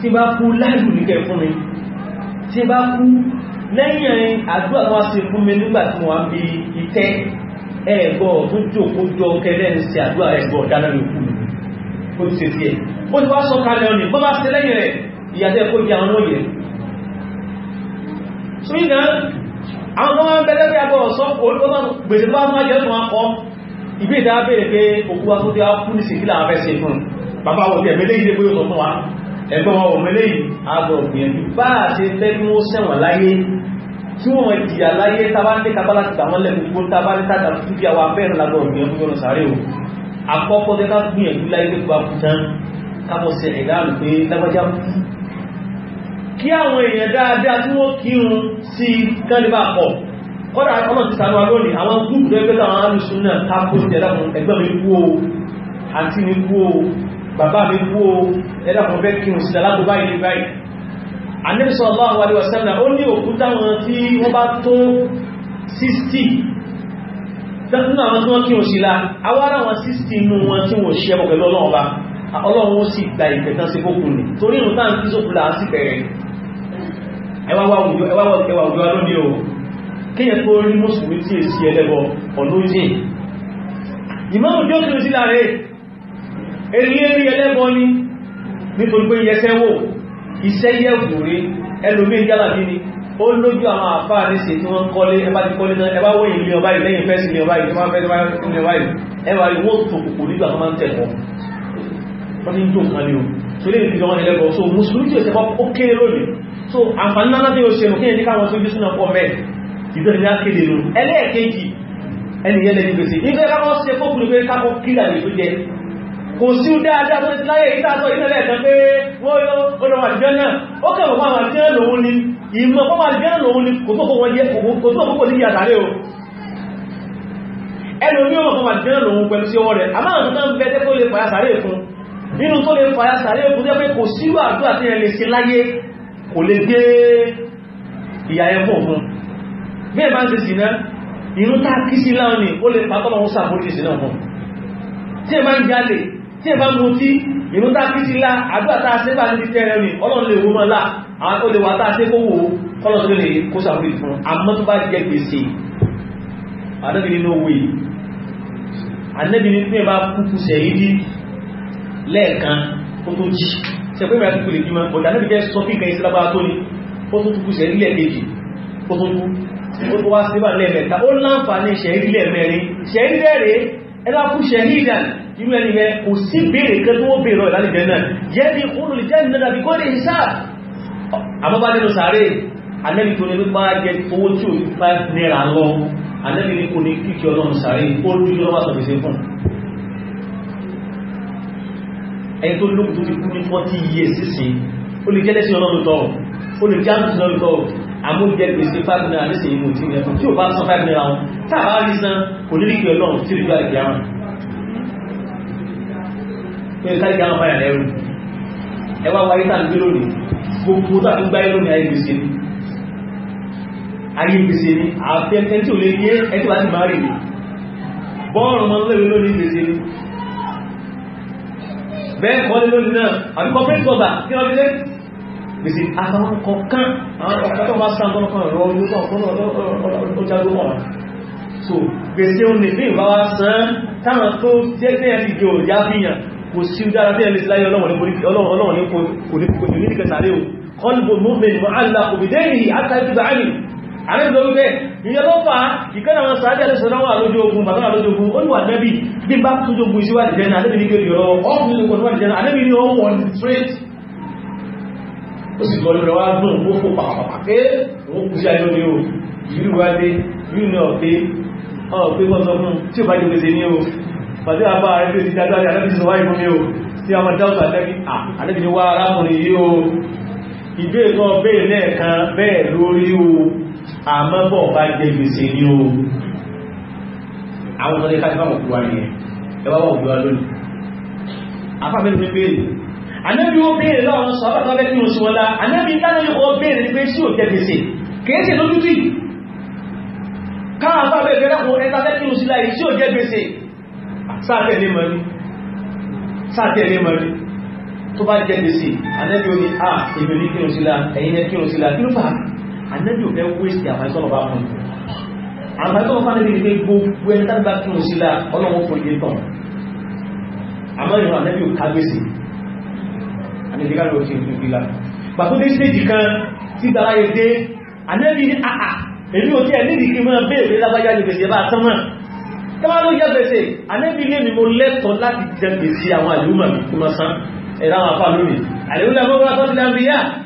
tí bá kú láìlú ní kẹ fún mi tí bá kú lẹ́yìn àdúrà wá sí fún mi nígbà tí wọ́n bí ìtẹ́ ẹ̀gbọ́ tó jòkó jọ kẹlẹ́ so ìdá àwọn ọmọ bẹ́lẹ́ bí agbọ́rọ̀ sọ olùkọ́nà gbèsè bá máa jẹ́ ọmọ akọ ìgbé ìdá bèèrè pé òkú wa tó dé kú ní sèkílà abẹ́sẹ̀ fún bàbá wọn bí ẹ̀mẹ́lẹ́ ìdẹ́gbé yóò sọ fún wa ẹgbẹ́ wọn ò mẹ́lẹ́ yìí agbọ̀ gbìyànjú bá a ṣe fẹ́ kí wọ́n sẹ̀wọ̀n láyé tí wọ́n jìyà láyé tábà ń dé kábàlá ti tàwọn lẹ́nu gbogbo tábà ń tàdà fún bí àwọn kí àwọn èèyàn dáadáa tí wọ́n kírun sí kẹ́lìbà pọ̀ kọ́dà ọmọ ti sàánú alónìí àwọn gúúpù tó ẹgbẹ́ta àwọn alùsùn náà tako sí ẹ̀dàkùn ẹgbẹ́ mi kú o àti mi kú o bàbá mi kú o ẹ̀dàkùn fẹ́ kírun sí alágbó báyìí báyìí Ànábì sallallahu alaihi wasallam ó ní òkú táwọn tí wọ́n bá tó 60 tẹ́tún àwọn tí wọ́n kírun sí ọlọ́run ó sì gba ìpẹ̀tán sí fókùn ní torí ìrùn táà ń kí sókùn láà sí bẹ̀rẹ̀ ẹwà àwùjọ alónìí o kíyẹ tó rí mùsùlùmí tí èsì ẹlẹ́bọ ọlójì ìmáàmù jọ́ kìrì sí láàrẹ èrí èrí ẹlẹ́bọ ní nítorí pé yẹsẹ́ wò iṣẹ́ yẹ̀wò rí ẹlòmí jálàbí ni ó lójú àwọn àfáà ní sí tí wọ́n kọ́lé ẹbá ti kọ́lé náà ẹbá wọ́n ìlú ọba ìlẹ́yìn fẹ́sì ní ọba ìlú máa fẹ́ ẹwà ìwọ́n tó kòkò nígbà tó máa ń tẹ̀kọ́ wọ́n ní jò kan ní o so lè fi lọ́wọ́n ẹlẹ́bọ̀ so musulmi tí ó sẹ́fọ́ ó kéré lónìí so àǹfàní náà tí ó ṣe mú kí ẹni káwọn tó jésù náà pọ̀ mẹ́ ìtọ́jú ní akéde lò ẹlẹ́ẹ̀kejì ẹni yẹn lẹ́ni gbèsè ìfẹ́ káwọn ṣe kó kúrò pé káwọn kílà lè tó jẹ kò sí dáadáa tó ti láyé ìta sọ ìtẹ́lẹ̀ ẹ̀sán pé wọ́n yóò ọdọ̀ wà jẹ́ náà ó kẹ̀wọ̀ máa wà jẹ́ lòun ni ìmọ̀ kọ́ máa jẹ́ lòun ni kò tó kò wọ́n jẹ́ kò tó kò ní ìyàtàrẹ́ o ẹlòmí ọmọ kọ́ máa jẹ́ lòun pẹ̀lú sí ọwọ́ rẹ̀ àmáhàn tó tán bẹ́ẹ̀ tẹ́kọ́ lè pàyà sàárè fún nínú tó lè fàyà sàárè kò jẹ́ pé kò síwà àdúrà tí ẹ lè ṣe láyé kò lè gbé ìyà ẹ̀fọ́ fún bí ẹ bá ń ṣe sí náà inú tá kí sí láwọn ni ó lè pàtọ́lọ́ wọn sàbójì sí náà fún tí ẹ bá ń jalè tí ẹ bá mú tí inú tá kí sí lá àdúrà tá a ṣe bá ní ti tẹ́rẹ ni ọlọ́run lè wó mọ́ lá àwọn tó lè wà tá a ṣe kó wò ó kọ́lọ́ tó lè kó sàbójì fún àmọ́ tó bá jẹ gbèsè àdébìnrin ló lẹ́ẹ̀kan ó tó jí ṣẹ̀pẹ́ ìrìn àtìkù lè bímọ ọ̀dà náà bíbẹ́ sọ fíkẹ́ ìṣẹ́ lábára tó ní ó tó túkú ṣẹ̀rí lẹ́ẹ̀kejì ó tó kú ó tó wá síbà lẹ́ẹ̀mẹ́ta ó láǹfààní ṣẹ̀rí lẹ́ẹ̀mẹ́rin ṣẹ̀rí lẹ́ẹ̀rẹ́ ẹlá kú ṣẹ̀rí ìdàn irú ẹni rẹ kò sí béèrè kan tó béèrè ọ̀dà níbẹ̀ náà yẹ́ bí olùjẹ́ nínú bí kọ́lé ìṣá àbábá nínú sàárè anẹ́bí tó ní wípá jẹ owó tí ò ní 5 naira lọ anẹ́bí ní kò ní kíkì ọlọ́run sàárè ó dúró lọ́wọ́ sọ̀fẹ́sẹ́ fún un ẹni tó lókù tó ti kú ní 40 years sísìn ó lè jẹ́lẹ́sí ọlọ́run tọ́ ó lè jáàmù sí ọlọ́run tọ́ àmójẹ gbèsè 5 naira nísìn ìmú tí ìrẹ́fún tí ò bá san 5 naira wọn tàbá rí san kò ní rígbẹ̀ ọlọ́run tí rígbẹ̀ àgbẹ̀ àwọn pé káàkiri àwọn báyà lẹ́rù ẹwà wáyé tà ń gbé lónìí gbogbo tó àtúgbà yé lónìí ayé gbèsè ni ayé gbèsè ni àfẹ́fẹ́ tí ò lè yé ẹtí wá ti máa rí bọ́ọ̀rùn mọ́ lórí bẹ́ẹ̀ kọ́ lé lónìí náà àbí corporate bọ́dà kí lọ bílé gbèsè àtàwọn kọ̀ọ̀kan àwọn ọ̀pọ̀ tó bá sáàbọ̀ kan rọ olóòtọ̀ ọjọ́ ọ̀rọ̀ so gbèsè òun ní ìbá wá sán táwọn tó jẹ́ pé ẹni jò yá fihàn kò sí dára bí ẹni síláyé ọlọ́wọ̀n ní kò ní kẹsàrí o kọlùbò mọ́mẹ́lì mọ́ àmì ìdọ̀lúgbẹ́ ìyẹlọ́pàá ìkẹ́nà àwọn sàájá lè sọ náwà lójú ogun bàbá lójú ogun ó ní wà nẹ́bí bí bá tójú ogun síwájì jẹ́ náà lẹ́bí ní kí o yọ ọ́pùn nínú ogun síwájì jẹ́ ní ó wọ́n straight ó sì gọ́ lórí wá gbọ́n ó fò pàpàpàpẹ́ ó kù sí ayé ní o ìlú wá dé ìlú náà pé ọ̀ pé wọ́n sọ fún tí ó bá jẹ́ pèsè ní o pàdé àbá rẹ̀ pé ti dájọ́ àti alẹ́bí sọ wáyé fún mi o àmọ́bọ̀ bá jẹ́ gbèsè ní o àwọn ọ̀tọ́lẹ́ káàkiri àwọn òkúwa rẹ̀ ẹwà wà òkúwa lónìí afáfẹ́lú ní bèèrè anẹ́bí ó bèèrè lọ́rọ̀ sọ́ọ̀tọ́lẹ́ kí o ṣùwọ́lá anẹ́bí tánàlẹ́ ó bèèrè ní pé sí ò jẹ́ gbèsè kèése lójú tí káàkiri àwọn ẹgbẹ́ láwọn ẹgbẹ́ kí o sí láì sí ò jẹ́ gbèsè sáàtẹ̀lé mọ́rí sáàtẹ̀lé mọ́rí tó bá jẹ́ gbèsè anẹ́bí ó ní à èmi ní kí o sí lá ẹ̀yìn ní kí o sí lá kí ló fà á ànábì ò fẹ́ wéṣì àfàìsọ́lọ̀ bá fún àfàìsọ́lọ̀ bá níbi pé gbogbo ẹni tàbí bá kí o sílá ọlọ́wọ́ fún ilé tán àmọ́ ìrìn ànábì ò kágbèsì àníbíká ló ṣe ìlú ìlà pàtó dé stéjì kan tí gbára yẹ dé ànábì ní àà ah, ah, èmi ò tí ẹ̀ nídìí kí máa béèrè lágbájá lè bèèrè bá tán mọ́ tọ́wọ́ ló yẹ bèèrè ànábì lé mi mo lẹ́tọ̀ọ́ láti jẹ gbèsè àwọn àlùmọ̀ mi kí wọ́n san ẹ̀rọ àwọn afá lónìí àlèúlẹ̀ mọ́wọ́lá tó ti lẹ́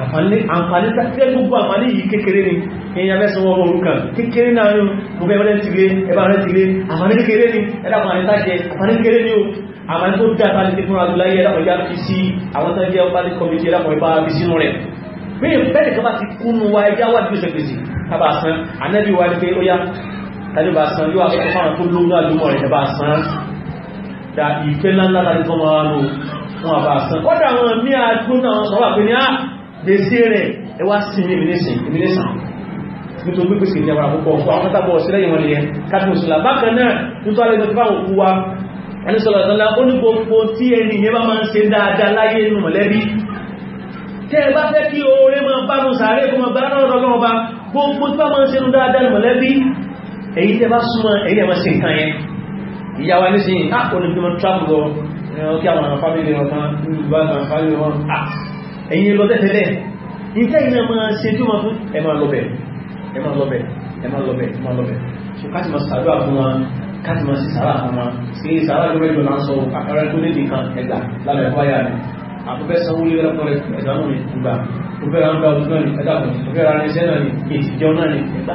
àǹfààní àǹfààní tí ẹ gbogbo àǹfààní yìí kékeré ni èyàn mẹ́sànwọ́ ọmọ orúkà kékeré náà ní gbogbo ẹgbẹ́ ti lé ẹbá rẹ̀ ti lé àǹfààní kékeré ni ẹ̀dà àǹfààní tàṣẹ ni o àǹfààní tó dá àǹfààní tí fúnra tó láyé ẹ̀dà ọjà fi sí àwọn tó jẹ́ ọba ní kọmíkì ẹ̀dà ọba fi sínú rẹ̀ bí bẹ́ẹ̀ tó bá ti kúnnu wa ẹjá wà nígbèsè gbèsè tábà san anẹ́bí wa ní pé ó yá tàbí bá san yóò àkọ́kọ́ fáwọn tó lóun náà lómọ rẹ̀ tàbá san da ìfẹ́ ńláńlá láti fọ́n ní á gbèsè rẹ̀ ẹwà sí ní ìmìnísàn nítorí gbèsè ní àwọn àkókò ọ̀pọ̀ àwọn pátábọ̀ sílẹ̀ ìwọ̀n lè yẹn káàkiri òṣìlá bákan náà nítorí alẹ́ ìjọba òkú wa ẹni sọ̀rọ̀ ìtọ́lá ó ní gbogbo tí ẹni yẹn bá máa ń ṣe dáadáa láyé inú mọ̀lẹ́bí tẹ́ ẹ bá fẹ́ kí oore máa bá mu sàárè kó máa bá lọ́rọ̀ lọ́wọ́ bá gbogbo tí wọ́n máa ń ṣe dáadáa ní mọ̀lẹ́bí èyí tẹ́ bá súnmọ́ èyí ẹ̀ máa ṣe nǹkan yẹn ìyá wa ní sí àkọ́ni bí wọ́n travel lọ ọkẹ́ àwọn àwọn fámìlì wọn kan ní ìlú bá àwọn fámìlì ẹ̀yin lọ tẹ́tẹ́lẹ̀ ìtẹ́ iná máa ṣe tí ó máa fún ẹ máa lọ bẹ̀ ẹ máa lọ bẹ̀ ẹ máa lọ bẹ̀ ẹ máa lọ bẹ̀ so káti máa sàdúrà fún wa káti máa sì sàrà fún wa sí sàrà lórí ìlú náà sọ àkàrà tó ní nìkan ẹgbà lábẹ́ ẹ̀kọ́ ayà rẹ̀ àkọ́fẹ́ sanwó lé lọ́pọ̀ rẹ̀ ẹ̀dánù rẹ̀ gbà ó fẹ́ ra ń gba ọdún náà ní ẹ̀dá kan ó fẹ́ ra irinṣẹ́ náà ní èsì jẹun náà ní ẹgbà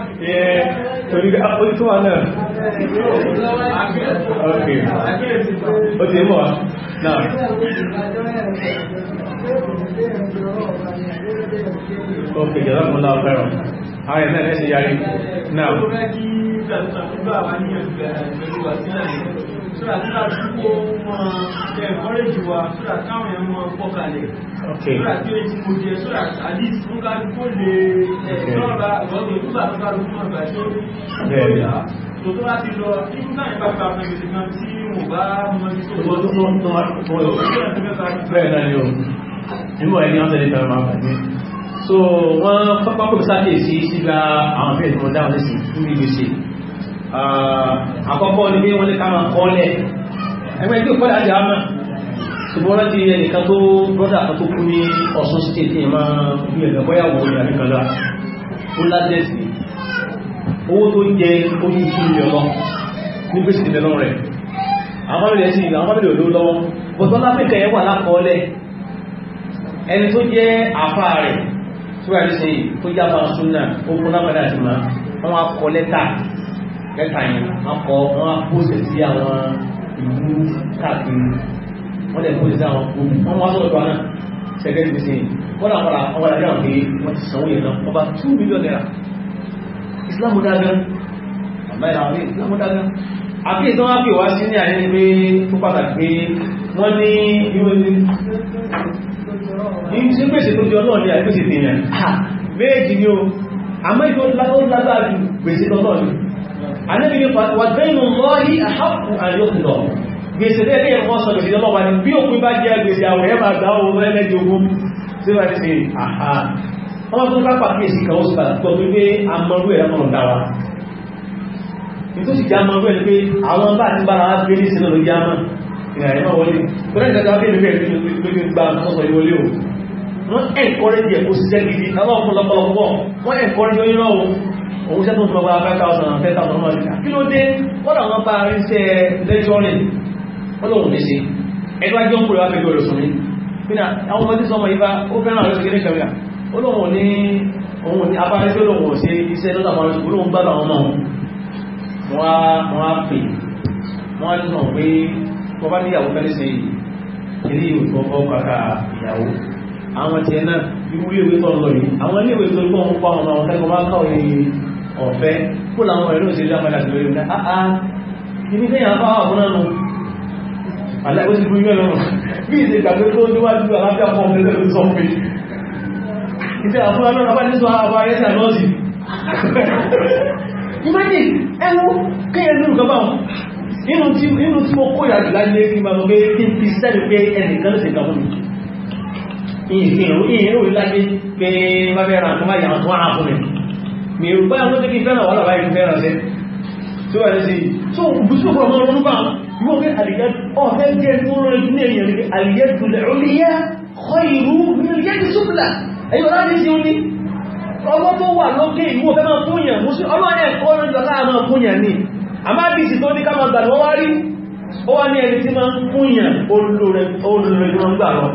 torí ah, orí tó wà náà ok ó ti mọ̀ náà ok jọ̀rọ̀ mọ́lá ọ̀fẹ́rọ̀ ààrẹ náà lẹ́sẹ̀ yàrí náà sọ́ra nígbà tí kó máa ẹ̀kọ́rẹ́jì wa sọ́ra káwọn ẹ̀ máa pọ́kalẹ̀ sọ́ra tí ó ti mo jẹ sọ́ra àdís fún kálukó lè ẹ̀ẹ́dọ́ra ọ̀gbọ́n tó bá tó bá lókun àgbà tó lọ́yà tó tó bá ti lọ nígbà táyìn bá gba ọmọ ìgbésẹ̀ kan tí mo bá mọ ibi tó lọ tó ń tán bẹ́ẹ̀ náà ni o nínú ẹni ọ̀sẹ̀ lè fẹ́ràn máa bàjẹ́ so wọ́n pápákọ̀ sáfẹ̀ sí sígbà àwọn fẹ́ẹ̀ tí Uh, àkọ́kọ́ ní bí wọ́n lè ká máa kọ́lẹ̀ ẹgbẹ́ tí ó kọ́lẹ̀ àjá máa ṣùgbọ́n láti ẹnìkan tó brọ́dà kan tó kú ní Ọ̀ṣun state ní máa bí ẹ̀dọ̀ bọ́yàwó ní àríkànlá ó ládẹ́sì owó tó jẹ ojú sí ilẹ̀ lọ ní gbèsè ìlẹ̀ lọ rẹ̀ àwọn ilẹ̀ sí àwọn ilẹ̀ olówó lọ́wọ́ bọ̀tọ́ láfíkà ẹ̀ wà lákọọ́lẹ̀ ẹni tó jẹ́ àfá rẹ̀ tó rẹ̀ sí tó jábà súnà ó kún lápàdà sí máa wọ́n akọ lẹ́tà lẹ́tà yẹn wọ́n kọ wọ́n pòsè sí àwọn ìlú káàkiri wọ́n lè pòsè sí àwọn omi wọ́n wá sọ̀rọ̀ lọ́nà sẹ́kẹ́tì sí wọ́n àwọn àwọn àdé àwọn pé wọ́n ti sanwó yẹn náà ọba two million naira Islam dáadáa àmọ́ ìlànà ní Islam dáadáa àbí ìtàn wá pè wá sí ní àyè pé tó pàtàkì pé wọ́n ní ìwé ní ṣe pèsè tó jọ náà ní àìpèsè tèèyàn méjì ni ó àmọ́ ìtàn lágbára ju pèsè ni anábì ní wàdẹ́nu lọ́rí àhàkù àyọ́kùnlọ gbèsè lẹ́lẹ́ ẹ̀kọ́ sọ̀rọ̀ sí ọlọ́wà ní bí òkú bá jẹ́ gbèsè àwọ̀ ẹ̀ máa dáwọ́ lẹ́lẹ́dì ogun tí wọ́n ti àhà wọ́n tún ká pàkíyèsí kan ó sì bá tọ́ pé pé amọ̀rú ẹ̀ mọ̀ dáwà nítòsí jẹ́ amọ̀rú ẹ̀ pé àwọn bá ti bára wá gbé ní sinú lórí àmọ́ ìrìnàjò wọlé wọ́n encourage ẹ̀kọ́ sí sẹ́gidi àwọn ọ̀pọ̀lọpọ̀lọpọ̀ wọ́n encourage you know? oyún náà òun sẹ́tọ̀ tó gba 5,000 10,000 wọ́n kí ló dé wọ́n àwọn bá rí sẹ́ lẹ́tọ́rin wọ́n lòun lè ṣe ẹgbẹ́ ajọ́ ń kúrò wá fẹ́jọ́ rẹ̀ sùnrin pínà I ọmọdé sọmọ ibá ó fẹ́ràn rẹ̀ ṣe kẹrìà ó lòun ní òun ní abárí tó lòun ò ṣe iṣẹ́ lọ́dà wọn lọ́sùn olóhun gbádùn àwọn ọmọ wọn á pè wọ́n á nù pé wọ́n bá níyàwó fẹ́ àwọn tiẹ̀ náà irú iléèwé tó ń lọ yìí àwọn iléèwé tó gbọ́n ń pa ọmọ àwọn akẹ́kọ̀ọ́ máa kọ́ ní ọ̀fẹ́ kó làwọn ẹ̀rọ òṣèlú àmàlà sí lórí ọ̀dá àá ìní fẹ́ yàn fáwọn àkúnná nù aláìwé ti gbúgbẹ́ lọ́rùn bí ìṣe ìgbàgbé tó níwájú aláfíà fún ọmọ ẹgbẹ́ sọ pé ìṣẹ́ àfúnná náà bá ní sọ àwọn ayé sà lọ́ọ̀sì ìmájì ẹnu kéyẹ lórí kan báwọn inú tí mo kó ìyàjù láyé kí n bá lọ pé kí n fi sẹ́ni pé ẹnìkan lè ṣe kàwọn mi ìfihàn ìyẹn ò láti pé bá fẹ́ ràn tó máa yàrá tó wà fún mi mi ò bá wọn tẹ́kí fẹ́ràn wà lọ́wọ́ ìfẹ́ ràn sí tó wà lẹ́sí tó bùsù kọ̀ mọ́ ọdún bá yóò fẹ́ àlìyẹ́ ọ̀fẹ́ jẹ́ tó rẹ̀ ní èyàn ní àlìyẹ́ tó lẹ̀ ó lè kọ́ ìrú nílẹ̀ ti súnlá ẹ̀yọ́ láti sí oní ọwọ́ tó wà lókè ìwò fẹ́ máa fúnyàn mú sí ọlọ́ ẹ̀ kọ́ lórí ọlá àmà fúnyàn ní àmá bí ìsì tó ní ká máa gbà lọ́wọ́ rí ó wá ní ẹni tí máa fúnyàn olùrẹ̀ ìjọba gbà lọ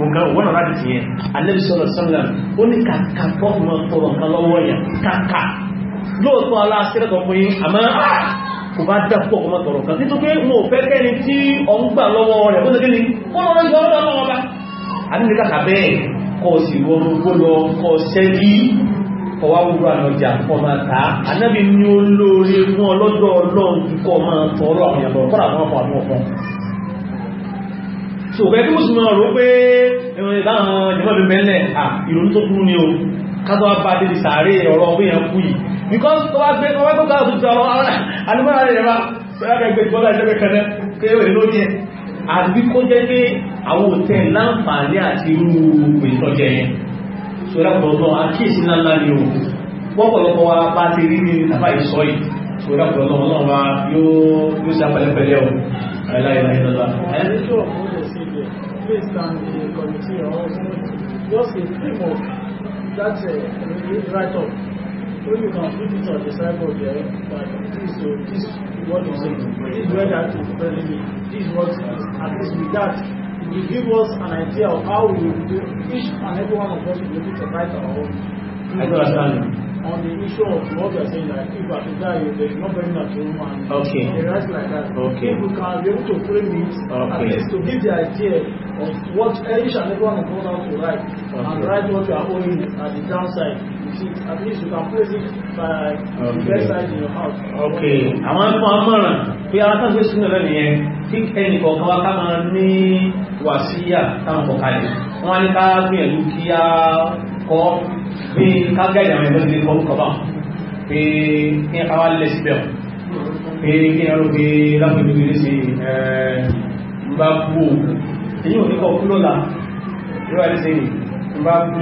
nǹkan wọ́n náà láti tìyẹn Ànábì sọ̀rọ̀ sọ́nà ó ní kàkà fọ́ọ̀mù tọrọ nǹkan lọ́wọ́ yẹn kàkà lóòótọ́ aláṣẹ́rẹ́ kan fún yín àmọ́ kò bá dá pọ̀ ọmọ tọrọ kan títún pé mo fẹ́ kẹ́ni tí ọ ń gbà lọ́wọ́ rẹ̀ bó ṣe kí ni wọ́n lọ́wọ́ ìgbà ọ̀dọ́ lọ́wọ́ bá àti ní kàkà bẹ́ẹ̀ kọ́ sí wọ́n gbọ́nà kọ́ sẹ́lí kọwa wúrú àlọ́jà kọ́ máa ta Ànábì ní olóore mú ọlọ́dọ̀ ọlọ́run so bẹ́ẹ̀ kí mùsùlùmí ọ̀rọ̀ pé ẹ̀wọ̀n ìdáhàn jẹ́mọ̀lú mẹ́lẹ̀ ìrònú tó kúrú ni o kátọ́ bá dé di sàárè ọ̀rọ̀ ọgbé yẹn kú yìí because to to tó bá gbé ọwọ́ tó káàkiri tó ọ̀rọ̀ alúmọ́ra rẹ̀ bá sọ́yàkà gbé bọ́lá ìṣẹ́gbẹ̀ kan náà pé ó èrò díẹ̀ àbí kó jẹ́ pé àwọn òtẹ́ láǹfààní àti irú ìtọ́jẹ yẹn so lápọ̀lọpọ̀ àkíyèsí ńláńlá ni o pọ́pọ̀lọpọ̀ wa bá ti rí ní àbá ìsọ́ yìí so lápọ̀lọpọ̀ ọlọ́run wa yóò ṣe apẹlẹpẹlẹ o I ẹ́ That's a write-up. When you can put it on the eh, cyborg there, eh, but this, so eh, this is what you say. This is where that is telling me. This is At least with that, give us an idea of how each and every one of us will able to write our own. I understand on the issue of what you're saying, like if I should die, there's no burning at home and okay. the rest like that. Okay. People can be able to frame it okay. at least to give the idea of what each and everyone is going out to write okay. and write what you are owing at the downside. You see, at least you can place it by okay. the best side in your house. Okay. Àwọn ẹ̀kọ́ amọ̀ràn pé alákàtúnṣe sínú ẹ̀rọ nìyẹn kí ẹnì kọ̀ọ̀kan wá ká máa ní wàsíyà táwọn kọ̀ọ̀kan lè. Wọ́n á ní ká gbìyànjú kí á kọ́ pé kágáìdì àwọn ẹ̀lọ́dì kọ́ kọ́bá pé kí ẹ káwà lẹ́sí bẹ̀rù pé kí ẹ rò pé lápẹ̀lú ilé sí bá kú o èyí ò ní kọ́ kú lọ́la ìrọ̀ àti sẹ́yìn bá kú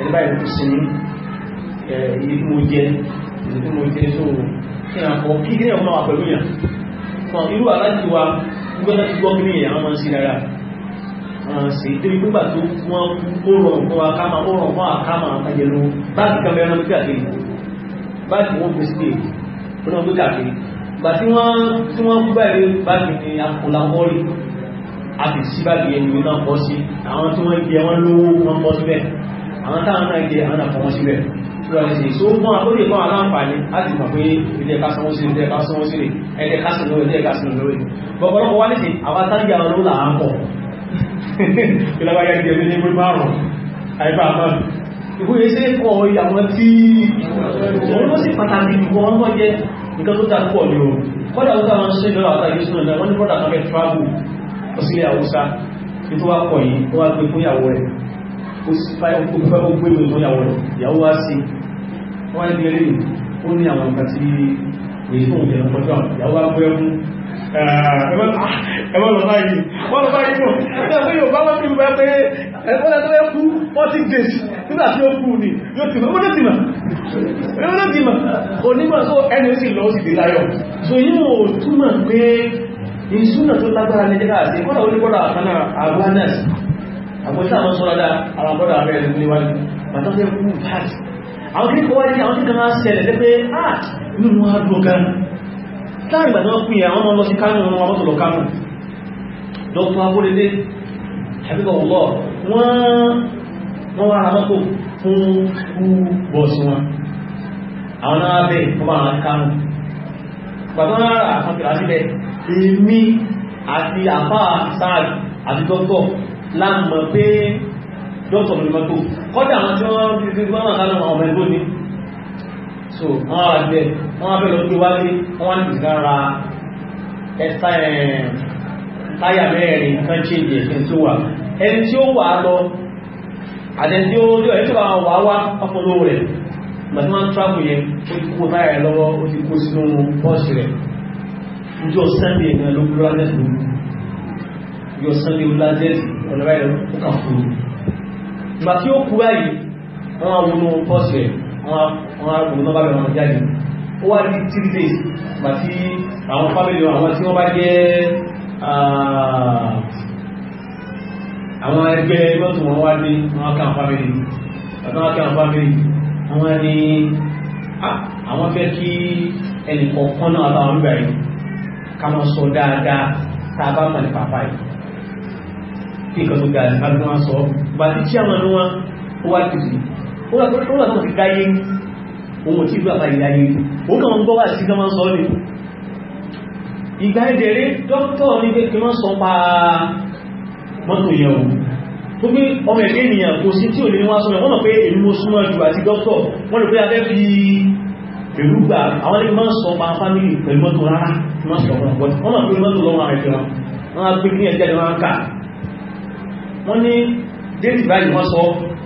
ẹni báyìí kú sí ní ilé tí mo jẹ ilé tí mo jẹ so kí ẹ kọ́ kí kí ẹ máa pẹ̀lú yàn irú aláti wa gbọ́dọ̀ ti gbọ́ kí ni àwọn máa ń sí dára sí débi pípà tó wọ́n ó rọrùn fún wa káàmà ó rọrùn fún àkáàmà àjẹnu báàkì kan mẹ́rin lókè àkiri báàkì wọ́n fi sí ọ̀nà lókè àkiri gbà tí wọ́n tí wọ́n kú báyìí báàkì ni akọ̀làkọ́rì a fi sí báàkì yẹn ní náà pọ̀ sí àwọn tí wọ́n jẹ wọ́n lówó wọ́n pọ̀ síbẹ̀ àwọn táwọn náà jẹ àwọn náà fọwọ́ síbẹ̀ ìrọ̀lẹ́sì tó mọ́ àkórí ìfọ́n aláǹfààní láti mọ̀ pé ilé kásánwó sí ilé kásánwó sí ilé ẹ̀ẹ́dẹ́ kásánwó ilé kásánwó lórí bọ̀pọ̀lọpọ̀ wá ní sí àwọn tájì àwọn olóòlà ìlàbáyà jẹ́ ní ìwé márùn-ún àìbá àmàlù ìwé ẹsẹ́ kọ́ ìyàwó tí wọ́n ló sì pàtàkì ìwọ̀n wọ́n mọ́ jẹ́ nǹkan tó dá pọ̀ ní ohun kọ́dà ó dáwọn ṣe lọ́wọ́ àtàrí sínú ìlànà wọ́n ní bọ́dà kan fẹ́ travel lọ sí ilẹ̀ Haúsá ní tó wá pọ̀ yìí tó wá gbé fún ìyàwó rẹ̀ ó sì fẹ́ ó gbé fún ìyàwó rẹ̀ ìyàwó wá ẹ̀wọ́n lọ báyìí wọ́n lọ báyìí mọ̀ ẹgbẹ́ pé yóò bá wọ́n tí wọ́n pé ẹgbẹ́ tó yẹ kú 40 days nígbà tí ó kú ní yóò tìmọ̀ ó dẹ́tìmọ̀ ó dẹ́tìmọ̀ onímọ̀ tó ẹni sì lọ sí láyọ̀ so yóò túmọ̀ pé ìsúnà tó lágbára ní jẹ́ láti kọ́nà onígbọ́dà àkànnà awareness àpòsí àwọn sọ́rọ̀dá àwọn bọ́dà abẹ́ ẹ̀lú níwájú bàtọ́ fẹ́ kú fast àwọn kíkọ́ wáyé àwọn kíkọ́ máa ṣẹlẹ̀ lẹ́gbẹ́ ah nínú wọn á dùn gan láàrin ìgbà tí wọ́n pín àwọn ọmọ sí kánù wọn wọ́n tó lọ kánù dr abolele àbíkọ̀ ọ̀lọ́ wọ́n wá ramọ́kò fún bọ́ọ̀sì wọn àwọn náà bẹ̀ wọ́n bá wọn kánù gbàgbọ́n rárá àkànkìlá sílẹ̀ èmi àti àfá sáàrì àti dọ́kọ̀ láàmọ̀ pé dọ́kọ̀ mọ̀lẹ́mọ́tò kọ́dà àwọn tí wọ́n ti fi gbọ́nà so wọ́n wá bẹ̀ wọ́n wá bẹ̀ lọ gbé wálé wọ́n wá ní ìgbàra ẹ̀ta táyà mẹ́rin kan ṣe ìdí ẹ̀sìn tó wà ẹni tí ó wà lọ àtẹ̀tí ó lọ ẹni tó bá wà wá ọpọlọ rẹ̀ màtí wọ́n travel yẹn ó ti kó táyà rẹ̀ lọ́wọ́ ó ti kó sínú bọ́ọ̀sì rẹ̀ níjọ́ sunday náà ló gbúra lẹ́sìn lórí yọ sunday lajẹ́sì ọ̀nà báyìí ó kà fún un ìgbà tí ó kú báyìí wọ́n á wọ́n á kùn lọ́bàá bẹ̀rẹ̀ wọn jáde ó wá ní three days gbà tí àwọn family àwọn tí wọ́n bá jẹ́ àwọn ẹgbẹ́ lọ́tù wọn wá ní wọn kàn family bàbá wọn kàn family wọn ní àwọn fẹ́ kí ẹnì kọ̀ọ̀kan náà láwọn bẹ̀rẹ̀ ká máa sọ dáadáa tá a bá mọ̀ ní pàpá yìí kí nǹkan tó ga àdúgbò wọn sọ gbà tí chairman wọn ó wá tìrì ó wà tó ti dáyé òun tí ìlú àfà ìdáyé ó kàn ń gbọ́ wà sí kán máa ń sọ ní ìgbà ìdẹ̀rẹ́ dókítọ̀ ní pé kí wọ́n sọ pa mọ́tò yẹn o tó pé ọmọ ẹ̀kẹ́ ènìyàn kò sí tí ò lè wá sọ́nà wọ́n mọ̀ pé èmi mo súnmọ́ jù àti dókítọ̀ wọ́n lè pé afẹ́ fi pẹ̀lú gbà àwọn ẹni máa ń sọ pa fámìlì pẹ̀lú mọ́tò rárá kí wọ́n sọ pa wọ́n mọ̀ ní ẹ̀jẹ̀ báyìí wọ́n sọ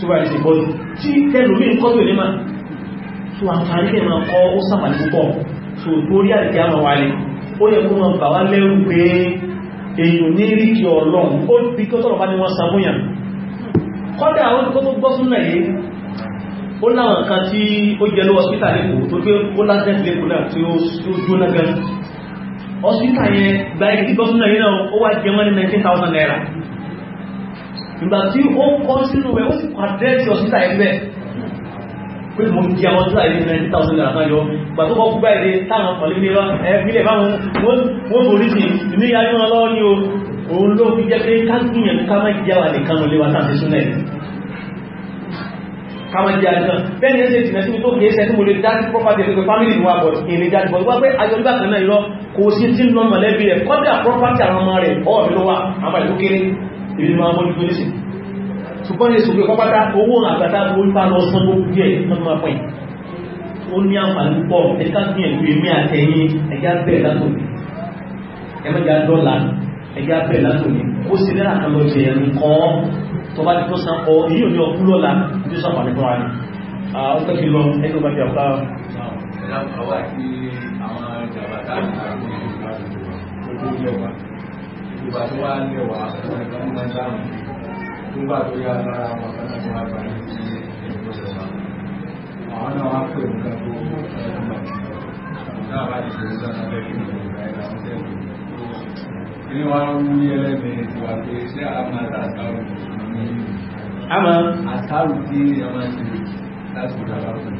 tó bá ìṣe bọ́dù tí tẹ́lùmí ń kọ́tò ní máa tó àǹfààní ẹ̀ máa kọ́ ó sàmàlì púpọ̀ tó torí àìkí àmà wà ní ó yẹ kó máa bà wá lẹ́rù pé èèyàn ní rí kí ọlọ́run ó bí kí ó tọ́lọ̀ bá ní wọ́n sàmúyàn kọ́dà ó tó gbọ́ súnlẹ̀ yìí ó láwọn kan tí ó jẹ lọ hospital lẹ́kọ̀ọ́ tó pé ó lásẹ̀ lẹ́kọ̀ọ́ náà tí ó hospital yẹn gba ibi tí gọ́sùnà yìí náà ó wá 19,000 naira ìgbà tí ó kọ́ sínú rẹ̀ ó sì kọ́ àdírẹ́sì ọ̀sítà ẹgbẹ́ pé mo di àwọn tó láyé ní thousand naira kan yọ gbà tó kọ́ kú báyìí táwọn pọ̀lú ní ẹgbílẹ̀ báwọn wọ́n borí sí ní ayé wọn lọ́wọ́ ní o òun ló fi jẹ́ pé ká gbìyàn ká má jẹ́ wà nìkan lọ léwa náà sísún náà ká má jẹ́ àjọ bẹ́ẹ̀ ni ẹ́ sì tìǹà sí tó kìí ṣe tí mo lè dá sí property ẹgbẹ́ family wa bọ̀ ìrìn jáde bọ̀ wá pé ayọ̀ nígbà kan náà irọ́ kò sí tí ń lọ mọ̀lẹ́bí rẹ̀ kọ́dà property àwọn ọmọ rẹ̀ ọ̀ọ́ mi ló wà àwọn àlùkéré ìbí máa mọ́ nítorí sí ṣùgbọ́n ní ṣùgbọ́n pápátá owó àgbàtà tó ń bá lọ sán gbogbo díẹ̀ mọ́tún máa pẹ̀yìn ó ní àǹfààní pọ̀ ẹ̀ka gbìyànjú èmi àtẹ̀yìn ẹ̀yà bẹ̀rẹ̀ látòmí ẹ̀mẹ́jà dọ́là ẹ̀yà bẹ̀rẹ̀ látòmí ó sì lẹ́nà kan lọ jẹ̀yẹ̀ nìkan tó bá ti tó san ọ èyí ò ní ọkú lọ́la ní sọ̀pàdé fún wa ni ó fẹ́ ìgbà tó wá lẹ́wà ọ̀rẹ́gbọ́n máa dáhùn nígbà tó yá lára wọn kọ́nà tó wá parí sí ìgbésẹ̀ wa àwọn náà wá pè ní ẹgbẹ́ owó ẹgbẹ́ náà bá ti ṣèlú sọ́nà lẹ́yìn ìgbà ìgbà wọn tẹ̀lé ní wọn ń ní ẹlẹ́mìí ti wà pé ṣé àmàlà àtàrù ní àmà àtàrù tí a máa ń ṣe láti kò dára fún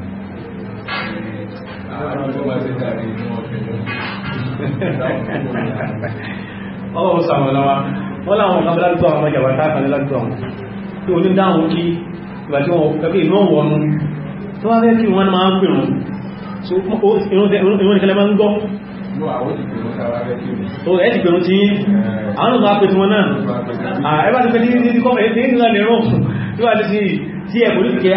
àwọn ọmọ ẹgbẹ́ dàrí inú ọ̀fẹ́ lọ́wọ́ ọlọ́run sàmọ̀ lọ́wọ́ wọ́n láwọn ọ̀gá lálùtọ́ àwọn jàbátá kan lálùtọ́ àwọn tí ó ní dáhùn kí ìgbà tí wọ́n kẹ́kẹ́ inú wọnú tó wá fẹ́ kí wọ́n máa ń pèrún ìwọ́n nìkan lẹ́mọ́ ń gbọ́ ó ẹ́ ti pèrún tí eh. àwọn ọmọ apẹ̀tí wọn náà ẹbá ah, ti pẹ̀lú ní kọ́ ẹ̀ẹ́dẹ́ ìrìnlẹ̀ lẹ́rọ̀ tí wà ti sí ẹ̀kùn ní kẹ́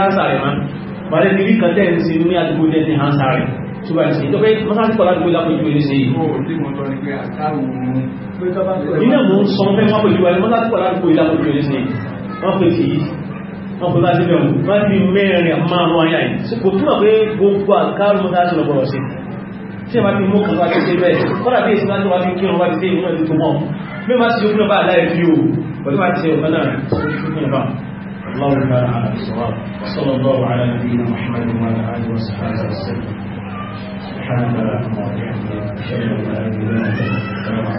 ṣùgbà ní sí ìtọ́fẹ́ mọ́sáàtì kọ́lá gbé lápòjú ilé sí nínú mú sọ fẹ́ mọ́pòjú wa ní mọ́sáàtì kọ́lá gbé lápòjú ilé sí wọ́n pè sí wọ́n pè láti bẹ̀rù wọ́n ti mẹ́rin márùn ayá yìí kò túnmọ̀ pé gbogbo àkárù mọ́sáàtì lọ́gbọ̀rọ̀ sí tí a bá ti mú kan wá ti dé bẹ́ẹ̀ kọ́lá bí èsì láti wá ti kírun wá ti dé ìwọ̀n ètò mọ́ bí wọ́n ti yókùn bá aláì fi o pẹ̀lú àti ṣe ọ̀gá náà ṣùgbọ́n bá الله تعالى على الصلاة وصلى الله على نبينا محمد وعلى آله وصحبه وسلم 穿的，我这个现在的舆论，然后。